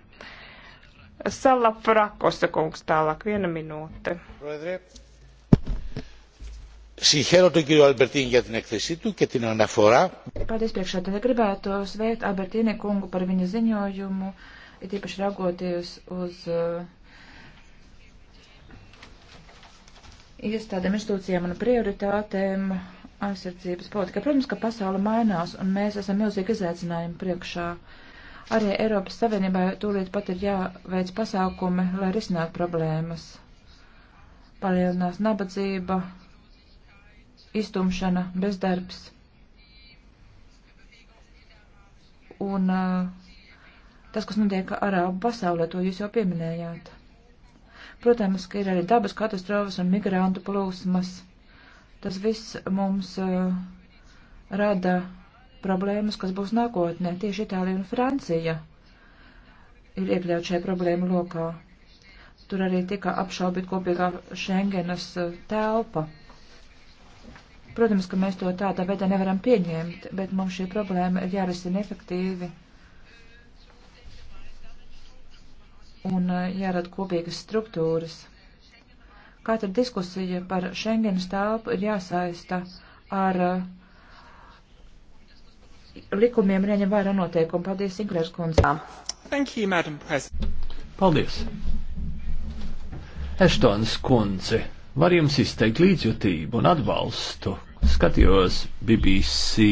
S2: Sala Frakosa kungs tālāk, viena minūte.
S4: Συγχαίρω τον κύριο Αλμπερτίν για την έκθεσή του και την αναφορά.
S2: Paldies priekšētāji.
S3: Gribētu sveikt Albertīne kungu par viņa ziņojumu, it īpaši raugoties uz uh, iestādēm, institūcijām un prioritātēm aizsardzības politikā. Protams, ka pasaule mainās un mēs esam milzīgi izaicinājumi priekšā. Arī Eiropas Savienībai tūlīt pat ir jāveic pasākumi, lai risinātu problēmas. Palielinās nabadzība, iztumšana, bezdarbs. Un uh, tas, kas notiek arābu pasaulē, to jūs jau pieminējāt. Protams, ka ir arī dabas katastrofas un migrantu plūsmas. Tas viss mums uh, rada problēmas, kas būs nākotnē. Tieši Itālija un Francija ir iekļaut šajā problēmu lokā. Tur arī tika apšaubīt kopīgā Schengenas uh, telpa. Protams, ka mēs to tādā veidā nevaram pieņemt, bet mums šī problēma ir jārisina efektīvi. un eh, jārada kopīgas struktūras. Katra diskusija par Schengenas telpu ir jāsaista ar eh, likumiem, ir jāņem vērā noteikumi. Paldies, Ingrērs kundze.
S1: Thank you, Madam President. Paldies. Eštons kundze, var jums izteikt līdzjūtību un atbalstu. Skatījos BBC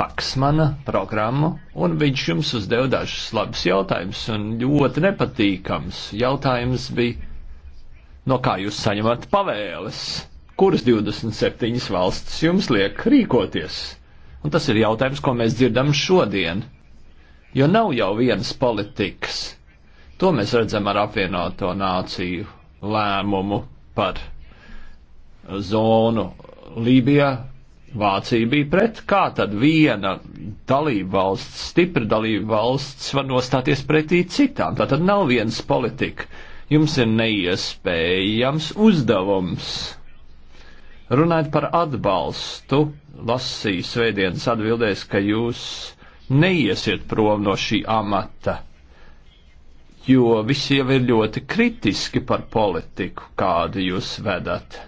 S1: Paksmana programmu, un viņš jums uzdeva dažus labus jautājumus, un ļoti nepatīkams jautājums bija, no kā jūs saņemat pavēles, kuras 27 valstis jums liek rīkoties. Un tas ir jautājums, ko mēs dzirdam šodien, jo nav jau vienas politikas. To mēs redzam ar apvienoto nāciju lēmumu par zonu Lībijā, Vācija bija pret, kā tad viena dalība valsts, stipra dalība valsts var nostāties pretī citām. Tā tad nav viens politika. Jums ir neiespējams uzdevums. Runājot par atbalstu, lasīju svētdienas atbildēs, ka jūs neiesiet prom no šī amata jo visi jau ir ļoti kritiski par politiku, kādu jūs vedat.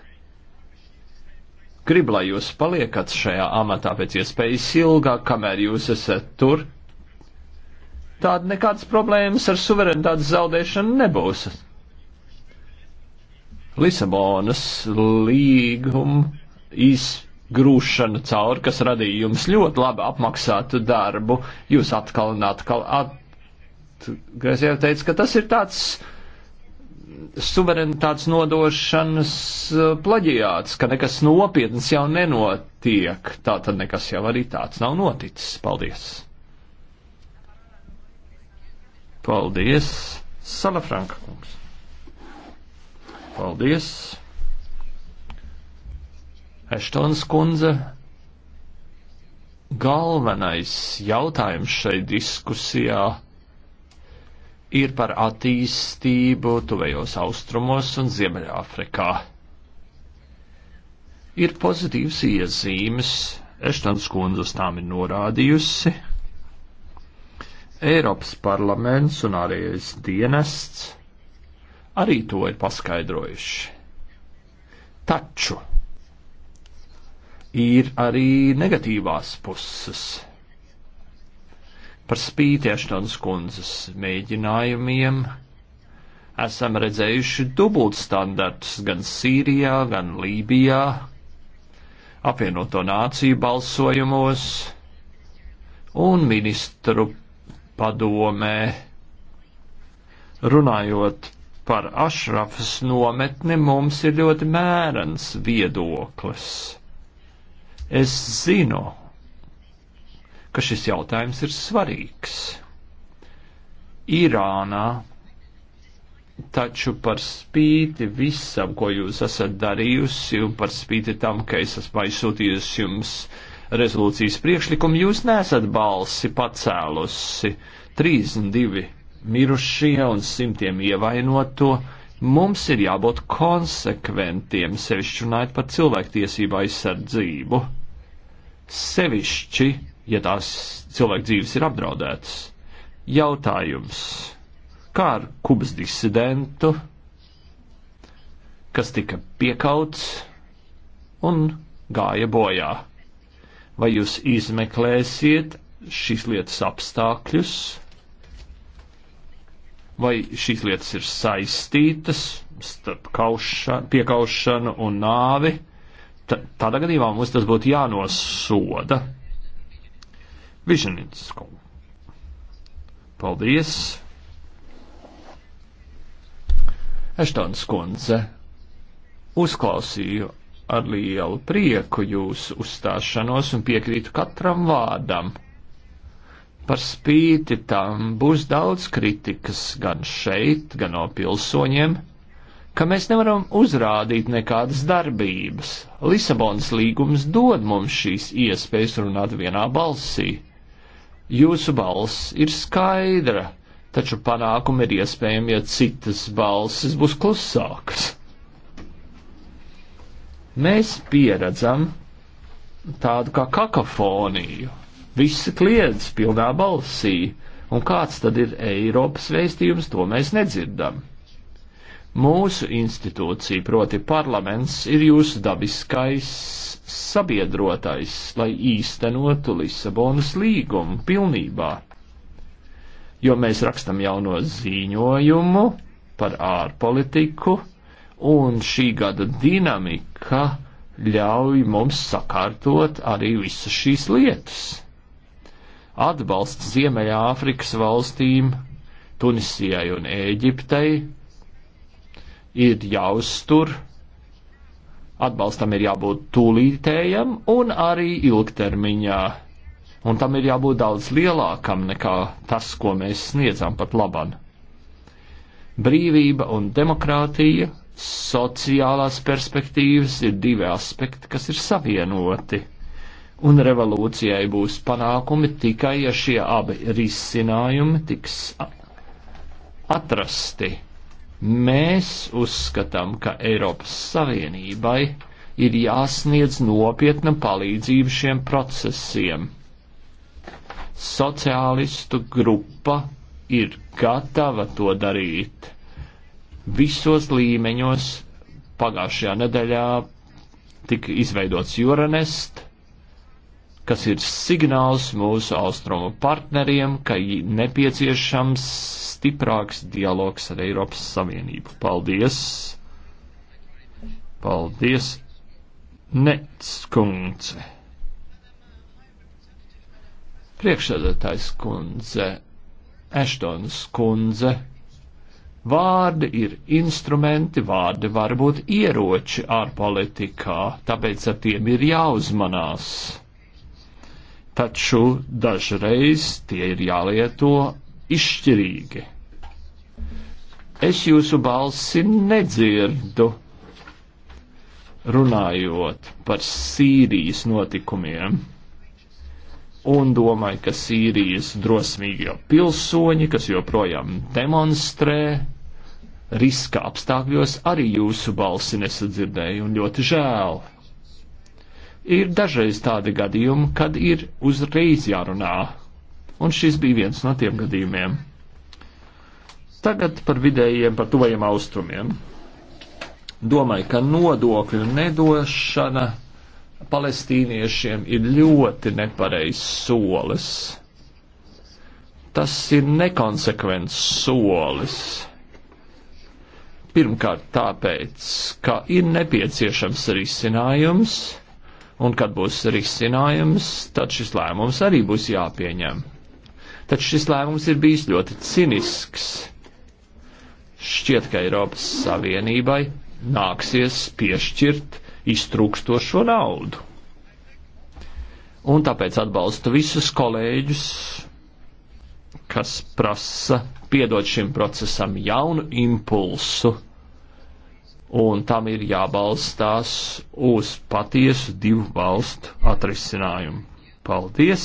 S1: Gribu, lai jūs paliekat šajā amatā pēc iespējas ilgāk, kamēr jūs esat tur. Tāda nekādas problēmas ar suverenitātes zaudēšanu nebūs. Lisabonas līguma izgrūšana cauri, kas radīja jums ļoti labi apmaksātu darbu, jūs atkal un atkal atgriezties. Jau teicu, ka tas ir tāds uh, suverenitātes nodošanas eh, plaģiāts, ka nekas nopietns jau nenotiek. Tā tad nekas jau arī tāds nav noticis. Paldies! Paldies, Salafranka kungs! Paldies! Eštons kundze, galvenais jautājums šai diskusijā ir par attīstību tuvējos austrumos un Ziemeļāfrikā. Ir pozitīvas iezīmes, Eštons kundze uz tām ir norādījusi. Eiropas parlaments un ārējais dienests arī to ir paskaidrojuši. Taču ir arī negatīvās puses Par spīti Aštons kundzes mēģinājumiem esam redzējuši dubultstandartus gan Sīrijā, gan Lībijā, apvienoto nāciju balsojumos un ministru padomē. Runājot par Ašrafas nometni, mums ir ļoti mērens viedoklis. Es zinu, ka šis jautājums ir svarīgs. Irānā taču par spīti visam, ko jūs esat darījusi, un par spīti tam, ka es esmu aizsūtījusi jums rezolūcijas priekšlikumu, jūs nesat balsi pacēlusi 32 mirušie un simtiem ievainoto. Mums ir jābūt konsekventiem, sevišķi runājot par cilvēktiesību aizsardzību. Sevišķi ja tās cilvēku dzīves ir apdraudētas. Jautājums, kā ar Kubas disidentu, kas tika piekauts un gāja bojā? Vai jūs izmeklēsiet šīs lietas apstākļus? Vai šīs lietas ir saistītas starp kaušanu, piekaušanu un nāvi? T tādā gadījumā mums tas būtu jānosoda. Vižanītas kungu. Paldies! Eštons kundze, uzklausīju ar lielu prieku jūsu uzstāšanos un piekrītu katram vārdam. Par spīti tam būs daudz kritikas gan šeit, gan no pilsoņiem, ka mēs nevaram uzrādīt nekādas darbības. Lisabonas līgums dod mums šīs iespējas runāt vienā balsī. Jūsu balss ir skaidra, taču panākumi ir iespējami, ja citas balsis būs klusākas. Mēs pieredzam tādu kā kakofoniju. Visi kliedz pilnā balsī, un kāds tad ir Eiropas vēstījums, to mēs nedzirdam. Mūsu institūcija, proti parlaments, ir jūsu dabiskais sabiedrotais, lai īstenotu Lisabonas līgumu pilnībā. Jo mēs rakstam jauno ziņojumu par ārpolitiku, un šī gada dinamika ļauj mums sakārtot arī visas šīs lietas. Atbalsts Ziemeļāfrikas valstīm, Tunisijai un Ēģiptei ir jāuztur Atbalstam ir jābūt tūlītējam un arī ilgtermiņā. Un tam ir jābūt daudz lielākam nekā tas, ko mēs sniedzam pat laban. Brīvība un demokrātija, sociālās perspektīvas ir divi aspekti, kas ir savienoti. Un revolūcijai būs panākumi tikai, ja šie abi risinājumi tiks atrasti. Mēs uzskatām, ka Eiropas Savienībai ir jāsniedz nopietna palīdzība šiem procesiem. Sociālistu grupa ir gatava to darīt visos līmeņos. Pagājušajā nedēļā tika izveidots Juranest, kas ir signāls mūsu austrumu partneriem, ka nepieciešams stiprāks dialogs ar Eiropas Savienību. Paldies! Paldies! Netskundze! Priekšsēdētājs kundze, Eštons kundze, vārdi ir instrumenti, vārdi var būt ieroči ārpolitikā, tāpēc ar tiem ir jāuzmanās taču dažreiz tie ir jālieto izšķirīgi. Es jūsu balsi nedzirdu runājot par Sīrijas notikumiem un domāju, ka Sīrijas drosmīgie pilsoņi, kas joprojām demonstrē, riska apstākļos arī jūsu balsi nesadzirdēju un ļoti žēl. Ir dažreiz tādi gadījumi, kad ir uzreiz jārunā, un šis bija viens no tiem gadījumiem. Tagad par vidējiem, par tuvajiem austrumiem. Domāju, ka nodokļu nedošana palestīniešiem ir ļoti nepareizs solis. Tas ir nekonsekvents solis. Pirmkārt, tāpēc, ka ir nepieciešams risinājums Un kad būs risinājums, tad šis lēmums arī būs jāpieņem. Taču šis lēmums ir bijis ļoti cinisks. Šķiet, ka Eiropas Savienībai nāksies piešķirt iztrūkstošo naudu. Un tāpēc atbalstu visus kolēģus, kas prasa piedot šim procesam jaunu impulsu un tam ir jābalstās uz patiesu divu valstu atrisinājumu. Paldies!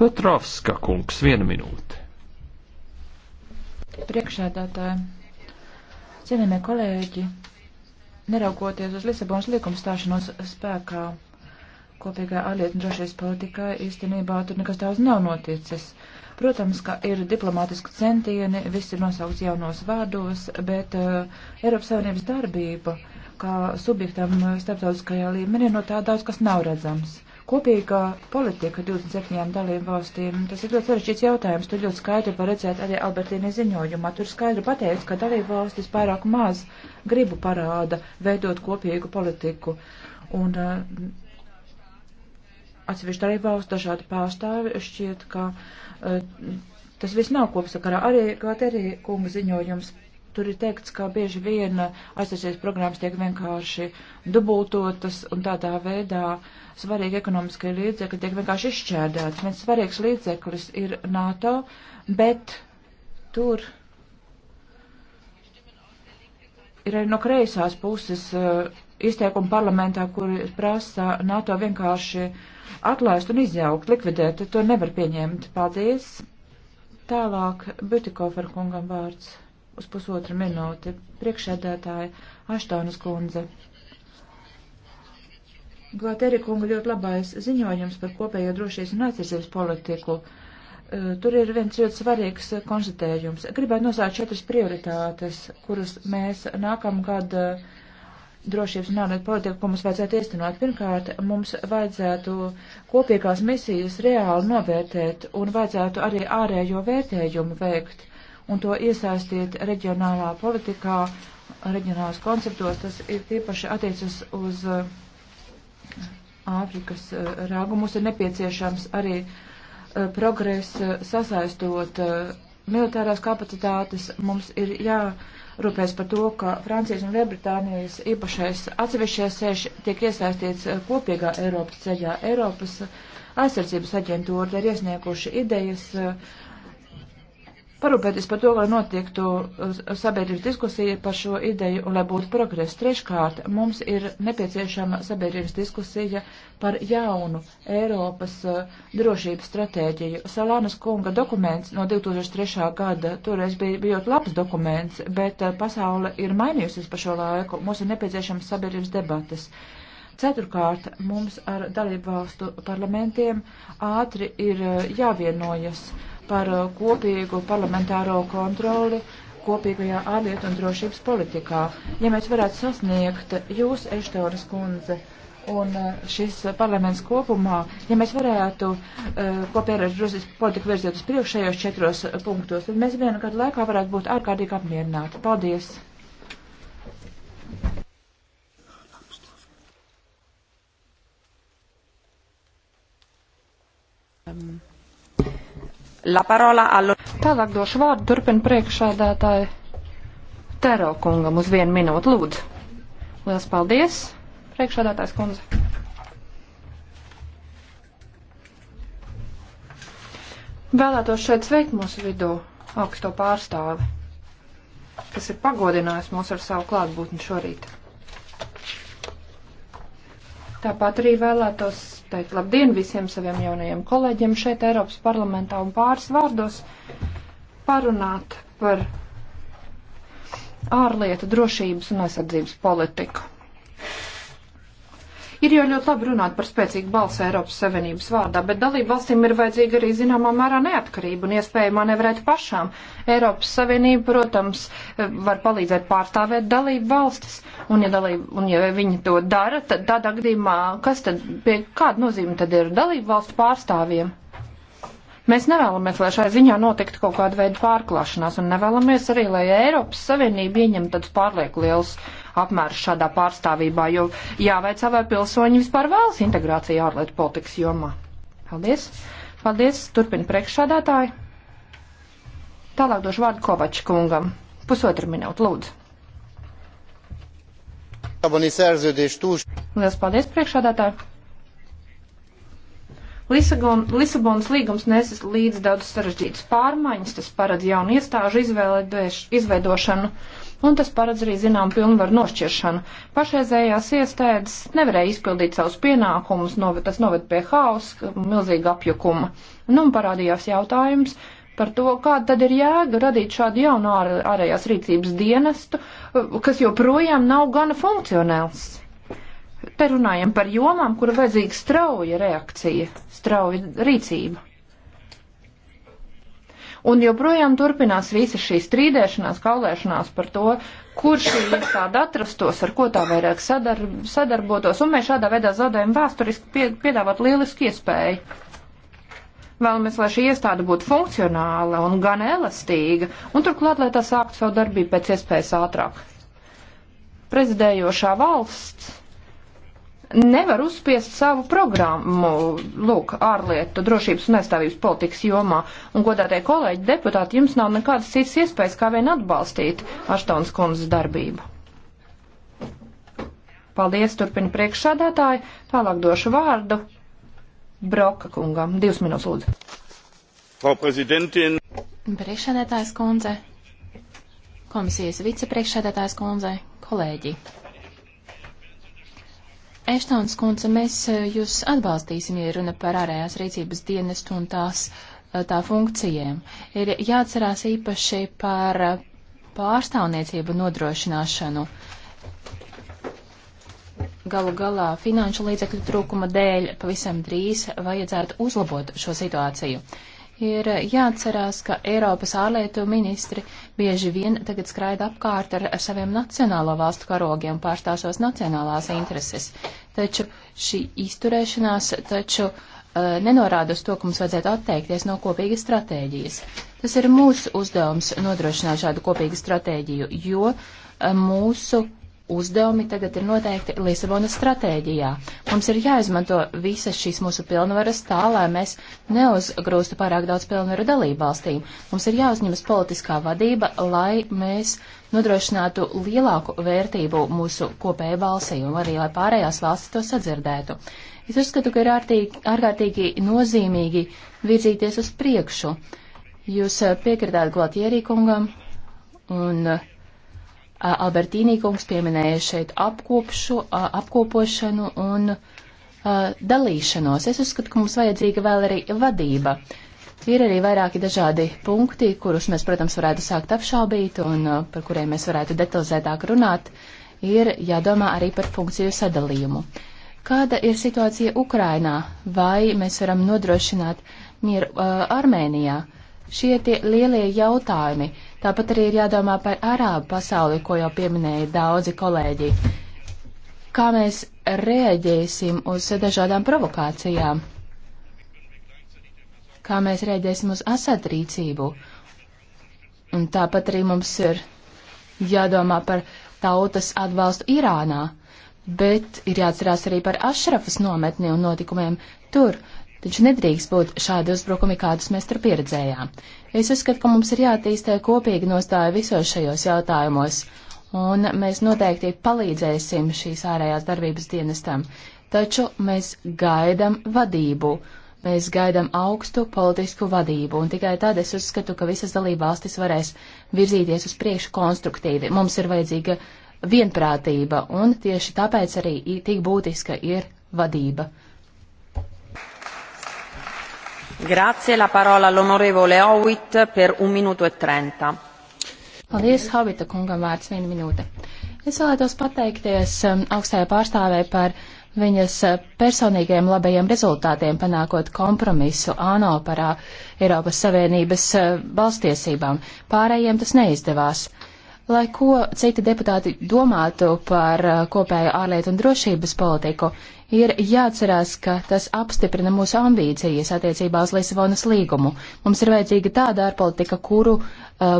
S1: Petrovska kungs, viena minūte.
S3: Priekšēdātāji, cienījamie kolēģi, neraugoties uz Lisabonas likuma stāšanos spēkā, kopīgā ārlietu un drošības politikā īstenībā tur nekas daudz nav noticis. Uh, Protams, ka ir diplomātiski centieni, viss ir nosaukts jaunos vārdos, bet uh, Eiropas Savienības darbība kā subjektam eh, starptautiskajā līmenī no tā daudz kas nav redzams. Kopīgā politika 27 dalību valstīm, tas ir ļoti sarežģīts jautājums, tur ļoti skaidri var redzēt arī Albertīni ziņojumā, tur skaidri pateicis, ka dalību valstis pārāk maz gribu parāda veidot kopīgu politiku. Un, uh, atsevišķi dalībvalsts dažādi pārstāvi šķiet, ka uh, tas viss nav kopsakarā. Arī Kvaterī kunga ziņojums. Tur ir teikts, ka bieži vien aizsardzības programmas tiek vienkārši dubultotas un tādā veidā svarīgi ekonomiskie līdzekļi tiek vienkārši izšķērdēts. Viens svarīgs līdzeklis ir NATO, bet tur ir arī no kreisās puses uh, izteikumi parlamentā, kuri prasa NATO vienkārši uh, atlaist un izjaukt, likvidēt, to nevar pieņemt. Paldies. Tālāk Butikofer kungam vārds uz pusotru minūti. Priekšēdētāja Aštonas kundze. Glateri kunga ļoti labais ziņojums par kopējo drošības un aizsardzības politiku. E, tur ir viens ļoti svarīgs konstatējums. Gribētu nosaukt četras prioritātes, kuras mēs nākamgad uh, drošības un ārlietu politiku, ko mums vajadzētu iestenot. Pirmkārt, mums vajadzētu kopīgās misijas reāli novērtēt un vajadzētu arī ārējo vērtējumu veikt un to iesaistīt reģionālā politikā, reģionālos konceptos. Tas ir tiepaši attiecas uz uh, Āfrikas uh, rāgu. Mums ir nepieciešams arī uh, progress sasaistot militārās kapacitātes. Mums ir jā. Ja, rūpēs par to, ka Francijas un Lielbritānijas īpašais atsevišķais sēž tiek iesaistīts eh, kopīgā Eiropas ceļā. Eiropas aizsardzības aģentūra ir iesnieguši idejas eh, parūpēties par to, lai notiektu uh, sabiedrības diskusija par šo ideju un lai būtu progress. Treškārt, mums ir nepieciešama sabiedrības diskusija par jaunu Eiropas uh, drošības stratēģiju. Salānas kunga dokuments no 2003. gada toreiz bija, bija ļoti labs dokuments, bet uh, pasaule ir mainījusies pa šo laiku. Mums ir nepieciešams sabiedrības debatas. Ceturkārt, mums ar dalību valstu parlamentiem ātri ir jāvienojas par uh, kopīgu parlamentāro kontroli kopīgajā ārlietu un drošības politikā. Ja mēs varētu sasniegt jūs, Eštoras kundze, un uh, šis parlaments kopumā, ja mēs varētu uh, kopējā ar Rusijas politiku virzīt uz priekšējos četros punktos, tad mēs vienu gadu laikā varētu būt ārkārtīgi apmierināti. Paldies!
S5: Um. Allo... Tālāk došu vārdu turpina priekšādātāji Tero kungam uz vienu minūtu lūdzu. Lielas paldies, priekšādātājs kundze. Vēlētos šeit sveikt mūsu vidū augsto pārstāvi, kas ir pagodinājis mūs ar savu klātbūtni šorīt. Tāpat arī vēlētos teikt labdien visiem saviem jaunajiem kolēģiem šeit Eiropas parlamentā un pāris vārdos parunāt par ārlietu drošības un aizsardzības politiku. Ir jau ļoti labi runāt par spēcīgu balsu Eiropas Savienības vārdā, bet dalību valstīm ir vajadzīga arī zināmā mērā neatkarība un iespēja manevrēt pašām. Eiropas Savienība, protams, eh, var palīdzēt pārstāvēt dalību valstis, un ja, dalību, un ja viņi to dara, tad tādā gadījumā, kas tad, pie kāda nozīme tad ir dalību valstu pārstāvjiem? Mēs nevēlamies, lai šai ziņā notiktu kaut kāda veida pārklāšanās, un nevēlamies arī, lai Eiropas Savienība ieņem tādus pārlieku lielus uh, apmērs šādā pārstāvībā, jo jāveic savai pilsoņi vispār vēlas integrāciju ārlietu politikas jomā. Paldies! Paldies! Turpin priekšsādātāji! Tālāk došu vārdu Kovača kungam. Pusotra minūte, lūdzu.
S4: Lielas
S5: paldies, priekšādātāji! Lisagon, Lisabonas līgums nesis līdz daudz sarežģītas pārmaiņas, tas paredz jaunu iestāžu izveidošanu un tas paredz arī zinām pilnvaru nošķiršanu. Pašreizējās iestādes nevarēja izpildīt savus pienākumus, no, tas noved pie hausa, milzīga apjukuma. Nu, un parādījās jautājums par to, kāda tad ir jēga radīt šādu jaunu ār, ārējās rīcības dienestu, kas joprojām nav gana funkcionāls. Te runājam par jomām, kura vajadzīga strauja reakcija, strauja rīcība. Un joprojām turpinās visa šī strīdēšanās, kaulēšanās par to, kur šī iestāde atrastos, ar ko tā vairāk sadar, sadarbotos, un mēs šādā veidā zaudējam vēsturiski pie, piedāvāt lielisku iespēju. Vēlamies, lai šī iestāde būtu funkcionāla un gan elastīga, un turklāt, lai tā sāktu savu darbību pēc iespējas ātrāk. Prezidējošā valsts nevar uzspiest savu programmu, lūk, ārlietu drošības un aizstāvības politikas jomā. Un, godātie kolēģi, deputāti, jums nav nekādas citas iespējas kā vien atbalstīt Aštons kundzes darbību. Paldies, turpina priekšsādātāji. Tālāk došu vārdu Broka kungam. Divas minūtes, lūdzu.
S3: Frau Präsidentin.
S6: Priekšsēdētājs kundze, komisijas vicepriekšsēdētājs kundze, kolēģi. Eštons kundze, mēs eh, jūs atbalstīsim, ja runa par ārējās rīcības dienestu un tās eh, tā funkcijiem. Ir jāatcerās īpaši par eh, pārstāvniecību nodrošināšanu. Galu galā finanšu līdzekļu trūkuma dēļ pavisam drīz vajadzētu uzlabot šo situāciju. Ir jāatcerās, ka Eiropas ārlietu ministri uh, bieži vien tagad skraida apkārt ar, ar saviem nacionālo valstu karogiem, pārstāstos nacionālās intereses. Taču šī izturēšanās taču uh, nenorāda uz to, ka mums vajadzētu atteikties no kopīgas stratēģijas. Tas ir mūsu uzdevums nodrošināt šādu kopīgu stratēģiju, jo uh, mūsu uzdevumi tagad ir noteikti Lisabonas stratēģijā. Mums ir jāizmanto visas šīs mūsu pilnvaras tā, lai mēs neuzgrūstu pārāk daudz pilnvaru dalību valstīm. Mums ir jāuzņemas politiskā vadība, lai mēs nodrošinātu lielāku vērtību mūsu kopējai balsī un arī, lai pārējās valstis to sadzirdētu. Es uzskatu, ka ir ārtīgi, ārkārtīgi nozīmīgi virzīties uz priekšu. Jūs eh, piekritāt Glatierī kungam un uh, Albertīnī kungs pieminēja šeit apkopšu, apkopošanu un dalīšanos. Es uzskatu, ka mums vajadzīga vēl arī vadība. Ir arī vairāki dažādi punkti, kurus mēs, protams, varētu sākt apšaubīt un par kuriem mēs varētu detalizētāk runāt. Ir jādomā arī par funkciju sadalījumu. Kāda ir situācija Ukrainā? Vai mēs varam nodrošināt mieru uh, Armēnijā? Šie tie lielie jautājumi. Uh, Tāpat arī ir jādomā par arābu pasauli, ko jau pieminēja daudzi kolēģi. Kā mēs reaģēsim uz dažādām provokācijām? Kā mēs reaģēsim uz Asad rīcību? Un tāpat arī mums ir jādomā par tautas atbalstu Irānā, bet ir jāatcerās arī par Ašrafas nometni un notikumiem tur. Taču nedrīkst būt šādi uzbrukumi, kādus mēs tur pieredzējām. Es uzskatu, ka mums ir jātīstē kopīgi nostāja visos šajos jautājumos, un mēs noteikti palīdzēsim šīs ārējās darbības dienestam. Taču mēs gaidam vadību, mēs gaidam augstu politisku vadību, un tikai tad es uzskatu, ka visas dalībvalstis varēs virzīties uz priekšu konstruktīvi. Mums ir vajadzīga vienprātība, un tieši tāpēc arī tik būtiska ir vadība.
S5: Grācie, parola, Howitt, e
S6: Paldies, Havita kungam vārds viena minūte. Es vēlētos pateikties um, augstajai pārstāvē par viņas uh, personīgajiem labajiem rezultātiem, panākot kompromisu ANO par uh, Eiropas Savienības uh, balstiesībām. Pārējiem tas neizdevās. Lai ko citi deputāti domātu par uh, kopējo ārlietu un drošības politiku, ir jāatcerās, ka tas apstiprina mūsu ambīcijas attiecībā uz Lisabonas līgumu. Mums ir vajadzīga tāda ārpolitika, kuru uh,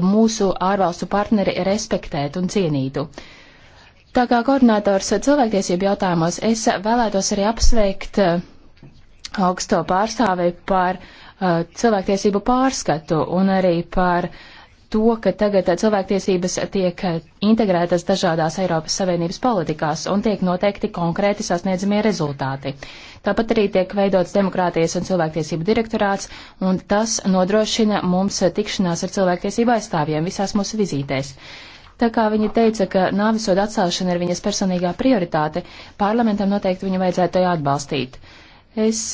S6: mūsu ārvalstu partneri respektētu un cienītu. Tā kā koordinators cilvēktiesību jautājumos, es vēlētos arī apsveikt uh, augsto pārstāvi par uh, cilvēktiesību pārskatu un arī par uh, to, ka tagad eh, cilvēktiesības tiek eh, integrētas dažādās Eiropas Savienības politikās un tiek noteikti konkrēti sasniedzamie rezultāti. Tāpat arī tiek veidots demokrātijas un cilvēktiesību direktorāts, un tas nodrošina mums eh, tikšanās ar cilvēktiesību aizstāvjiem visās mūsu vizītēs. Tā kā viņa teica, ka nāvisoda atcelšana ir viņas personīgā prioritāte, parlamentam noteikti viņu vajadzētu atbalstīt. Es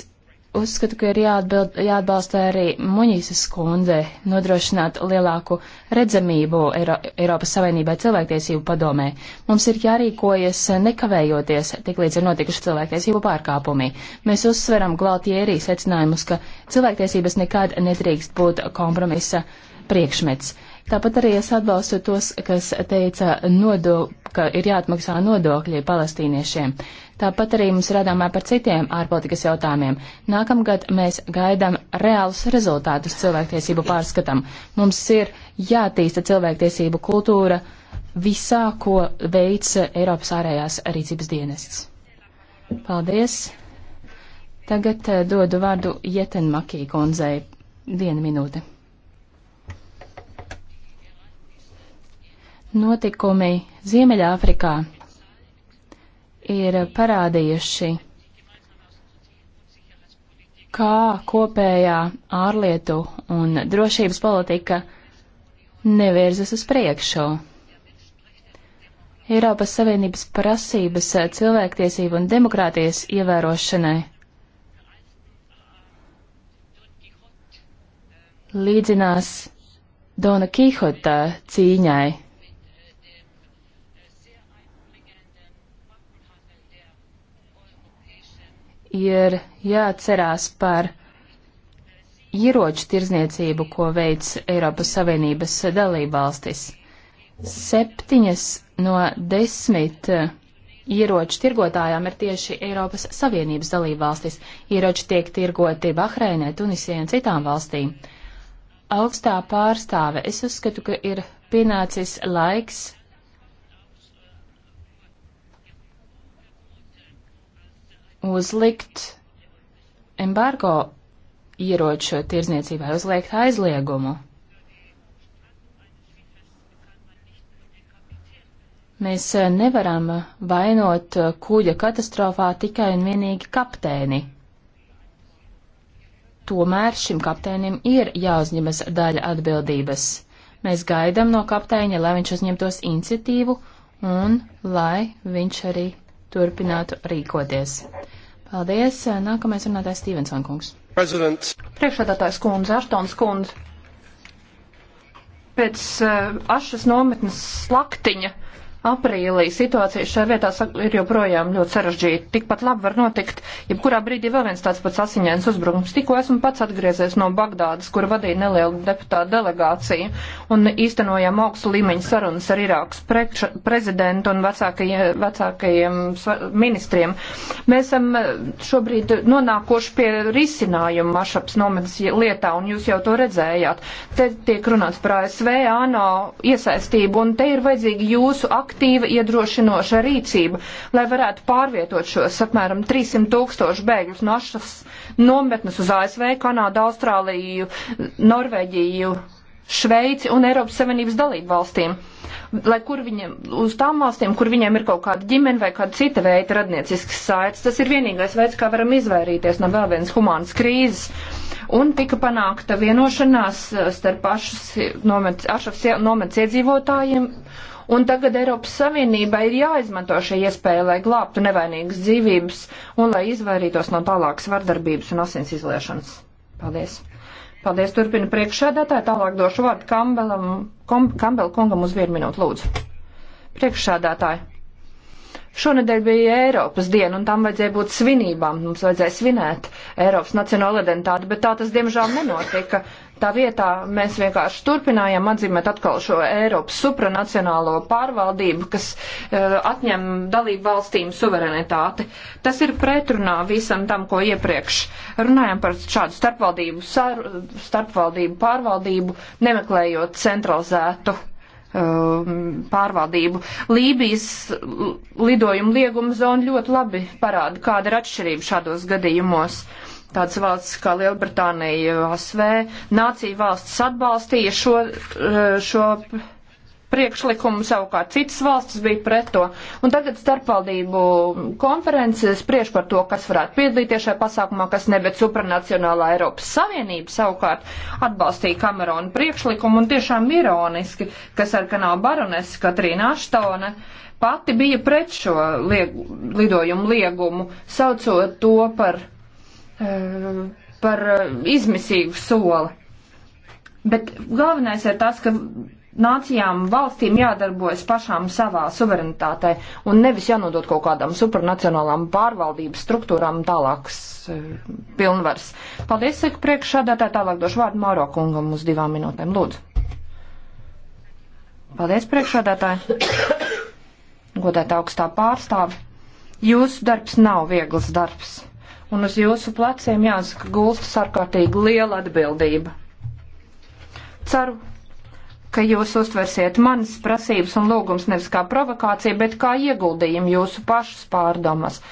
S6: uzskatu, ka ir jāatbild, jāatbalsta arī Muņīsas kundze nodrošināt lielāku redzamību Eiro, Eiropas Savienībai cilvēktiesību padomē. Mums ir jārīkojas nekavējoties, tik līdz ir notikuši cilvēktiesību pārkāpumi. Mēs uzsveram Gvaltierī secinājumus, ka cilvēktiesības nekad nedrīkst būt kompromisa priekšmets. Tāpat arī es atbalstu tos, kas teica, nodo, ka ir jāatmaksā nodokļi palestīniešiem. Uh, Tāpat arī mums ir jādomā par citiem ārpolitikas jautājumiem. Nākamgad mēs gaidām reālus rezultātus cilvēktiesību pārskatam. Mums ir jātīsta cilvēktiesību kultūra visā, ko veic Eiropas ārējās rīcības dienests. Paldies! Tagad eh, dodu vārdu Jetenmakī kundzei. Viena minūte. Notikumi Ziemeļāfrikā ir parādījuši, kā kopējā ārlietu un drošības politika nevirzas uz priekšu. Eiropas Savienības prasības cilvēktiesību un demokrātijas ievērošanai līdzinās Dona Kihota cīņai. ir jāatcerās par ieroču tirzniecību, ko veids Eiropas Savienības dalībvalstis. Septiņas no desmit ieroču tirgotājām ir tieši Eiropas Savienības dalībvalstis. Ieroči tiek tirgoti Bahreinē, Tunisijai un citām valstīm. Augstā pārstāve, es uzskatu, ka ir pienācis laiks uzlikt embargo ieroču tirzniecībai, uzliekt aizliegumu. Mēs eh, nevaram eh, vainot eh, kuģa katastrofā tikai un vienīgi kapteini. Tomēr šim kapteinim ir jāuzņemas daļa atbildības. Mēs gaidām no kapteiņa, lai viņš uzņemtos iniciatīvu un lai viņš arī turpinātu rīkoties. Paldies. Nākamais runātājs Stevenson kungs. Priekšādātājs kundze, Aštons kundze. Pēc uh, ašas nometnes
S5: slaktiņa. Uh, aprīlī situācija šajā vietā ir joprojām ļoti sarežģīta. Tikpat labi var notikt, jebkurā brīdī vēl viens tāds pats asiņains uzbrukums. Tikko esmu pats atgriezies no Bagdādas, kur vadīja nelielu deputātu delegāciju un īstenojām augstu līmeņu sarunas ar Irākas prekša, prezidentu un vecākajiem, vecākajiem ministriem. Mēs esam eh, šobrīd nonākuši pie risinājuma mašaps nometnes lietā, un jūs jau to redzējāt. Te tiek runāts par ASV, ANO iesaistību, un te ir vajadzīgi jūsu aktīvi aktīva iedrošinoša rīcība, lai varētu pārvietot šos apmēram 300 tūkstošu bēgļus no šas nometnes uz ASV, Kanādu, Austrāliju, Norvēģiju, Šveici un Eiropas Savienības dalību valstīm. Lai kur viņiem, uz tām valstīm, kur viņiem ir kaut kāda ģimene vai kāda cita veida radniecisks saites, tas ir vienīgais veids, kā varam izvairīties no vēl vienas humānas krīzes. Un tika panākta vienošanās eh, starp ašas nomets iedzīvotājiem un tagad Eiropas Savienībai ir jāizmanto šī iespēja, lai glābtu nevainīgas dzīvības un lai izvairītos no tālākas vardarbības un asins izliešanas. Paldies! Paldies, turpina priekšsēdētāji. Tālāk došu vārdu Kambelam, kom, Kambel kungam uz vienu minūtu, lūdzu. Priekšsēdētāji. Šonadēļ bija Eiropas diena, un tam vajadzēja būt svinībām. Mums vajadzēja svinēt Eiropas nacionālo identitāti, bet tā tas diemžēl nenotika. Tā vietā mēs vienkārši turpinājām atzīmēt atkal šo Eiropas supranacionālo pārvaldību, kas uh, atņem dalību valstīm suverenitāti. Tas ir pretrunā visam tam, ko iepriekš runājām par šādu starpvaldību, sar, starpvaldību pārvaldību, nemeklējot centralizētu uh, pārvaldību. Lībijas lidojuma lieguma zona ļoti labi parāda, kāda ir atšķirība šādos gadījumos. Uh, Tāds valsts kā Lielbritānija, ASV, nācija valsts atbalstīja šo, eh, šo priekšlikumu, savukārt citas valstis bija pret to. Un tagad starpvaldību konferences spriež par to, kas varētu piedalīties šajā pasākumā, kas ne, bet supranacionālā Eiropas Savienība savukārt atbalstīja Kamerona priekšlikumu un tiešām ironiski, kas ar kanālu baronesi Katrīna Aštone pati bija pret šo lieg, lidojumu liegumu, saucot to par Eh, par eh, izmisīgu soli. Bet galvenais ir tas, ka nācijām, valstīm jādarbojas pašām savā suverenitātei un nevis jānodot kaut kādām supranacionālām pārvaldības struktūrām tālākas uh, pilnvaras. Paldies, saka priekšsādātāji, tālāk došu vārdu Māro kungam uz divām minūtēm. Lūdzu. Paldies, priekšsādātāji. Godētā augstā pārstāve. Jūsu darbs nav viegls darbs un uz jūsu pleciem jāsaka gulstas ārkārtīgi liela atbildība. Ceru, ka jūs uztversiet manas prasības un lūgums nevis kā provokāciju, bet kā ieguldījumu jūsu pašas pārdomas.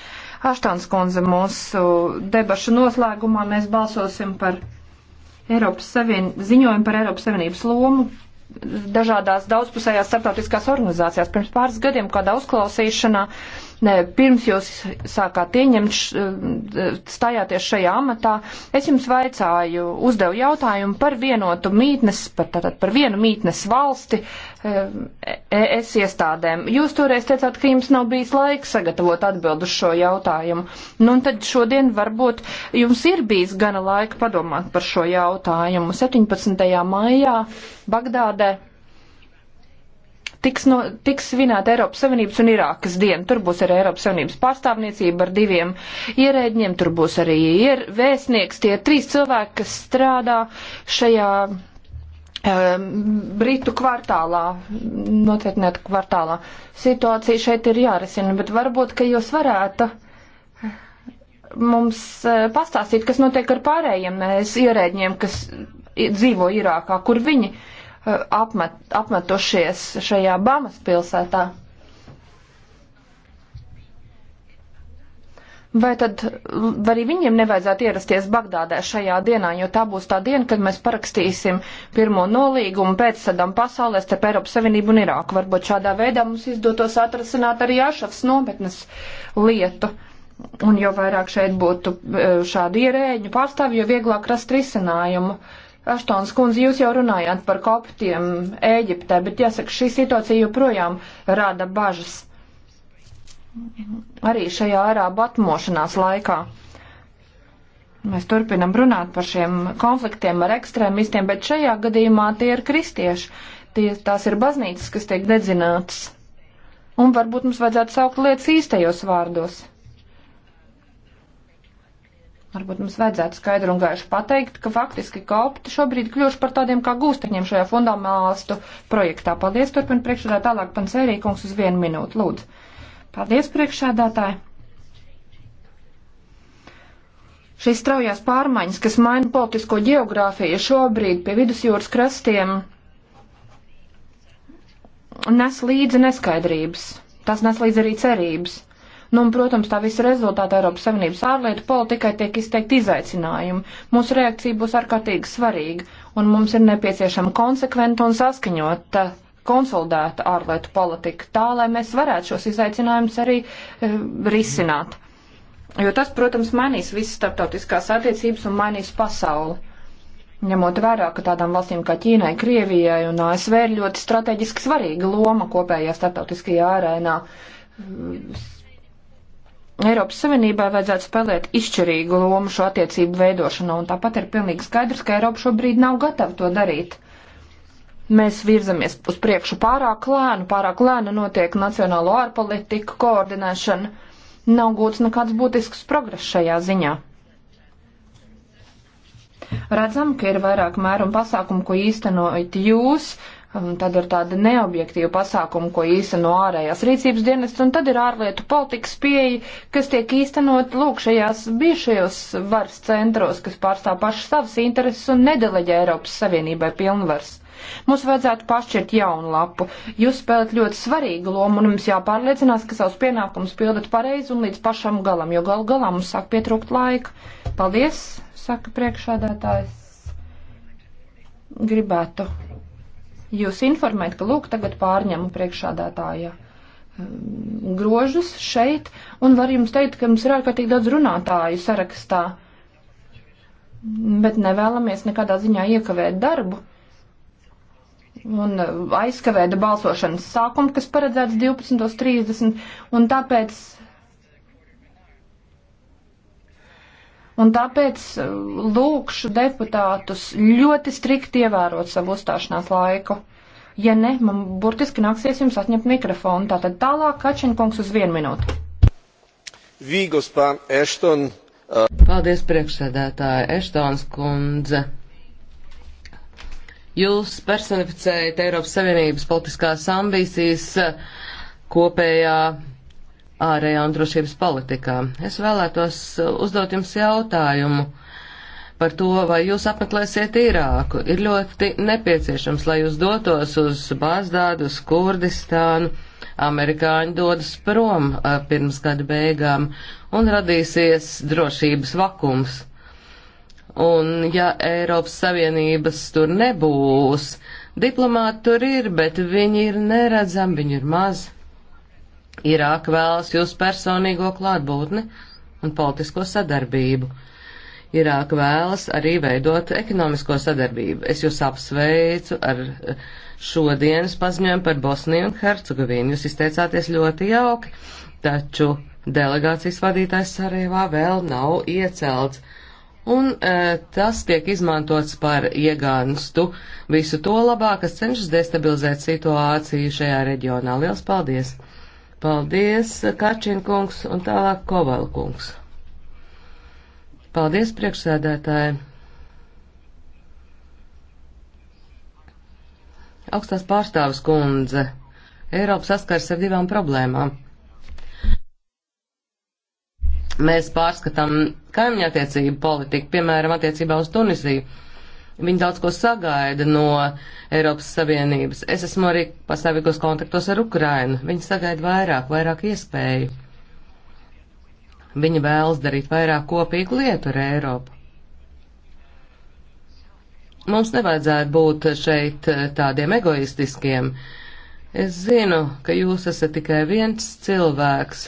S5: Aštāns kundze, mūsu debašu noslēgumā mēs balsosim par Eiropas Savien... ziņojumu par Eiropas Savienības lomu dažādās daudzpusējās starptautiskās organizācijās. Pirms pāris gadiem kādā uzklausīšanā uh, ne, pirms jūs sākāt ieņemt, eh, stājāties šajā amatā, es jums vaicāju, uzdevu jautājumu par vienotu mītnes, par, tātad par vienu mītnes valsti ES eh, e iestādēm. Jūs toreiz teicāt, ka jums nav bijis laiks sagatavot atbildu uz šo jautājumu. Nu, un tad šodien varbūt jums ir bijis gana laika padomāt par šo jautājumu. 17. maijā Bagdādē tiks, no, tiks svinēta Eiropas Savienības un Irākas diena. Tur būs arī Eiropas Savienības pārstāvniecība ar diviem ierēģiem, tur būs arī ier, vēstnieks, tie trīs cilvēki, kas strādā šajā. Britu kvartālā, noteikti ne kvartālā, situācija šeit ir jārisina, bet varbūt, ka jūs varētu eh, mums eh, pastāstīt, kas notiek ar pārējiem mēs eh, ierēģiem, kas dzīvo Irākā, kur viņi uh, Uh, apmet, apmetušies šajā Bamas pilsētā. Vai tad vai arī viņiem nevajadzētu ierasties Bagdādē šajā dienā, jo tā būs tā diena, kad mēs parakstīsim pirmo nolīgumu pēc sadām pasaulē starp Eiropas Savienību un Irāku. Varbūt šādā veidā mums izdotos atrasināt arī Ašafs nometnes lietu. Un jo vairāk šeit būtu uh, šādu ierēģu pārstāvju, jo vieglāk rast risinājumu. Uh, Aštons kundze, jūs jau runājāt par koptiem Ēģiptē, bet jāsaka, šī situācija joprojām rada bažas. Arī šajā arābu atmošanās laikā. Mēs turpinam runāt par šiem konfliktiem ar ekstrēmistiem, bet šajā gadījumā tie ir kristieši. Tie, tās ir baznīcas, kas tiek dedzinātas. Un varbūt mums vajadzētu saukt lietas īstajos vārdos. Varbūt mums vajadzētu skaidru un gaišu pateikt, ka faktiski kopti šobrīd kļūšu par tādiem kā gūstekņiem šajā fundamentālistu projektā. Paldies, turpin priekšādā tālāk, pansērī kungs uz vienu minūtu, lūdzu. Paldies, priekšādātāji. Šīs straujās pārmaiņas, kas maina politisko geogrāfiju šobrīd pie vidusjūras krastiem, nes līdzi neskaidrības. Tas nes līdzi arī cerības. Nu, un, protams, tā visa rezultāta Eiropas Savienības ārlietu politikai tiek izteikti izaicinājumi. Mūsu reakcija būs ārkārtīgi svarīga, un mums ir nepieciešama konsekventa un saskaņota konsolidēta ārlietu politika, tā, lai mēs varētu šos izaicinājumus arī e, risināt. Jo tas, protams, mainīs visas starptautiskās attiecības un mainīs pasauli. Ņemot vērā, ka tādām valstīm kā Ķīnai, Krievijai un ASV ir ļoti strateģiski svarīga loma kopējā starptautiskajā arēnā Eiropas Savienībā vajadzētu spēlēt izšķirīgu lomu šo attiecību veidošanā, un tāpat ir pilnīgi skaidrs, ka Eiropa šobrīd nav gatava to darīt. Mēs virzamies uz priekšu pārāk lēnu, pārāk lēnu notiek nacionālo ārpolitiku koordinēšana. Nav gūts nekāds būtisks progress šajā ziņā. Redzam, ka ir vairāk mēru un pasākumu, ko īstenojat jūs, uh, Tad ir tāda neobjektīva pasākuma, ko īsteno ārējās rīcības dienests, un tad ir ārlietu politikas pieeja, kas tiek īstenot lūk šajās bijušajos varas centros, kas pārstāv pašas savas intereses un nedeleģē Eiropas Savienībai pilnvars. Mums vajadzētu pašķirt jaunu lapu. Jūs spēlat ļoti svarīgu lomu, un mums jāpārliecinās, ka savus pienākumus pildat pareizi un līdz pašam galam, jo galu galā mums sāk pietrūkt laika. Paldies, saka priekšādātājs. Gribētu jūs informēt, ka lūk, tagad pārņemu priekšādātāja um, grožus šeit, un var jums teikt, ka mums ir ārkārtīgi daudz runātāju sarakstā, bet nevēlamies nekādā ziņā iekavēt darbu un uh, aizkavēta balsošanas sākumu, kas paredzēts 12.30, un tāpēc Un tāpēc uh, lūkšu deputātus ļoti strikti ievērot savu uzstāšanās laiku. Ja ne, man burtiski nāksies jums atņemt mikrofonu. Tātad tālāk, Kačinkungs, uz vienu minūti.
S1: Vīgus pār Ešton. Uh...
S4: Paldies, priekšsēdētāja Eštons kundze. Jūs personificējat Eiropas Savienības politiskās ambīcijas uh, kopējā ārējā un drošības politikā. Es vēlētos uh, uzdot jums jautājumu par to, vai jūs apmeklēsiet Irāku. Ir ļoti nepieciešams, lai jūs dotos uz Bāzdādu, uz Kurdistānu. Amerikāņi dodas prom uh, pirms gada beigām un radīsies drošības vakums. Un ja Eiropas Savienības tur nebūs, diplomāti tur ir, bet viņi ir neredzami, viņi ir mazi. Irāka vēlas jūsu personīgo klātbūtni un politisko sadarbību. Irāka vēlas arī veidot ekonomisko sadarbību. Es jūs apsveicu ar eh, šodienas paziņojumu par Bosniju un Hercegovīnu. Jūs izteicāties ļoti jauki, taču delegācijas vadītājs Sarajevā vēl nav iecelts un e, tas tiek izmantots par iegānstu visu to labā, kas cenšas destabilizēt situāciju šajā reģionā. Liels paldies! Paldies, Kačinkungs un tālāk Kovalkungs. Paldies, priekšsēdētāji. Augstās pārstāvis kundze. Eiropa saskars ar divām problēmām. Mēs pārskatām kaimiņattiecību politiku, piemēram, attiecībā uz Tunisiju Viņi daudz ko sagaida no Eiropas Savienības. Es esmu arī pastāvīgos kontaktos ar Ukrainu. Viņi sagaida vairāk, vairāk iespēju. Viņi vēlas darīt vairāk kopīgu lietu ar Eiropu. Mums nevajadzētu būt šeit eh, tādiem egoistiskiem. Es zinu, ka jūs esat tikai viens cilvēks,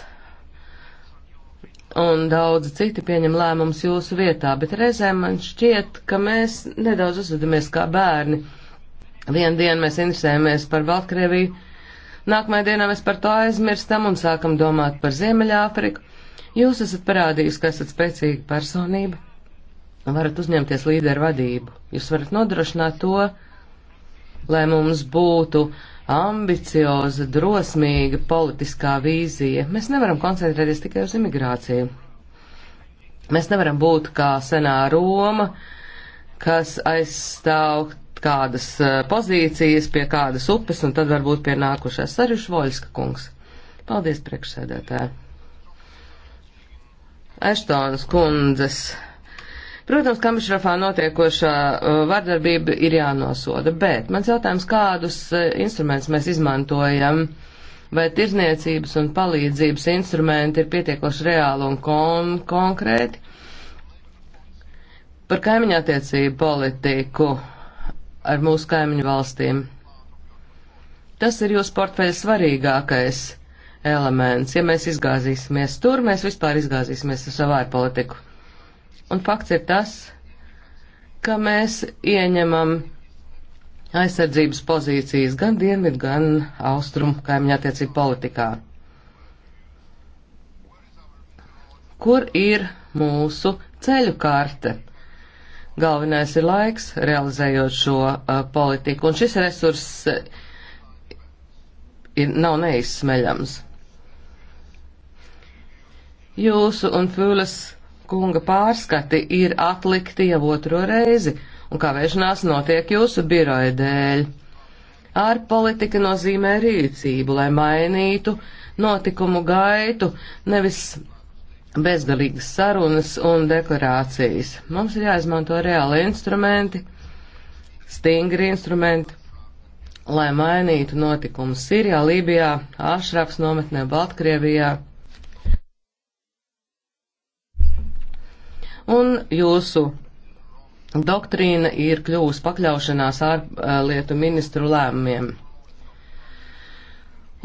S4: un daudzi citi pieņem lēmumus jūsu vietā, bet reizēm man šķiet, ka mēs nedaudz uzvedamies kā bērni. Vienu dienu mēs interesējamies par Baltkrieviju, nākamajā dienā mēs par to aizmirstam un sākam domāt par Ziemeļāfriku. Jūs esat parādījis, ka esat spēcīga personība un varat uzņemties līderu vadību. Jūs varat nodrošināt to, lai mums būtu uh, ambicioza, drosmīga politiskā vīzija. Mēs nevaram koncentrēties tikai uz imigrāciju. Mēs nevaram būt kā senā Roma, kas aizstāv kādas eh, pozīcijas pie kādas upes un tad varbūt pie nākušais Sarjuš Voļska kungs. Paldies priekšsēdētāji. Eštonas kundzes Protams, Kamišrafā notiekošā uh, vardarbība ir jānosoda, bet mans jautājums, kādus uh, instrumentus mēs izmantojam? Vai tirzniecības un palīdzības instrumenti ir pietiekoši reāli un kon konkrēti? Par kaimiņu attiecību politiku ar mūsu kaimiņu valstīm. Tas ir jūsu portfeļa svarīgākais elements. Ja mēs izgāzīsimies tur, mēs vispār izgāzīsimies ar savu ārpolitiku. Un fakts ir tas, ka mēs ieņemam aizsardzības pozīcijas gan dienvidu, gan austrumu kaimiņā attiecību politikā. Kur ir mūsu ceļu karte? Galvenais ir laiks, realizējot šo uh, politiku, un šis resurss uh, ir, nav neizsmeļams. Jūsu un Fūles kunga pārskati ir atlikti jau otro reizi, un kavēšanās notiek jūsu biroja dēļ. Ārpolitika nozīmē rīcību, lai mainītu notikumu gaitu, nevis bezgalīgas sarunas un deklarācijas. Mums ir jāizmanto reāli instrumenti, stingri instrumenti, lai mainītu notikumus Sīrijā, Lībijā, Ašrafs nometnē, Baltkrievijā un jūsu doktrīna ir kļuvusi pakļaušanās ārlietu ministru lēmumiem.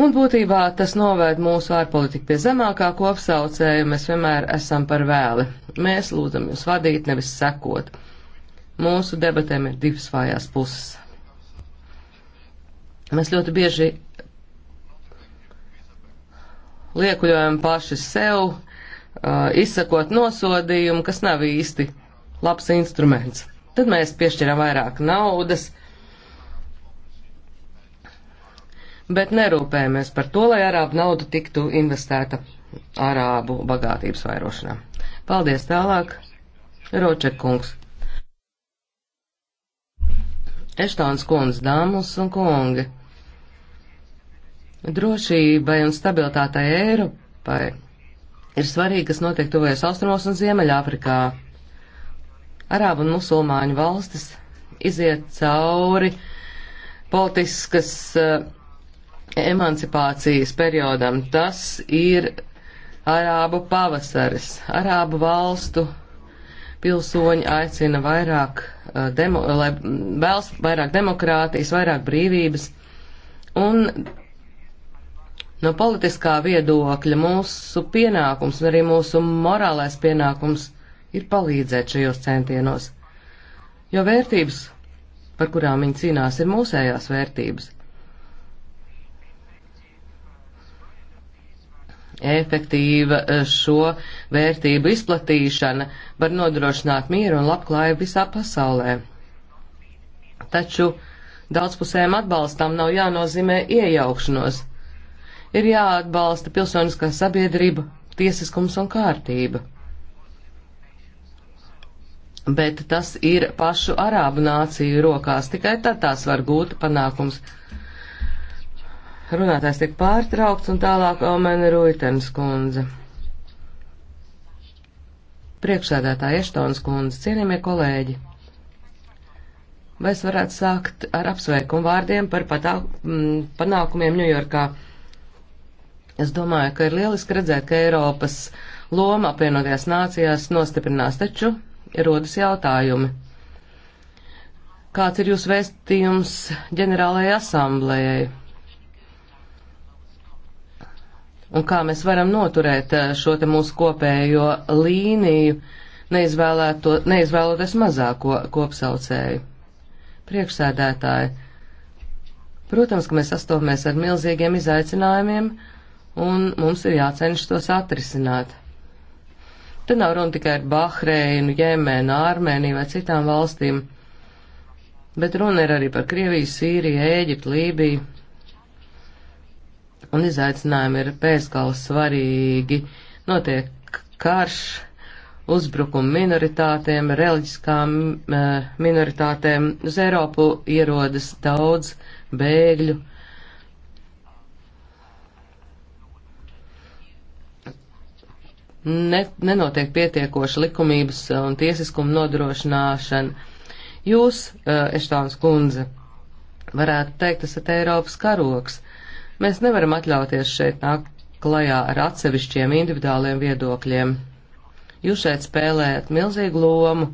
S4: Un būtībā tas novērt mūsu ārpolitiku pie zemākā kopsaucēja, mēs vienmēr esam par vēli. Mēs lūdzam jūs vadīt, nevis sekot. Mūsu debatēm ir divas vājās puses. Mēs ļoti bieži liekuļojam paši sev, Uh, izsakot nosodījumu, kas nav īsti labs instruments. Tad mēs piešķiram vairāk naudas, bet nerūpējamies par to, lai arābu nauda tiktu investēta arābu bagātības vairošanā. Paldies tālāk, Ročekungs. Eštāns kundz, dāmas un kungi. Drošībai un stabilitātei Eiropai ir svarīgi, kas notiek tuvojas austrumos un Ziemeļāfrikā. Arābu un musulmāņu valstis iziet cauri politiskas uh, emancipācijas periodam. Tas ir Arābu pavasaris. Arābu valstu pilsoņi aicina vairāk, uh, demo, lai vēlas vairāk demokrātijas, vairāk brīvības. Un No politiskā viedokļa mūsu pienākums un arī mūsu morālais pienākums ir palīdzēt šajos centienos, jo vērtības, par kurām viņi cīnās, ir mūsējās vērtības. Efektīva eh, šo vērtību izplatīšana var nodrošināt mieru un labklājību visā pasaulē. Taču daudzpusējiem atbalstam nav jānozīmē iejaukšanos ir jāatbalsta pilsoniskā sabiedrība, tiesiskums un kārtība. Bet tas ir pašu arābu nāciju rokās, tikai tad tās var gūt panākums. Runātājs tiek pārtraukts un tālāk Omena Ruitens kundze. Priekšsēdētāja Eštons kundze, cienījamie kolēģi! Vai es varētu sākt ar apsveikumu vārdiem par panākumiem Ņujorkā? Es domāju, ka ir lieliski redzēt, ka Eiropas loma apvienotajās nācijās nostiprinās, taču rodas jautājumi. Kāds ir jūsu vēstījums ģenerālajai asamblējai? Un kā mēs varam noturēt eh, šo te mūsu kopējo līniju, neizvēloties mazāko kopsaucēju? Priekšsēdētāji, protams, ka mēs sastopamies ar milzīgiem izaicinājumiem un mums ir jācenšas tos atrisināt. Te nav runa tikai ar Bahreinu, Jemenu, Armēniju vai citām valstīm, bet runa ir arī par Krieviju, Sīriju, Ēģiptu, Lībiju. Un izaicinājumi ir pēckāli svarīgi. Notiek karš, uzbrukumi minoritātēm, reliģiskām eh, minoritātēm. Uz Eiropu ierodas daudz bēgļu ne, nenotiek pietiekoša likumības un tiesiskuma nodrošināšana. Jūs, eh, Eštāns kundze, varētu teikt, esat Eiropas karoks. Mēs nevaram atļauties šeit nākt klajā ar atsevišķiem individuāliem viedokļiem. Jūs šeit spēlējat milzīgu lomu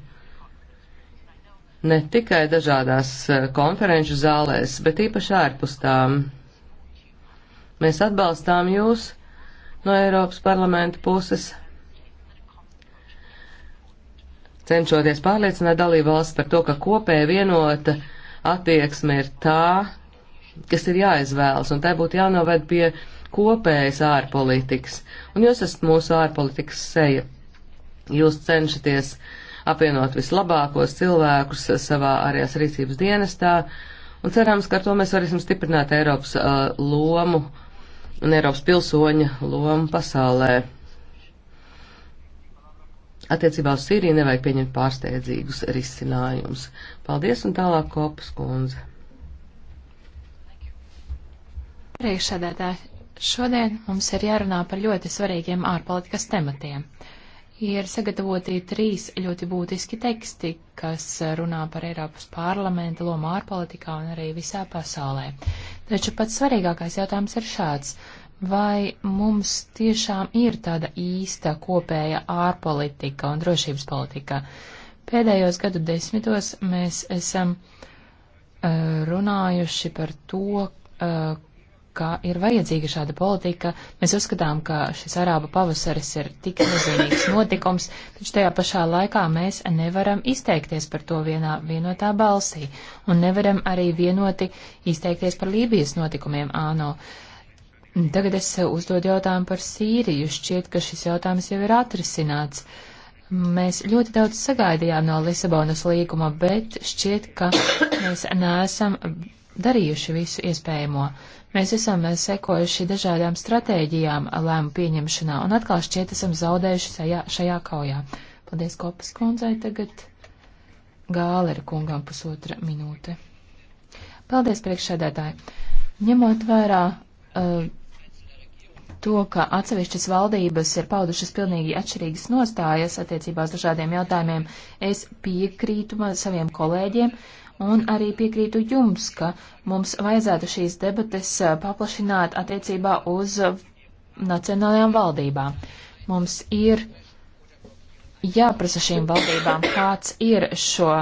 S4: ne tikai dažādās eh, konferenču zālēs, bet īpaši ārpus tām. Mēs atbalstām jūs no Eiropas parlamenta puses, cenšoties pārliecināt dalību valsts par to, ka kopēja vienota attieksme ir tā, kas ir jāizvēlas, un tai būtu jānoved pie kopējas ārpolitikas. Un jūs esat mūsu ārpolitikas seja. Jūs cenšaties apvienot vislabākos cilvēkus savā ārējās rīcības dienestā, un cerams, ka ar to mēs varēsim stiprināt Eiropas uh, lomu uh, un Eiropas pilsoņa loma pasaulē. Attiecībā uz Sīriju nevajag pieņemt pārsteidzīgus risinājumus. Paldies un tālāk kopas kundze.
S6: Priekšsēdētāji, šodien mums ir jārunā par ļoti svarīgiem ārpolitikas tematiem ir sagatavoti trīs ļoti būtiski teksti, kas runā par Eiropas parlamenta lomu ārpolitikā un arī visā pasaulē. Taču pats svarīgākais jautājums ir šāds. Vai mums tiešām ir tāda īsta kopēja ārpolitika un drošības politika? Pēdējos gadu desmitos mēs esam eh, runājuši par to, eh, ka ir vajadzīga šāda politika. Mēs uzskatām, ka šis arābu pavasaris ir tik nozīmīgs notikums, taču tajā pašā laikā mēs nevaram izteikties par to vienā vienotā balsī un nevaram arī vienoti izteikties par Lībijas notikumiem āno. Tagad es uzdodu jautājumu par Sīriju. Šķiet, ka šis jautājums jau ir atrisināts. Mēs ļoti daudz sagaidījām no Lisabonas līguma, bet šķiet, ka mēs neesam darījuši visu iespējamo. Mēs esam eh, sekojuši dažādām stratēģijām eh, lēmu pieņemšanā un atkal šķiet esam zaudējuši šajā, šajā kaujā. Paldies Kopas kundzei tagad. Gālera kungam pusotra minūte. Paldies priekšsēdētāji. Ņemot vērā uh, to, ka atsevišķas valdības ir paudušas pilnīgi atšķirīgas nostājas attiecībās dažādiem jautājumiem, es piekrītu saviem kolēģiem un arī piekrītu jums, ka mums vajadzētu šīs debates paplašināt attiecībā uz nacionālajām valdībām. Mums ir jāprasa šīm valdībām, kāds ir šo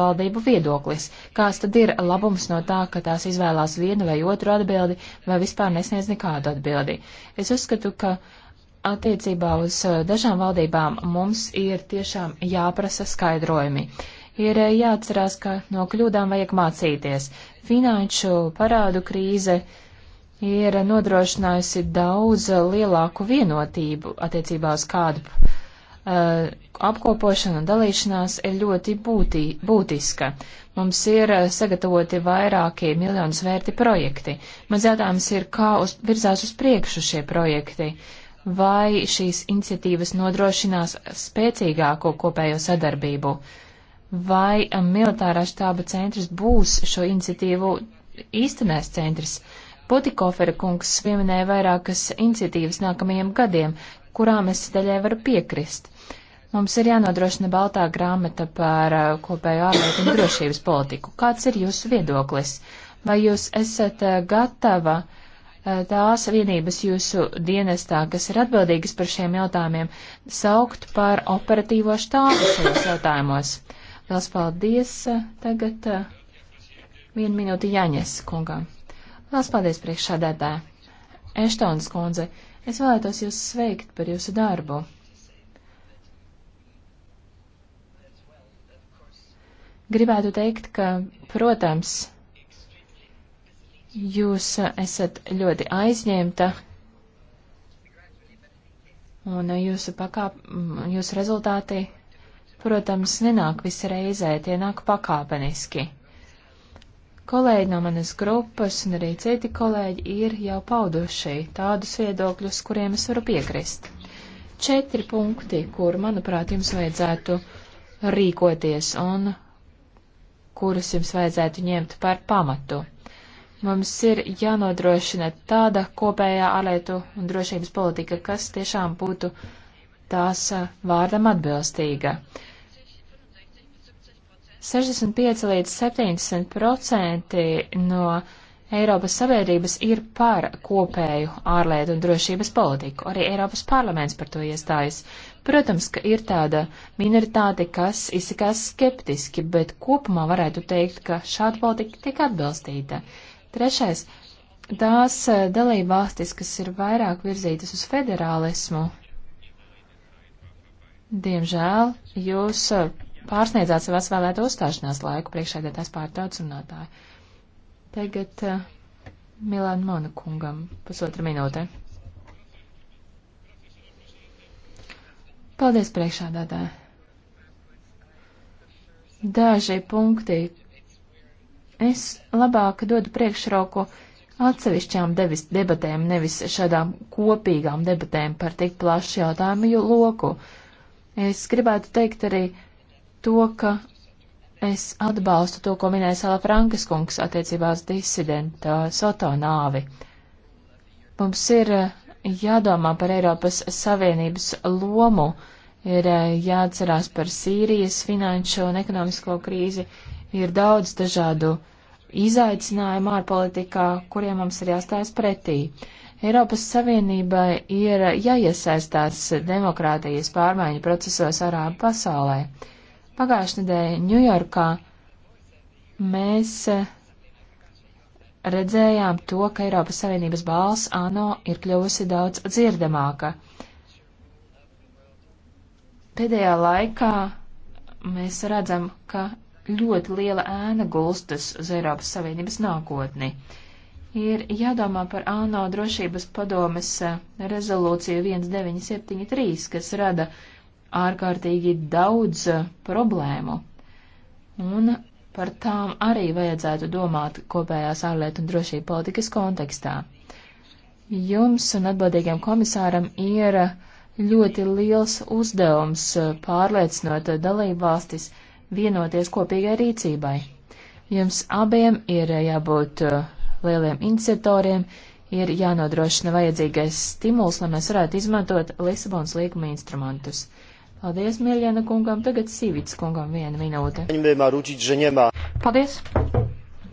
S6: valdību viedoklis, kāds tad ir labums no tā, ka tās izvēlās vienu vai otru atbildi vai vispār nesniedz nekādu atbildi. Es uzskatu, ka attiecībā uz dažām valdībām mums ir tiešām jāprasa skaidrojumi. Uh, ir eh, jāatcerās, ka no kļūdām vajag mācīties. Finanšu parādu krīze ir nodrošinājusi daudz lielāku vienotību attiecībā uz kādu uh, eh, apkopošana un dalīšanās ir ļoti būtī, būtiska. Mums ir eh, sagatavoti vairāki miljonus vērti projekti. Mans jautājums ir, kā uz, virzās uz priekšu šie projekti? Vai šīs iniciatīvas nodrošinās spēcīgāko kopējo sadarbību? Uh, vai eh, militārā štāba centrs būs šo iniciatīvu īstenēs centrs. Putikofera kungs pieminēja vairākas iniciatīvas nākamajiem gadiem, kurām es daļai varu piekrist. Mums ir jānodrošina baltā grāmata par eh, kopējo ārlietu un drošības politiku. Kāds ir jūsu viedoklis? Vai jūs esat eh, gatava tās vienības jūsu dienestā, kas ir atbildīgas par šiem jautājumiem, saukt par operatīvo štābu šajos jautājumos? Lielas paldies eh, tagad eh, vienu minūti Jaņes kungam. Lielas paldies priekšsādētā. Eštons kundze, es vēlētos jūs sveikt par jūsu darbu. Gribētu teikt, ka, protams, jūs eh, esat ļoti aizņemta, un jūsu, pakāp, jūsu rezultāti protams, nenāk visi reizē, tie nāk pakāpeniski. Kolēģi no manas grupas un arī citi kolēģi ir jau pauduši tādus viedokļus, kuriem es varu piekrist. Četri punkti, kur, manuprāt, jums vajadzētu rīkoties un kurus jums vajadzētu ņemt par pamatu. Mums ir jānodrošina tāda kopējā ārlietu un drošības politika, kas tiešām būtu tās vārdam atbilstīga. 65 līdz 70 procenti no Eiropas sabiedrības ir par kopēju ārlietu un drošības politiku. Arī Eiropas parlaments par to iestājas. Protams, ka ir tāda minoritāte, kas izsakās skeptiski, bet kopumā varētu teikt, ka šāda politika tiek atbalstīta. Trešais, tās eh, dalība valstis, kas ir vairāk virzītas uz federālismu, diemžēl jūs eh, pārsniedzāt sev atvēlēto uzstāšanās laiku priekšēdētājs pārtrauc runātāju. Tagad uh, eh, Milāna Monakungam pusotra minūte. Paldies priekšādātāji. Daži punkti. Es labāk dodu priekšroku atsevišķām devis, debatēm, nevis šādām kopīgām debatēm par tik plašu jautājumu loku. Es gribētu teikt arī to, ka es atbalstu to, ko minēja Sala Frankas kungs attiecībā uz disidenta Soto nāvi. Mums ir eh, jādomā par Eiropas Savienības lomu, ir eh, jāatcerās par Sīrijas finanšu un ekonomisko krīzi, ir daudz dažādu izaicinājumu ārpolitikā, kuriem mums ir jāstājas pretī. Eiropas Savienībai ir eh, jāiesaistās demokrātijas pārmaiņu procesos arābu pasaulē. Pagājušajā nedēļā Ņujorkā mēs eh, redzējām to, ka Eiropas Savienības balss ANO ir kļuvusi daudz dzirdamāka. Pēdējā laikā mēs redzam, ka ļoti liela ēna gulstas uz Eiropas Savienības nākotni. Ir jādomā par ANO drošības padomes eh, rezolūciju 1973, kas rada uh, ārkārtīgi daudz eh, problēmu, un par tām arī vajadzētu domāt kopējās ārlietu un drošību politikas kontekstā. Jums un atbildīgiem komisāram ir ļoti liels uzdevums eh, pārliecinot dalību valstis vienoties kopīgai rīcībai. Jums abiem ir jābūt eh, lieliem iniciatoriem, ir jānodrošina vajadzīgais stimuls, lai mēs varētu izmantot Lisabonas līguma instrumentus. Paldies, Mirjana kungam. Tagad Sīvits kungam viena minūte. Paldies.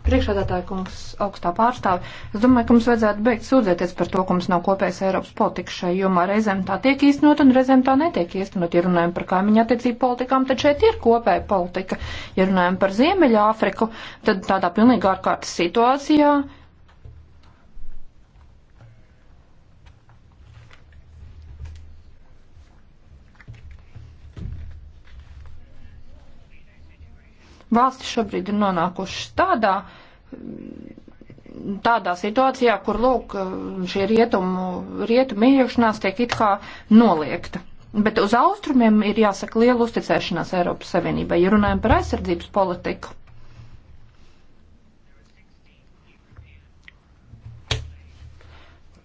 S5: Priekšādātāja kungs, augstā pārstāve, es domāju, ka mums vajadzētu beigt sūdzēties par to, ka mums nav kopējas Eiropas politikas šai jomā. Reizēm tā tiek īstenot un reizēm tā netiek īstenot. Ja runājam par kaimiņu attiecību politikām, tad šeit ir kopēja politika. Ja runājam par Ziemeļāfriku, tad tādā pilnīgi ārkārtas situācijā Valsts šobrīd ir nonākušas tādā, tādā situācijā, kur, lūk, šie rietumu, rietumu iejaukšanās tiek it kā noliekta. Bet uz austrumiem ir jāsaka liela uzticēšanās Eiropas Savienībai, ja runājam par aizsardzības politiku.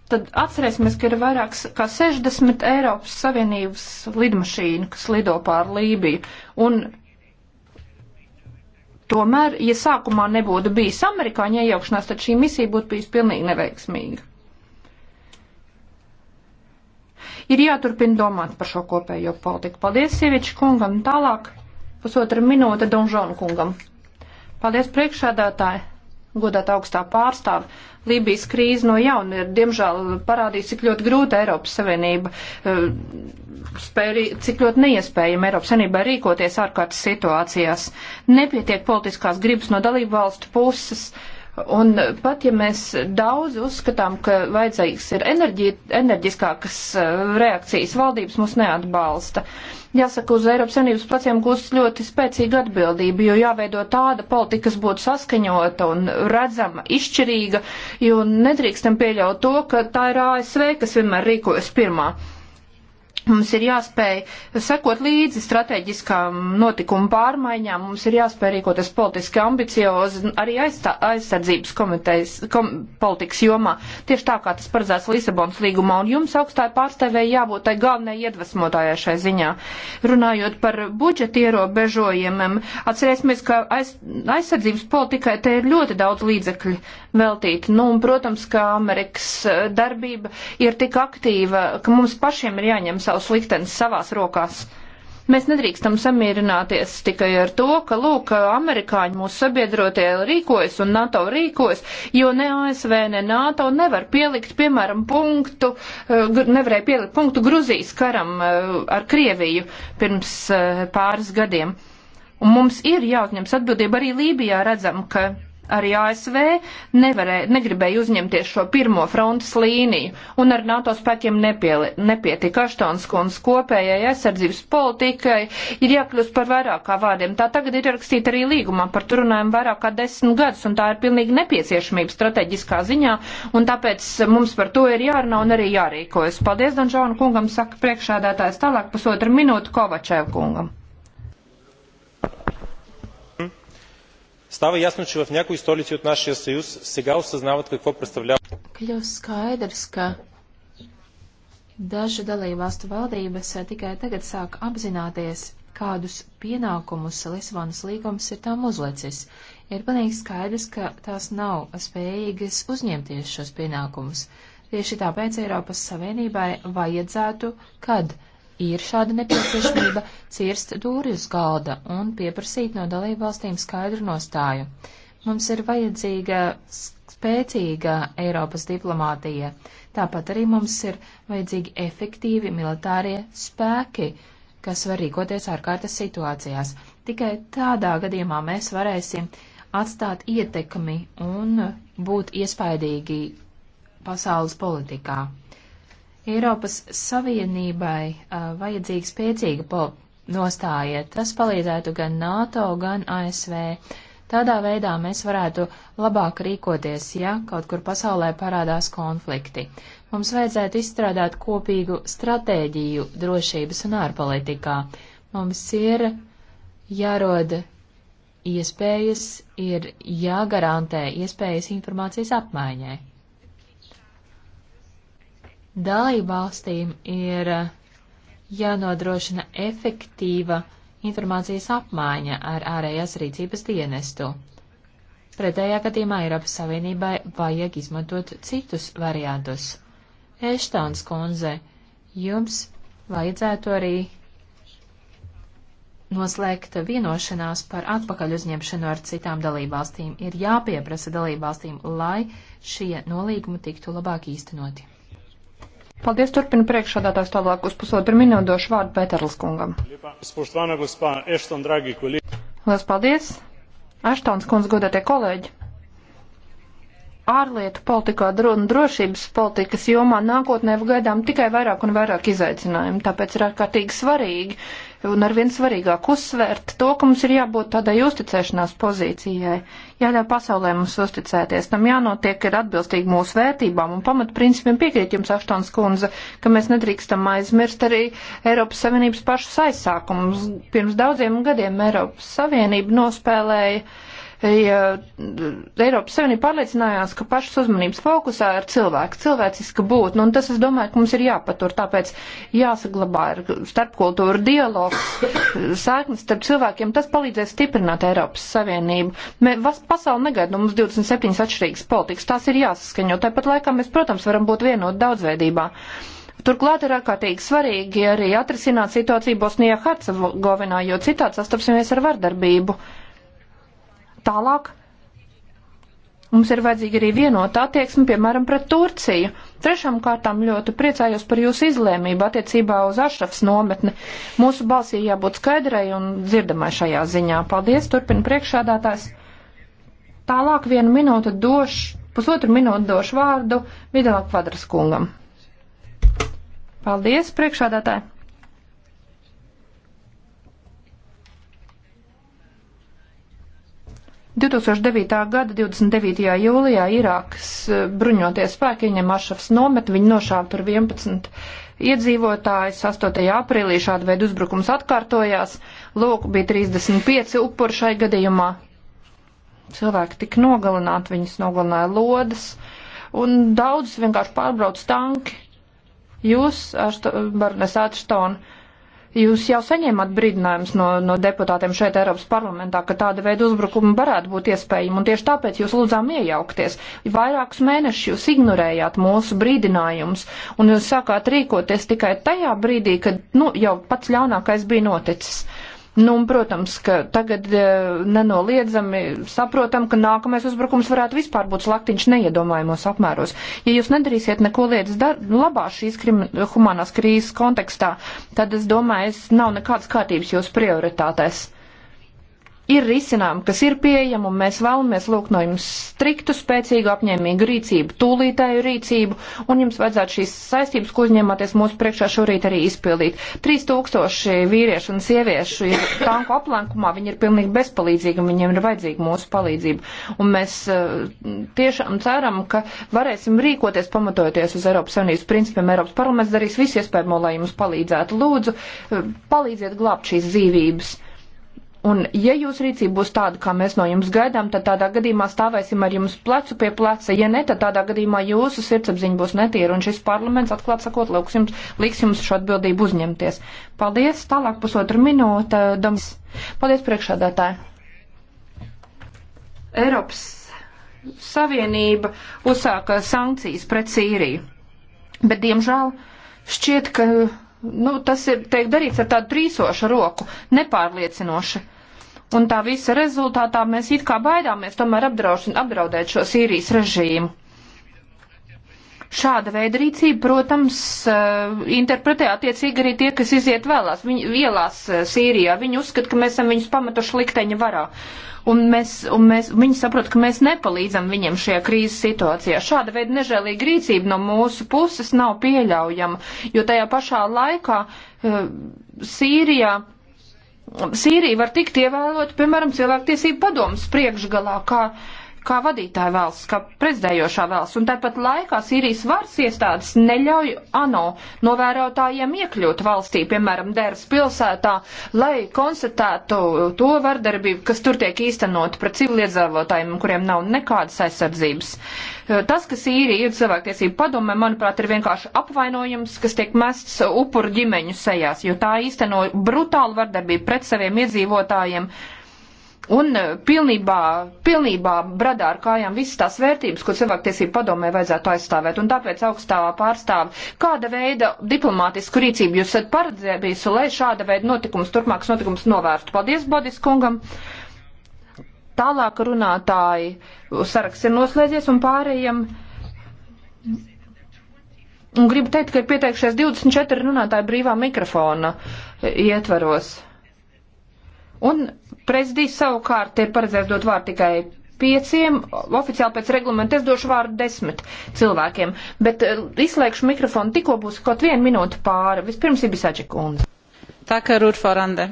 S5: Tad atcerēsimies, ka ir vairāk kā 60 Eiropas Savienības lidmašīnu, kas lido pār Lībiju. Un Tomēr, ja sākumā nebūtu bijis amerikāņu iejaukšanās, tad šī misija būtu bijusi pilnīgi neveiksmīga. Ir jāturpina domāt par šo kopējo politiku. Paldies sieviešu kungam tālāk. Pusotra minūte Donžonu kungam. Paldies priekšādātāji godāt augstā pārstāve. Lībijas krīze no jauna ir, diemžēl, parādījis, cik ļoti grūta Eiropas Savienība, eh, spēj, cik ļoti neiespējama Eiropas Savienībai rīkoties ārkārtas situācijās. Nepietiek politiskās gribas no dalību valstu puses. Uh, Un pat ja mēs daudz uzskatām, ka vajadzīgs ir enerģi, enerģiskākas uh, reakcijas, valdības mūs neatbalsta. Jāsaka, uz Eiropas Savienības pleciem gūst ļoti spēcīga atbildība, jo jāveido tāda politika, kas būtu saskaņota un redzama, izšķirīga, jo nedrīkstam pieļaut to, ka tā ir ASV, kas vienmēr rīkojas pirmā. Mums ir jāspēj sekot līdzi strateģiskām notikumu pārmaiņām, mums ir jāspēj rīkoties politiski ambiciozi arī aizstā, aizsardzības komitejas kom, politikas jomā, tieši tā kā tas paredzēts Lisabons līgumā, un jums augstāja pārstāvēja jābūt tai galvenajai iedvesmotājai šai ziņā. Runājot par budžeti ierobežojumiem, atcerēsimies, ka aiz, aizsardzības politikai te ir ļoti daudz līdzekļu veltīt. Nu, un, protams, ka Amerikas eh, darbība ir tik aktīva, ka mums pašiem ir jāņem savu savus liktenes savās rokās. Mēs nedrīkstam samierināties tikai ar to, ka, lūk, amerikāņi mūsu sabiedrotie rīkojas un NATO rīkojas, jo ne ASV, ne NATO nevar pielikt, piemēram, punktu, eh, nevarēja pielikt punktu Gruzijas karam eh, ar Krieviju pirms eh, pāris gadiem. Un mums ir jāuzņems atbildība arī Lībijā redzam, ka arī ASV nevarē, negribēja uzņemties šo pirmo frontes līniju, un ar NATO spēkiem nepieli, nepietika Aštonskons kopējai aizsardzības politikai, ir jākļūst par vairāk kā vārdiem. Tā tagad ir rakstīta arī līgumā, par to runājam vairāk kā desmit gadus, un tā ir pilnīgi nepieciešamība strateģiskā ziņā, un tāpēc mums par to ir jārunā un arī jārīkojas. Paldies, Danžona kungam, saka priekšādātājs tālāk pusotru minūtu Kovačev kungam.
S1: Става ясно, че в някои столици от нашия съюз сега осъзнават какво представлява.
S6: Kļūst skaidrs, ka daži dalībvalstu valdības tikai tagad sāk apzināties, kādus pienākumus Lisabonas līgums ir tām uzlicis. Ir panīgi skaidrs, ka tās nav spējīgas uzņemties šos pienākumus. Tieši tāpēc Eiropas Savienībai vajadzētu, kad ir šāda nepieciešamība cirst dūri uz galda un pieprasīt no dalībvalstīm skaidru nostāju. Mums ir vajadzīga spēcīga Eiropas diplomātija. Tāpat arī mums ir vajadzīgi efektīvi militārie spēki, kas var rīkoties ārkārtas situācijās. Tikai tādā gadījumā mēs varēsim atstāt ietekmi un būt iespaidīgi pasaules politikā. Eiropas Savienībai uh, vajadzīga spēcīga nostāja. Tas palīdzētu gan NATO, gan ASV. Tādā veidā mēs varētu labāk rīkoties, ja kaut kur pasaulē parādās konflikti. Mums vajadzētu izstrādāt kopīgu stratēģiju drošības un ārpolitikā. Mums ir jārod iespējas, ir jāgarantē iespējas informācijas apmaiņai. Dalībvalstīm ir eh, jānodrošina efektīva informācijas apmaiņa ar ārējās rīcības dienestu. Pretējā gadījumā Eiropas Savienībai vajag izmantot citus variantus. Eštāns kundze, jums vajadzētu arī noslēgt vienošanās par atpakaļ uzņemšanu ar citām dalībvalstīm. Ir jāpieprasa dalībvalstīm, lai šie nolīgumi tiktu labāk īstenoti.
S5: Paldies, turpina priekšādātājs tālāk uz pusotru minūtu došu vārdu Pēterlis kungam. Lielas paldies! Aštons kundz, godētie kolēģi! Ārlietu politikā un drošības politikas jomā nākotnē gaidām tikai vairāk un vairāk izaicinājumu, tāpēc ir ārkārtīgi svarīgi, un arvien svarīgāk uzsvērt to, ka mums ir jābūt tādai uzticēšanās pozīcijai. Jāļauj pasaulē mums uzticēties, tam jānotiek ir atbilstīgi mūsu vērtībām un pamatprincipiem piekrīt jums, Aštons kundze, ka mēs nedrīkstam aizmirst arī Eiropas Savienības pašas aizsākumus. Pirms daudziem gadiem Eiropas Savienība nospēlēja ja eh, Eiropas Savienība pārliecinājās, ka pašas uzmanības fokusā ir cilvēks, cilvēciska būtne, un tas, es domāju, ka mums ir jāpatur, tāpēc jāsaglabā ir starpkultūra dialogs, sēknes starp cilvēkiem, tas palīdzēs stiprināt Eiropas Savienību. Mē, vas, pasauli negaida no mums 27 atšķirīgas politikas, tās ir jāsaskaņo, tāpat laikā mēs, protams, varam būt vienot daudzveidībā. Turklāt ir ārkārtīgi svarīgi arī atrisināt situāciju Bosnijā Hercegovinā, jo citādi sastapsimies ar vardarbību. Uh, Tālāk mums ir vajadzīga arī vienota attieksme, piemēram, pret Turciju. Trešām kārtām ļoti priecājos par jūsu izlēmību attiecībā uz Ašrafs nometni. Mūsu balsī jābūt skaidrai un dzirdamai šajā ziņā. Paldies, turpina priekšādātājs. Tālāk vienu minūtu došu, pusotru minūtu došu vārdu Vidalā kvadras kungam. Paldies, priekšādātāji! 2009. gada 29. jūlijā Irākas e, bruņoties spēki ieņem Ašafs nomet, viņi nošāva tur 11 iedzīvotājus. 8. aprīlī šāda veida uzbrukums atkārtojās. Lūk, bija 35 upuri šai gadījumā. Cilvēki tika nogalināti, viņus nogalināja lodas un daudzus vienkārši pārbrauc tanki. Jūs, Barnes Atštona, Jūs jau saņēmat brīdinājumus no, no deputātiem šeit Eiropas parlamentā, ka tāda veida uzbrukumi varētu būt iespējami, un tieši tāpēc jūs lūdzām iejaukties. Vairākus mēnešus jūs ignorējāt mūsu brīdinājumus, un jūs sākāt rīkoties tikai tajā brīdī, kad nu, jau pats ļaunākais bija noticis. Nu, un, protams, ka tagad e, nenoliedzami saprotam, ka nākamais uzbrukums varētu vispār būt slaktiņš neiedomājumos apmēros. Ja jūs nedarīsiet neko lietas labā šīs krim, humanās krīzes kontekstā, tad es domāju, es nav nekādas kārtības jūs prioritātēs ir risinājumi, kas ir pieejami, un mēs vēlamies lūgt no jums striktu, spēcīgu, apņēmīgu rīcību, tūlītēju rīcību, un jums vajadzētu šīs saistības, ko uzņēmāties mūsu priekšā šorīt arī izpildīt. 3000 vīriešu un sieviešu ir tanku aplenkumā, viņi ir pilnīgi bezpalīdzīgi, un viņiem ir vajadzīga mūsu palīdzība. Un mēs uh, tiešām ceram, ka varēsim rīkoties pamatojoties uz Eiropas Savienības principiem. Eiropas parlaments darīs visu iespējamo, lai jums palīdzētu. Lūdzu, eh, palīdziet glābt šīs dzīvības. Un, ja jūsu rīcība būs tāda, kā mēs no jums gaidām, tad tādā gadījumā stāvēsim ar jums plecu pie pleca. Ja ne, tad tādā gadījumā jūsu sirdsapziņa būs netīra, un šis parlaments, atklāt sakot, lūks jums, liks jums šo atbildību uzņemties. Paldies, tālāk pusotru minūte, domas. Paldies, priekšādātāji. Eiropas Savienība uzsāka sankcijas pret Sīriju, bet, diemžēl, šķiet, ka nu, tas ir, teikt, darīts ar tādu trīsošu roku, nepārliecinoši. Un tā visa rezultātā mēs it kā baidāmies tomēr apdraudēt šo Sīrijas režīmu. Šāda veida rīcība, protams, eh, interpretē attiecīgi arī tie, kas iziet vēlās, viņi, ielās eh, Sīrijā. Viņi uzskata, ka mēs esam viņus pametuši likteņa varā un, mēs, un mēs, viņi saprot, ka mēs nepalīdzam viņiem šajā krīzes situācijā. Šāda veida nežēlīga rīcība no mūsu puses nav pieļaujama, jo tajā pašā laikā uh, Sīrijā. Sīrija var tikt ievēlot, piemēram, cilvēktiesību padomus priekšgalā, kā uh, kā vadītāja valsts, kā prezidējošā valsts, un tāpat laikā Sīrijas varas iestādes neļauj ANO novērotājiem iekļūt valstī, piemēram, Dēras pilsētā, lai konstatētu to vardarbību, kas tur tiek īstenot pret civiliedzīvotājiem, kuriem nav nekādas aizsardzības. Tas, ka Sīrija ir cilvēktiesība padome, manuprāt, ir vienkārši apvainojums, kas tiek mests upuru ģimeņu sejās, jo tā īsteno brutālu vardarbību pret saviem iedzīvotājiem un e, pilnībā, pilnībā bradā ar kājām visas tās vērtības, ko cilvēktiesību padomē vajadzētu aizstāvēt. Un tāpēc augstā pārstāve, kāda veida diplomātisku rīcību jūs esat paredzējis, lai šāda veida notikums, turpmāks notikums novērstu? Paldies, Bodis kungam! Tālāk runātāji saraksts ir noslēdzies un pārējiem. Un gribu teikt, ka ir pieteikšies 24 runātāji brīvā mikrofona ietvaros. Un Prezidijs savukārt ir paredzēts dot vārdu tikai pieciem, oficiāli pēc reglamenta es došu vārdu desmit cilvēkiem, bet eh, izslēgšu mikrofonu tikko būs kaut viena minūte pāri. Vispirms ir bisaģi kundze. Tā kā
S3: Rūrforande.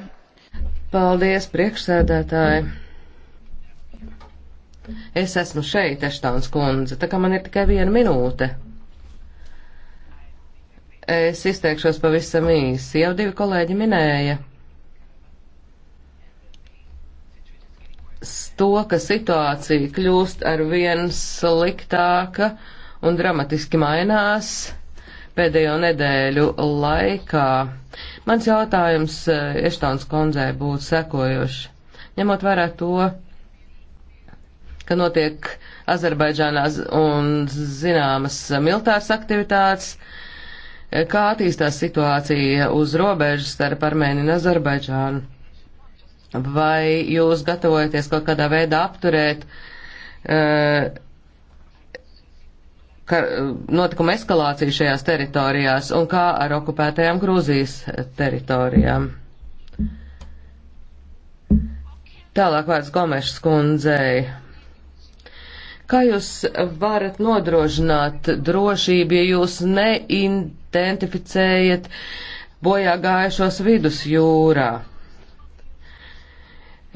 S4: Paldies, priekšsēdētāji. Es esmu šeit, Eštāns kundze, tā kā man ir tikai viena minūte. Es izteikšos pavisam īsi. Jau divi kolēģi minēja to, ka situācija kļūst ar vien sliktāka un dramatiski mainās pēdējo nedēļu laikā. Mans jautājums eh, Eštāns kundzei būtu sekojoši. Ņemot vērā to, ka notiek Azerbaidžānā un zināmas militāras aktivitātes, eh, kā attīstās situācija uz robežas starp Armēniju un Azerbaidžānu? Vai jūs gatavojaties kaut kādā veidā apturēt uh, ka, notikuma eskalāciju šajās teritorijās un kā ar okupētajām Grūzijas teritorijām? Tālāk vārds Gomešs kundzei. Kā jūs varat nodrošināt drošību, ja jūs neidentificējat bojā gājušos vidus jūrā?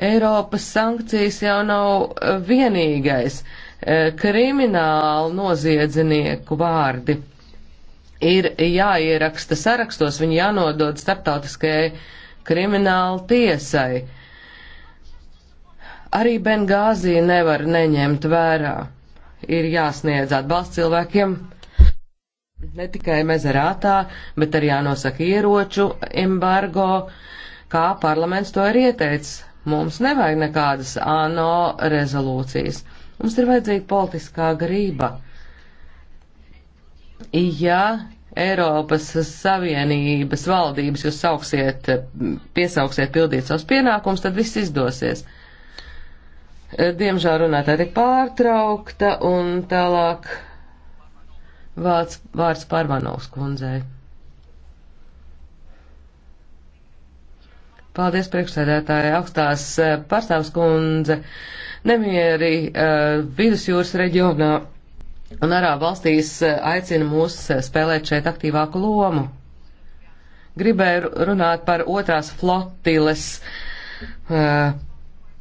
S4: Eiropas sankcijas jau nav eh, vienīgais. Eh, Krimināli noziedzinieku vārdi ir jāieraksta sarakstos, viņi jānodod starptautiskajai krimināla tiesai. Arī Bengāzī nevar neņemt vērā. Ir jāsniedz atbalsts cilvēkiem ne tikai mezerātā, bet arī jānosaka ieroču embargo, kā parlaments to ir ieteicis Mums nevajag nekādas ANO rezolūcijas. Mums ir vajadzīga politiskā grība. Ja Eiropas Savienības valdības jūs sauksiet, piesauksiet pildīt savus pienākumus, tad viss izdosies. Diemžēl runātāja tik pārtraukta un tālāk vārds, vārds Parvanovs kundzei. Paldies, priekšsēdētāji, augstās eh, pārstāvs kundze. Nemieri uh, vidusjūras reģionā un arā valstīs eh, aicina mūs spēlēt šeit aktīvāku lomu. Gribēju runāt par otrās flotiles uh,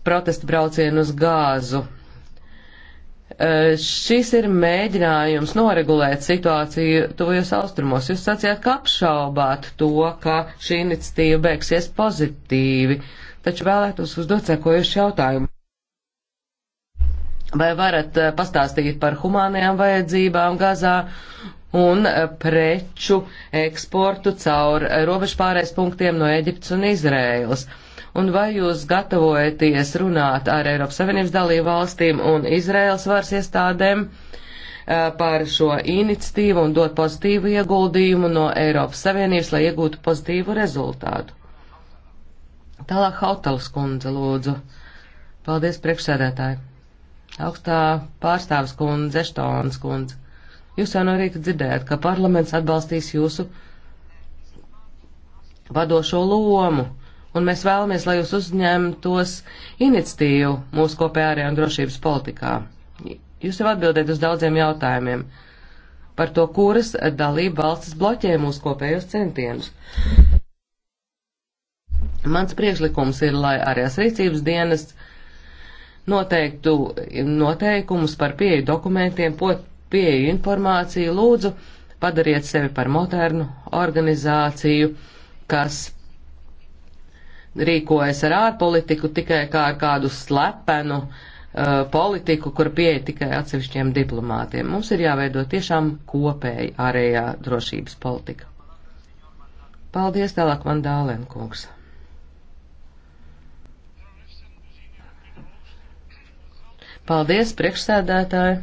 S4: protestu braucienu uz gāzu. Eh, šis ir mēģinājums noregulēt situāciju tuvajos austrumos. Jūs sacījāt, ka apšaubāt to, ka šī iniciatīva beigsies pozitīvi, taču vēlētos uzdot sekojuši jautājumu. Vai varat eh, pastāstīt par humānajām vajadzībām Gazā un eh, preču eksportu caur robežpārējais punktiem no Eģiptes un Izrēlas? un vai jūs gatavojaties runāt ar Eiropas Savienības dalību valstīm un Izraels varas iestādēm par šo iniciatīvu un dot pozitīvu ieguldījumu no Eiropas Savienības, lai iegūtu pozitīvu rezultātu. Tālāk Hautalas kundze lūdzu. Paldies priekšsēdētāji. Augstā pārstāvis kundze, Eštons kundze. Jūs jau no rīta dzirdējat, ka parlaments atbalstīs jūsu vadošo lomu un mēs vēlamies, lai jūs uzņemtos iniciatīvu mūsu kopējā ārējā un drošības politikā. Jūs jau atbildēt uz daudziem jautājumiem par to, kuras dalība valstis bloķē mūsu kopējos centienus. Mans priekšlikums ir, lai ārējās rīcības dienests noteiktu noteikumus par pieeju dokumentiem, pieeju informāciju, lūdzu, padariet sevi par modernu organizāciju, kas rīkojas ar ārpolitiku tikai kā ar kādu slepenu uh, politiku, kur pieeja tikai atsevišķiem diplomātiem. Mums ir jāveido tiešām kopēji ārējā drošības politika. Paldies tālāk man Dālēn kungs. Paldies priekšsēdētāji.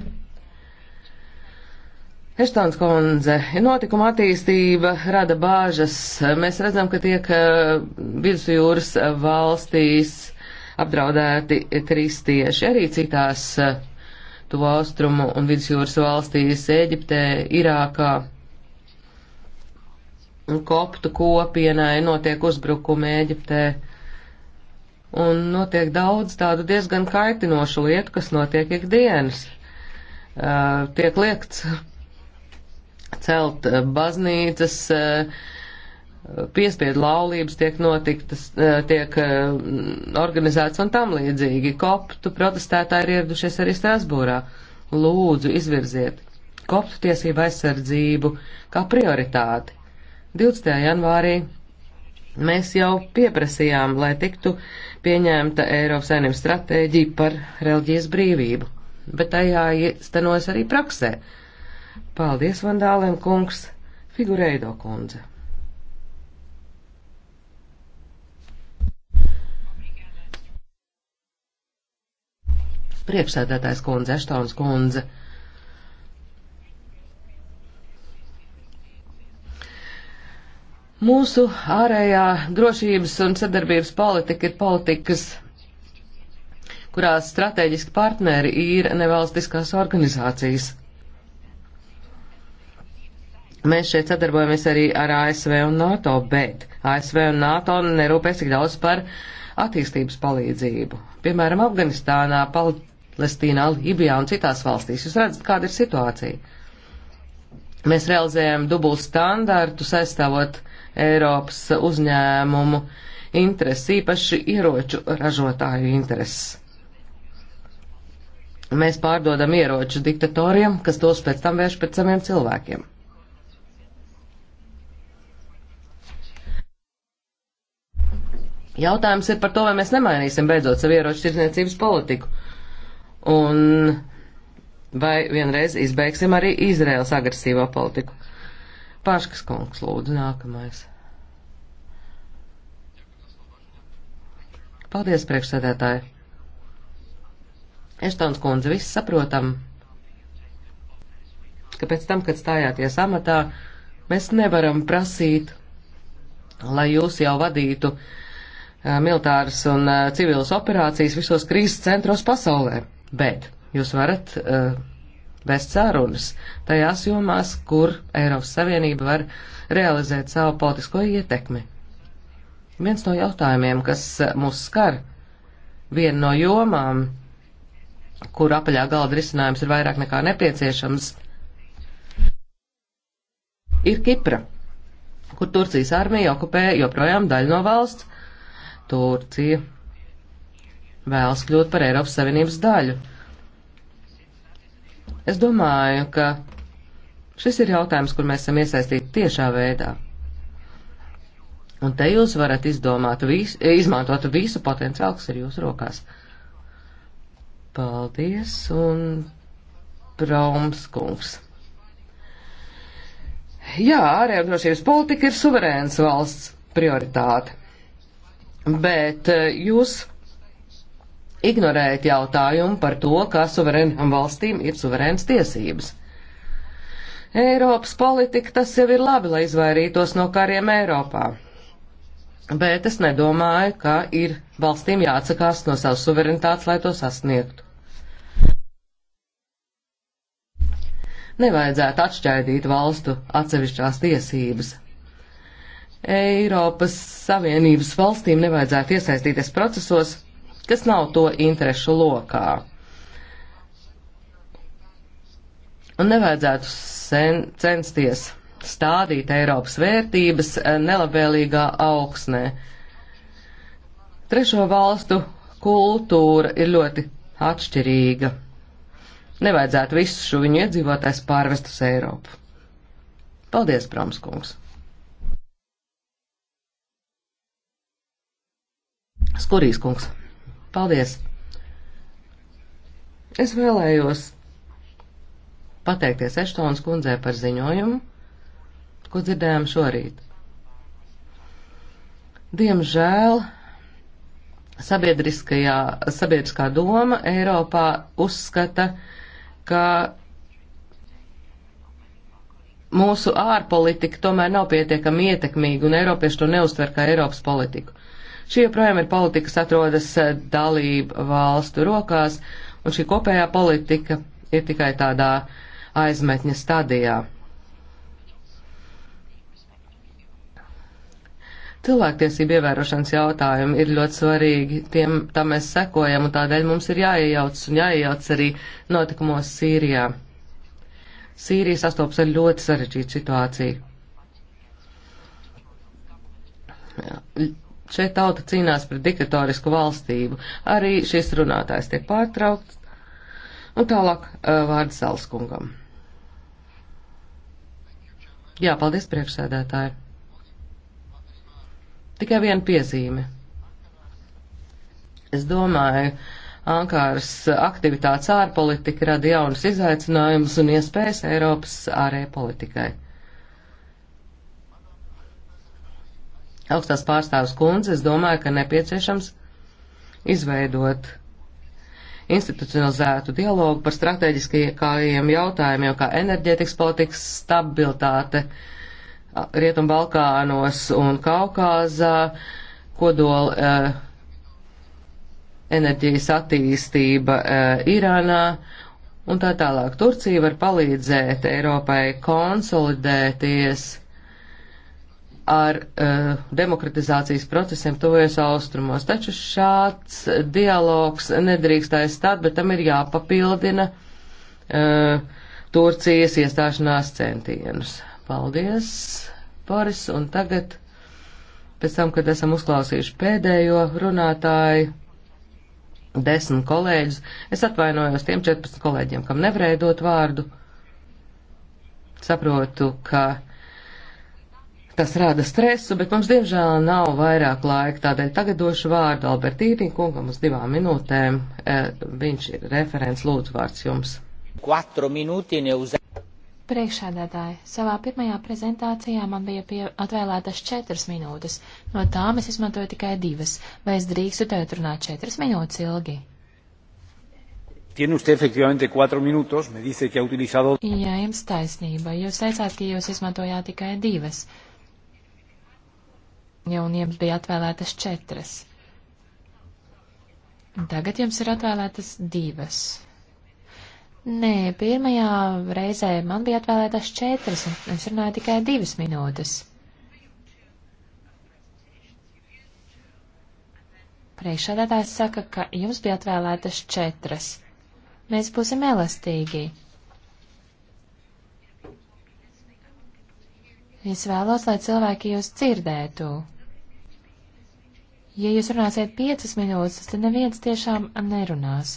S4: Eštons kundze, notikuma attīstība rada bāžas. Mēs redzam, ka tiek eh, vidusjūras valstīs apdraudēti kristieši, arī citās eh, tuvo austrumu un vidusjūras valstīs - Eģiptē, Irākā. Koptu kopienai notiek uzbrukumi Eģiptē. Un notiek daudz tādu diezgan kaitinošu lietu, kas notiek ikdienas. Uh, tiek liekts celt eh, baznīcas, eh, piespiedu laulības tiek notiktas, eh, tiek organizētas un tam līdzīgi. Koptu protestētāji ir ieradušies arī Strasbūrā. Lūdzu, izvirziet koptu tiesību aizsardzību kā prioritāti. 20. janvārī mēs jau pieprasījām, lai tiktu pieņemta Eiropas saimnības stratēģija par reliģijas brīvību, bet tajā iestanos arī praksē. Uh, Paldies, Vandālēm kungs, figureido kundze. Priekšsēdētājs kundze, Eštons kundze. Mūsu ārējā drošības un sadarbības politika ir politikas, kurās strateģiski partneri ir nevalstiskās organizācijas. Mēs šeit sadarbojamies arī ar ASV un NATO, bet ASV un NATO nerūpēs tik daudz par attīstības palīdzību. Piemēram, Afganistānā, Palestīnā, Libijā un citās valstīs. Jūs redzat, kāda ir situācija. Mēs realizējam dubult standārtu, aizstāvot Eiropas uzņēmumu intereses, īpaši ieroču ražotāju intereses. Mēs pārdodam ieroču diktatoriem, kas tos pēc tam vērš pret saviem cilvēkiem. Jautājums ir par to, vai mēs nemainīsim beidzot savu ieroču tirdzniecības politiku. Un vai vienreiz izbeigsim arī Izraels agresīvo politiku. Paškas kungs, lūdzu, nākamais. Paldies, priekšsēdētāji. Eštons kundze, viss saprotam, ka pēc tam, kad stājāties amatā, mēs nevaram prasīt, lai jūs jau vadītu uh, militāras un civilas operācijas visos krīzes centros pasaulē, bet jūs varat uh, vest sārunas tajās jomās, kur Eiropas Savienība var realizēt savu politisko ietekmi. Viens no jautājumiem, kas mūs skar, viena no jomām, kur apaļā galda risinājums ir vairāk nekā nepieciešams, ir Kipra, kur Turcijas armija okupē joprojām daļu no valsts, Turcija vēlas kļūt par Eiropas Savienības daļu. Es domāju, ka šis ir jautājums, kur mēs esam iesaistīti tiešā veidā. Un te jūs varat izdomāt, vis, izmantot visu potenciālu, kas ir jūsu rokās. Paldies un Praumskungs. Jā, ārējā drošības politika ir suverēns valsts prioritāte bet eh, jūs ignorējat jautājumu par to, kā suverēnām valstīm ir suverēnas tiesības. Eiropas politika tas jau ir labi, lai izvairītos no kariem Eiropā. Bet es nedomāju, ka ir valstīm jāatsakās no savas suverenitātes, lai to sasniegtu. Nevajadzētu atšķaidīt valstu atsevišķās tiesības. Eiropas Savienības valstīm nevajadzētu iesaistīties procesos, kas nav to interešu lokā. Un nevajadzētu sen, censties stādīt Eiropas vērtības eh, nelabvēlīgā augsnē. Trešo valstu kultūra ir ļoti atšķirīga. Nevajadzētu visu šo viņu iedzīvotājs pārvest uz Eiropu. Paldies, Prāmskungs! Skurijas kungs. Paldies! Es vēlējos pateikties Eštonas kundzē par ziņojumu, ko dzirdējām šorīt. Diemžēl sabiedriskā doma Eiropā uzskata, ka mūsu ārpolitika tomēr nav pietiekami ietekmīga un Eiropieši to neuztver kā Eiropas politiku. Šī joprojām ir politika, kas atrodas eh, dalību valstu rokās, un šī kopējā politika ir tikai tādā aizmetņa stadijā. Cilvēktiesību ievērošanas jautājumi ir ļoti svarīgi, tiem tam mēs sekojam, un tādēļ mums ir jāiejauc un jāiejauc arī notikumos Sīrijā. Sīrija sastopas ar ļoti sarežģītu situāciju. Jā Šeit tauta cīnās pret diktatorisku valstību. Arī šis runātājs tiek pārtraukts. Un tālāk uh, vārds Salskungam. Jā, paldies priekšsēdētāji. Tikai viena piezīme. Es domāju, Ankāras aktivitātes ārpolitika rada jaunus izaicinājumus un iespējas Eiropas ārējai politikai. augstās pārstāvs kundze, es domāju, ka nepieciešams izveidot institucionalizētu dialogu par strateģiskajiem jautājumiem, kā enerģētikas politikas stabilitāte Rietumbalkānos un Kaukāzā, kodola eh, enerģijas attīstība eh, Irānā un tā tālāk. Turcija var palīdzēt Eiropai konsolidēties ar uh, demokratizācijas procesiem tuvojas austrumos. Taču šāds dialogs nedrīkst aizstāt, bet tam ir jāpapildina uh, Turcijas iestāšanās centienus. Paldies, Boris, un tagad, pēc tam, kad esam uzklausījuši pēdējo runātāju, desmit kolēģus, es atvainojos tiem 14 kolēģiem, kam nevarēju dot vārdu. Saprotu, ka Tas rada stresu, bet mums diemžēl nav vairāk laika, tādēļ tagad došu vārdu Albertīnī kungam uz divām minūtēm. E, viņš ir referents lūdzu vārds jums.
S6: Priekšādātāji, savā pirmajā prezentācijā man bija pie atvēlētas četras minūtes, no tām es izmantoju tikai divas. Vai es drīkstu tev runāt četras minūtes ilgi?
S1: Tiene usted efectivamente cuatro minutos, me dice que ha utilizado. Jā,
S6: jums taisnība. Jūs teicāt, ka jūs izmantojāt tikai divas. Uh, ja un jums bija atvēlētas četras. Tagad jums ir atvēlētas divas. Nē, pirmajā reizē man bija atvēlētas četras, un es runāju tikai divas minūtes. Priekšādātājs saka, ka jums bija atvēlētas četras. Mēs būsim elastīgi. Es vēlos, lai cilvēki jūs dzirdētu. Ja jūs runāsiet piecas minūtes, tad neviens tiešām nerunās.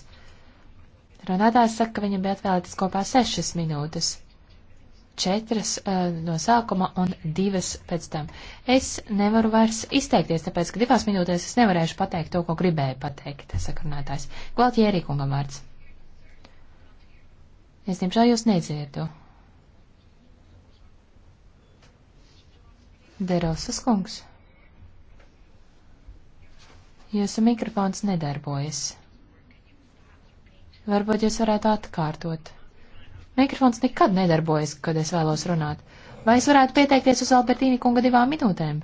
S6: Runātājs saka, ka viņam bija atvēlētas kopā sešas minūtes. Četras uh, no sākuma un divas pēc tam. Es nevaru vairs izteikties, tāpēc, ka divās minūtēs es nevarēšu pateikt to, ko gribēju pateikt, saka runātājs. Gvaltjērī kungam vārds. Es diemžēl jūs nedzirdu. Derosas kungs. Jūsu mikrofons nedarbojas. Varbūt jūs varētu atkārtot. Mikrofons nekad nedarbojas, kad es vēlos runāt. Vai es varētu pieteikties uz Albertīni kunga divām minūtēm?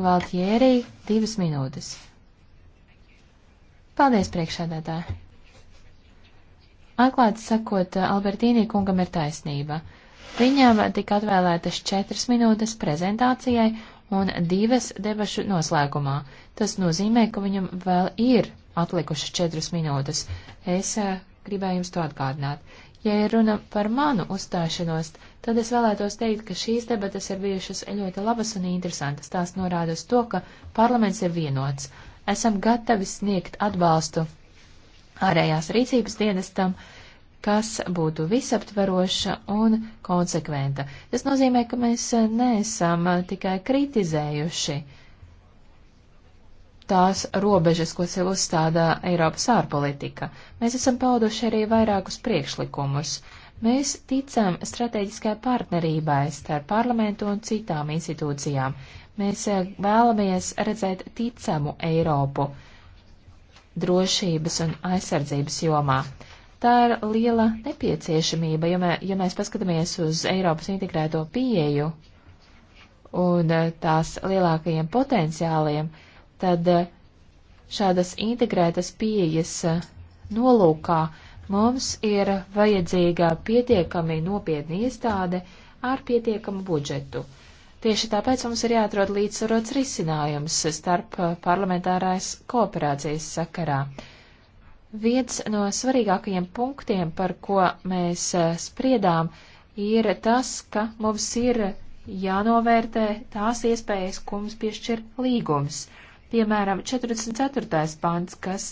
S6: Gvaltjērī divas minūtes. Paldies, priekšādātāji! Atklāti sakot, Albertīnī kungam ir taisnība. Uh, Viņām tika atvēlētas četras minūtes prezentācijai un divas debašu noslēgumā. Tas nozīmē, ka viņam vēl ir atlikušas četras minūtes. Es eh, gribēju jums to atgādināt. Ja ir runa par manu uzstāšanos, tad es vēlētos teikt, ka šīs debatas ir bijušas ļoti labas un interesantas. Tās norāda uz to, ka parlaments ir vienots. Esam gatavi sniegt atbalstu ārējās rīcības dienestam, uh, kas būtu visaptveroša un konsekventa. Tas nozīmē, ka mēs eh, neesam eh, tikai kritizējuši tās robežas, ko sev uzstādā Eiropas ārpolitika. Mēs esam pauduši arī vairākus priekšlikumus. Mēs ticam strateģiskai partnerībai starp parlamentu un citām institūcijām. Mēs eh, vēlamies redzēt ticamu Eiropu drošības un aizsardzības jomā. Tā ir liela nepieciešamība, ja, mē, ja mēs paskatāmies uz Eiropas integrēto pieeju un eh, tās lielākajiem potenciāliem, tad eh, šādas integrētas pieejas eh, nolūkā mums ir vajadzīga pietiekami nopietna iestāde ar pietiekamu budžetu. Tieši tāpēc mums ir jāatrod līdzsvarots risinājums starp parlamentārās kooperācijas sakarā. Viens no svarīgākajiem punktiem, par ko mēs eh, spriedām, ir tas, ka mums ir jānovērtē tās iespējas, ko mums piešķir līgums. Piemēram, 44. pants, kas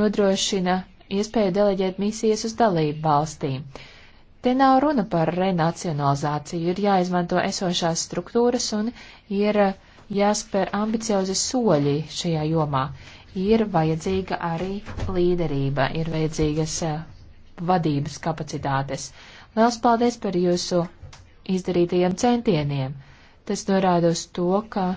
S6: nodrošina iespēju deleģēt misijas uz dalību valstīm. Te nav runa par renacionalizāciju, ir jāizmanto esošās struktūras un ir eh, jāspēr ambiciozi soļi šajā jomā ir vajadzīga arī līderība, ir vajadzīgas eh, vadības kapacitātes. Liels paldies par jūsu izdarītajiem centieniem. Tas norāda uz to, ka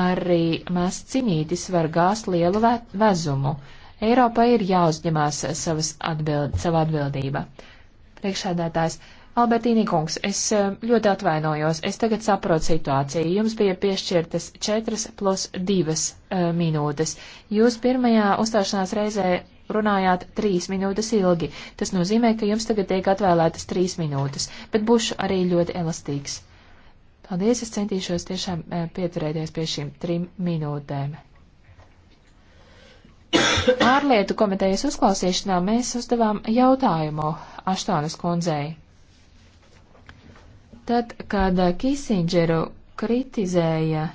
S6: arī mēs cīnītis var gāzt lielu ve vezumu. Eiropai ir jāuzņemās savas atbild, sava atbildība. Priekšādātājs. Albertīni kungs, es eh, ļoti atvainojos, es tagad saprotu situāciju. Jums bija piešķirtas 4 plus 2 uh, eh, minūtes. Jūs pirmajā uzstāšanās reizē runājāt 3 minūtes ilgi. Tas nozīmē, ka jums tagad tiek atvēlētas 3 minūtes, bet būšu arī ļoti elastīgs. Paldies, es centīšos tiešām eh, pieturēties pie šīm trim minūtēm. Ārlietu komitejas uzklausīšanā mēs uzdevām jautājumu Aštānas kundzei Tad, kad Kisindžeru kritizēja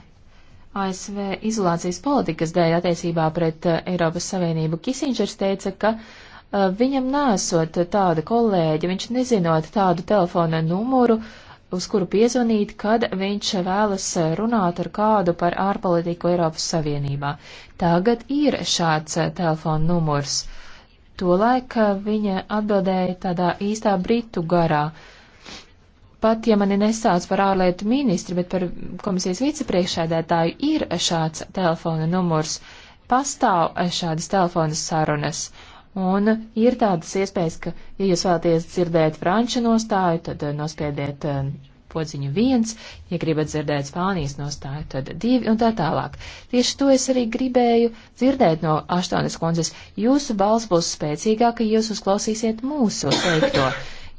S6: ASV izolācijas politikas dēļ attiecībā pret uh, Eiropas Savienību, Kisindžers teica, ka uh, viņam nesot tāda kolēģa, viņš nezinot tādu telefona numuru, uz kuru piezvanīt, kad viņš vēlas runāt ar kādu par ārpolitiku Eiropas Savienībā. Tagad ir šāds uh, telefona numurs. Tolaik uh, viņa atbildēja tādā īstā britu garā. Uh, pat ja mani nesauc par ārlietu ministru, bet par komisijas vicepriekšēdētāju, ir šāds telefona numurs. Pastāv šādas telefonas sarunas. Un ir tādas iespējas, ka, ja jūs vēlaties dzirdēt franču nostāju, tad eh, nospiediet uh, podziņu viens, ja gribat dzirdēt Spānijas nostāju, tad divi un tā tālāk. Tieši to es arī gribēju dzirdēt no Aštonas kundzes. Jūsu balss būs spēcīgāka, ja jūs uzklausīsiet mūsu teikto.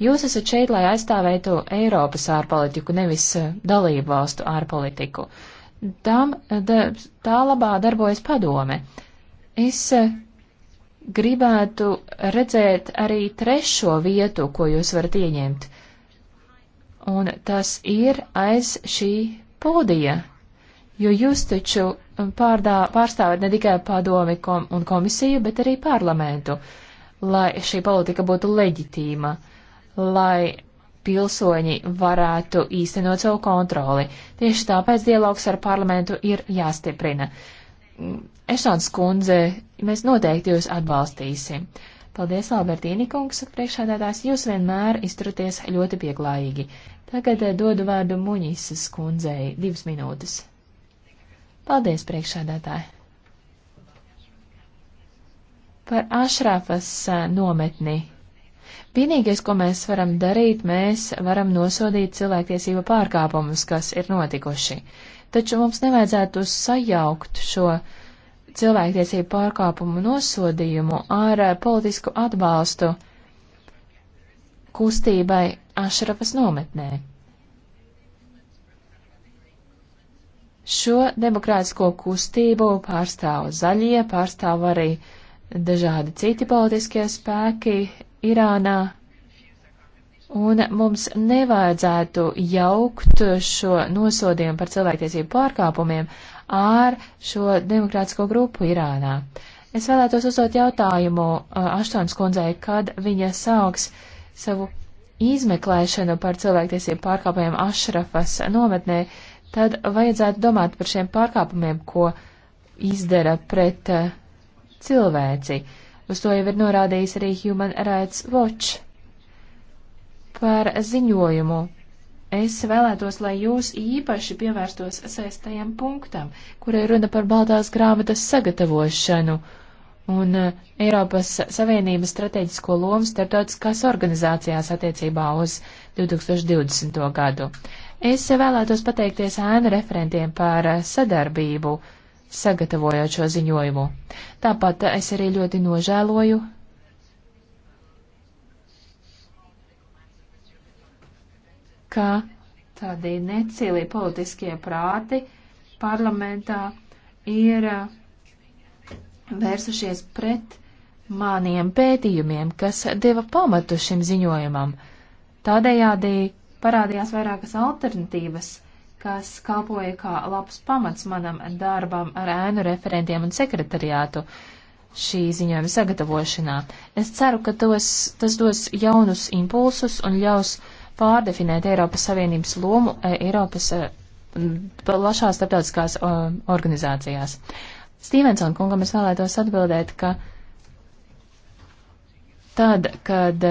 S6: Jūs esat šeit, lai aizstāvētu Eiropas ārpolitiku, nevis eh, dalību valstu ārpolitiku. Tam, eh, da, tā labā darbojas padome. Es eh, gribētu redzēt arī trešo vietu, ko jūs varat ieņemt. Un tas ir aiz šī podija, jo jūs taču pārdā, pārstāvat ne tikai padomi kom un komisiju, bet arī parlamentu, lai šī politika būtu leģitīma. Uh, lai pilsoņi varētu īstenot savu kontroli. Tieši tāpēc dialogs ar parlamentu ir jāstiprina. Ešāns kundze, mēs noteikti jūs atbalstīsim. Paldies, Albertīni kungs, priekšādātājs, jūs vienmēr izturaties ļoti pieklājīgi. Tagad eh, dodu vārdu Muņisas kundzei, divas minūtes. Paldies, priekšādātāji. Par Ašrafas eh, nometni Vienīgais, ko mēs varam darīt, mēs varam nosodīt cilvēktiesību pārkāpumus, kas ir notikuši. Taču mums nevajadzētu sajaukt šo cilvēktiesību pārkāpumu nosodījumu ar politisku atbalstu kustībai Ašrafas nometnē. Šo demokrātisko kustību pārstāv zaļie, pārstāv arī dažādi citi politiskie spēki, Irānā, un mums nevajadzētu jaukt šo nosodījumu par cilvēktiesību pārkāpumiem ar šo demokrātisko grupu Irānā. Es vēlētos uzdot jautājumu uh, Aštons kundzei, kad viņa sauks savu izmeklēšanu par cilvēktiesību pārkāpumiem Ašrafas nometnē, tad vajadzētu domāt par šiem pārkāpumiem, ko izdara pret uh, cilvēci. Uh, Uz to jau ir norādījis arī Human Rights Watch par ziņojumu. Es vēlētos, lai jūs īpaši pievērstos sēstajam punktam, kur ir runa par Baltās grāmatas sagatavošanu un eh, Eiropas Savienības strateģisko lomu starptautiskās organizācijās attiecībā uz 2020. gadu. Es vēlētos pateikties ēnu referentiem par sadarbību sagatavojot šo ziņojumu. Tāpat es arī ļoti nožēloju, ka tādi necīlī politiskie prāti parlamentā ir uh, vērsušies pret maniem pētījumiem, kas deva pamatu šim ziņojumam. Tādējādi parādījās vairākas alternatīvas kas kalpoja kā labs pamats manam darbam ar ēnu referentiem un sekretariātu šī ziņojuma sagatavošanā. Es ceru, ka tos, tas dos jaunus impulsus un ļaus pārdefinēt Eiropas Savienības lomu eh, Eiropas eh, plašās starptautiskās eh, organizācijās. Stevenson kungam es vēlētos atbildēt, ka tad, kad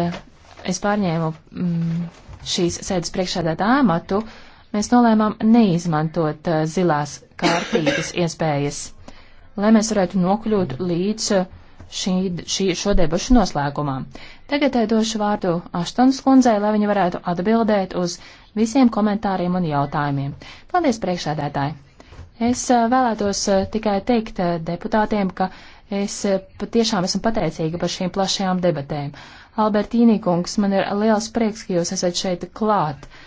S6: es pārņēmu mm, šīs sēdes priekšādātā amatu, uh, mēs nolēmām neizmantot uh, zilās kārtītes iespējas, lai mēs varētu nokļūt līdz uh, šī, šī, šo debašu noslēgumam. Tagad uh, došu vārdu Aštons kundzei, lai viņa varētu atbildēt uz visiem komentāriem un jautājumiem. Paldies, priekšsēdētāji! Es vēlētos tikai teikt deputātiem, ka es patiešām esmu pateicīga par šīm plašajām debatēm. Albertīnī kungs, man ir liels prieks, ka jūs esat šeit klāt. Uh,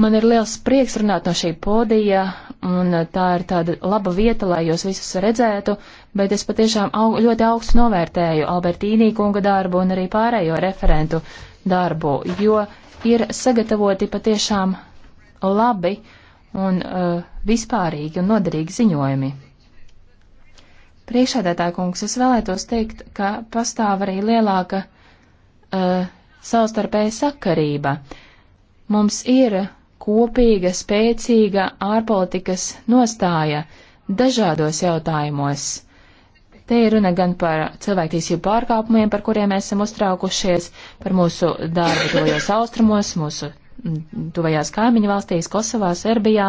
S6: Man ir liels prieks runāt no šī podija, un uh, tā ir tāda laba vieta, lai jūs visus redzētu, bet es patiešām aug, ļoti augstu novērtēju Albertīnī kunga darbu un arī pārējo referentu darbu, jo ir sagatavoti patiešām labi un uh, vispārīgi un noderīgi ziņojumi. Priekšādētāja kungs, es vēlētos teikt, ka pastāv arī lielāka uh, savstarpēja sakarība. Mums ir kopīga, spēcīga ārpolitikas nostāja dažādos jautājumos. Te ir runa gan par cilvēktiesību pārkāpumiem, par kuriem mēs esam uztraukušies, par mūsu darbu tojos austrumos, mūsu tuvajās kaimiņu valstīs, Kosovā, Serbijā,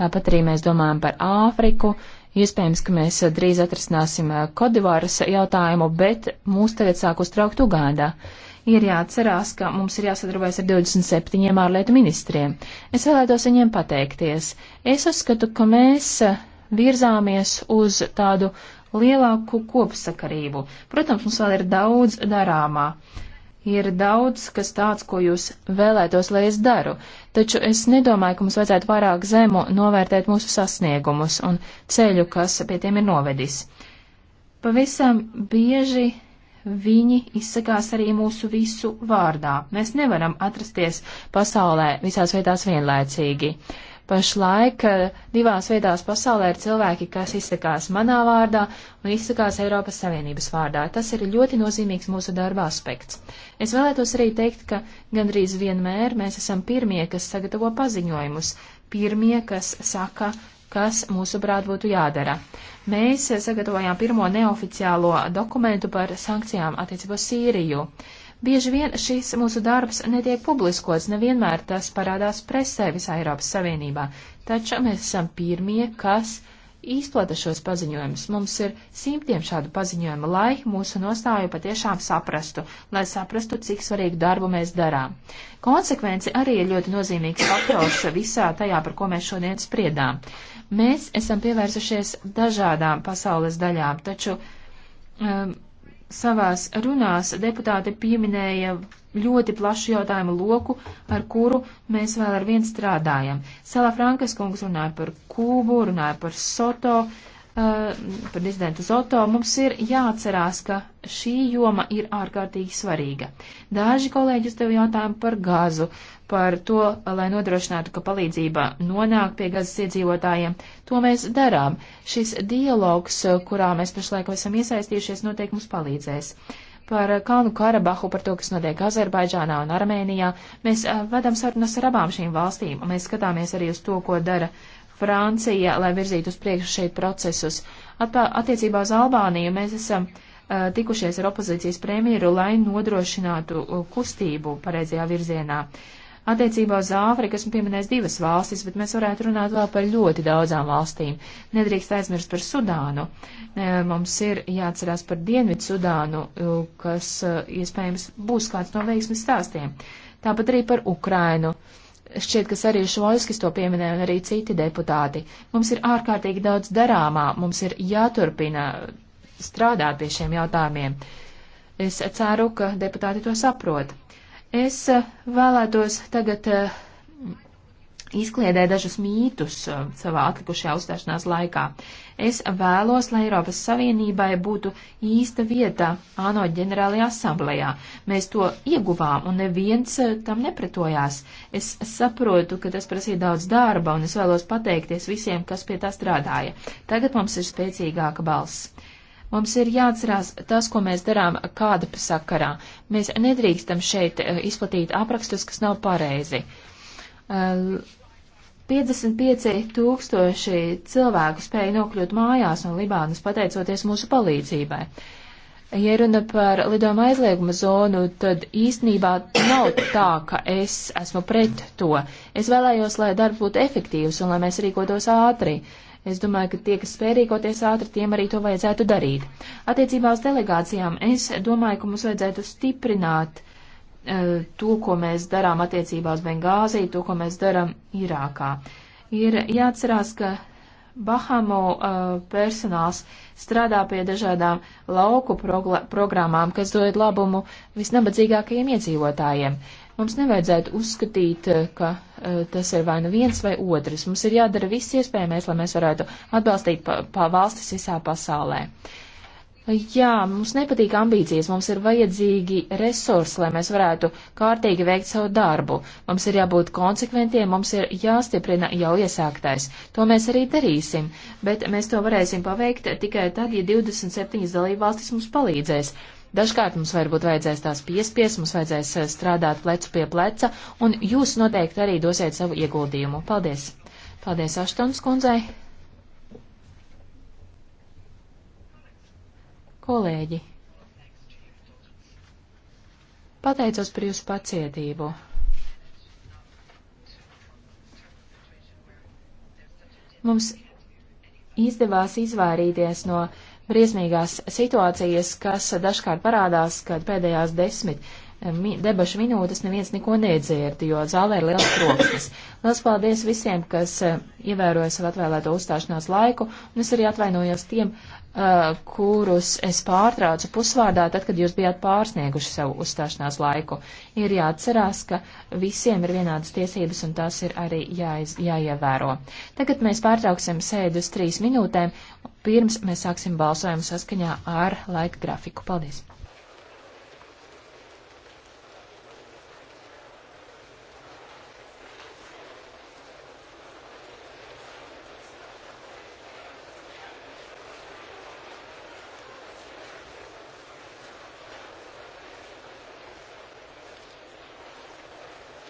S6: tāpat arī mēs domājam par Āfriku, Iespējams, ka mēs drīz atrasināsim eh, Kodivāras jautājumu, bet mūs tagad sāk uztraukt Ugādā ir jāatcerās, ka mums ir jāsadarbojas ar 27 ārlietu ministriem. Es vēlētos viņiem pateikties. Es uzskatu, ka mēs eh, virzāmies uz tādu lielāku kopsakarību. Protams, mums vēl ir daudz darāmā. Ir daudz, kas tāds, ko jūs vēlētos, lai es daru, taču es nedomāju, ka mums vajadzētu pārāk zemu novērtēt mūsu sasniegumus un ceļu, kas pie tiem ir novedis. Pavisam bieži viņi izsakās arī mūsu visu vārdā. Mēs nevaram atrasties pasaulē visās vietās vienlaicīgi. Pašlaik eh, divās vietās pasaulē ir cilvēki, kas izsakās manā vārdā un izsakās Eiropas Savienības vārdā. Tas ir ļoti nozīmīgs mūsu darba aspekts. Es vēlētos arī teikt, ka gandrīz vienmēr mēs esam pirmie, kas sagatavo paziņojumus, pirmie, kas saka, kas mūsuprāt būtu jādara mēs sagatavojām pirmo neoficiālo dokumentu par sankcijām attiecībā Sīriju. Bieži vien šis mūsu darbs netiek publiskots, nevienmēr tas parādās presē visā Eiropas Savienībā, taču mēs esam pirmie, kas izplata šos paziņojumus. Mums ir simtiem šādu paziņojumu, lai mūsu nostāju patiešām saprastu, lai saprastu, cik svarīgu darbu mēs darām. Konsekvence arī ir ļoti nozīmīgs faktors visā tajā, par ko mēs šodien spriedām. Mēs esam pievērsušies dažādām pasaules daļām, taču um, savās runās deputāti pieminēja ļoti plašu jautājumu loku, ar kuru mēs vēl ar vien strādājam. Sala Frankas kungs runāja par Kūbu, runāja par Soto, uh, Eh, par dizidentu Zoto, mums ir jāatcerās, ka šī joma ir ārkārtīgi svarīga. Daži kolēģi uzdev jautājumu par gāzu, par to, lai nodrošinātu, ka palīdzība nonāk pie gazas iedzīvotājiem. To mēs darām. Šis dialogs, kurā mēs pašlaik esam iesaistījušies, noteikti mums palīdzēs. Par Kalnu Karabahu, par to, kas notiek Azerbaidžānā un Armēnijā, mēs eh, vedam sarunas ar abām šīm valstīm, un mēs skatāmies arī uz to, ko dara uh, Francija, lai virzītu uz priekšu šeit procesus. Atpā, attiecībā uz Albāniju mēs esam uh, tikušies ar opozīcijas premjeru, lai nodrošinātu uh, kustību pareizajā virzienā. Attiecībā uz Āfriku esmu pieminējis divas valstis, bet mēs varētu runāt vēl par ļoti daudzām valstīm. Nedrīkst aizmirst par Sudānu. Uh, mums ir jāatcerās par Dienvidu Sudānu, kas iespējams būs kāds no veiksmes stāstiem. Tāpat arī par Ukrainu. Uh, Šķiet, kas arī Švojskis to pieminēja un arī citi deputāti. Mums ir ārkārtīgi daudz darāmā, mums ir jāturpina strādāt pie šiem jautājumiem. Es ceru, ka deputāti to saprot. Es eh, vēlētos tagad eh, izkliedēt dažus mītus eh, savā atlikušajā uzstāšanās laikā. Uh, Es vēlos, lai Eiropas Savienībai būtu īsta vieta ANO ģenerālajā asamblējā. Mēs to ieguvām un neviens eh, tam nepretojās. Es saprotu, ka tas prasīja daudz darba un es vēlos pateikties visiem, kas pie tā strādāja. Tagad mums ir spēcīgāka balss. Mums ir jāatcerās tas, ko mēs darām kāda sakarā. Mēs nedrīkstam šeit eh, izplatīt aprakstus, kas nav pareizi. Uh, 55 tūkstoši cilvēku spēja nokļūt mājās no Libānas pateicoties mūsu palīdzībai. Ja runa par lidojuma aizlieguma zonu, tad īstenībā nav tā, ka es esmu pret to. Es vēlējos, lai darbs būtu efektīvs un lai mēs rīkotos ātri. Es domāju, ka tie, kas spēj rīkoties ātri, tiem arī to vajadzētu darīt. Attiecībā uz delegācijām es domāju, ka mums vajadzētu stiprināt Eh, to, ko mēs darām attiecībā uz Bengāziju, to, ko mēs darām Irākā. Ir jāatcerās, ka Bahamu uh, eh, personāls strādā pie dažādām lauku programmām, kas dod labumu visnabadzīgākajiem iedzīvotājiem. Mums nevajadzētu uzskatīt, eh, ka uh, tas ir vai nu viens vai otrs. Mums ir jādara viss iespējamais, lai mēs varētu atbalstīt pa, pa valstis visā pasaulē. Uh, Jā, mums nepatīk ambīcijas, mums ir vajadzīgi resursi, lai mēs varētu kārtīgi veikt savu darbu. Mums ir jābūt konsekventiem, mums ir jāstiprina jau iesāktais. To mēs arī darīsim, bet mēs to varēsim paveikt tikai tad, ja 27 dalībvalstis mums palīdzēs. Dažkārt mums varbūt vajadzēs tās piespies, mums vajadzēs eh, strādāt plecu pie pleca, un jūs noteikti arī dosiet savu ieguldījumu. Paldies! Paldies Aštons kundzei! Kolēģi, pateicos par jūsu pacietību. Mums izdevās izvairīties no briesmīgās situācijas, kas dažkārt parādās, kad pēdējās desmit eh, debašu minūtes neviens neko nedzird, jo zālē ir liels troksnis. Liels paldies visiem, kas eh, ievēroja savu atvēlēto uzstāšanās laiku, un es arī atvainojos tiem Uh, kurus es pārtraucu pusvārdā, tad, kad jūs bijāt pārsnieguši savu uzstāšanās laiku. Ir jāatcerās, ka visiem ir vienādas tiesības un tās ir arī jāiz, jāievēro. Tagad mēs pārtrauksim sēdi uz trīs minūtēm, pirms mēs sāksim balsojumu saskaņā ar laika grafiku. Paldies!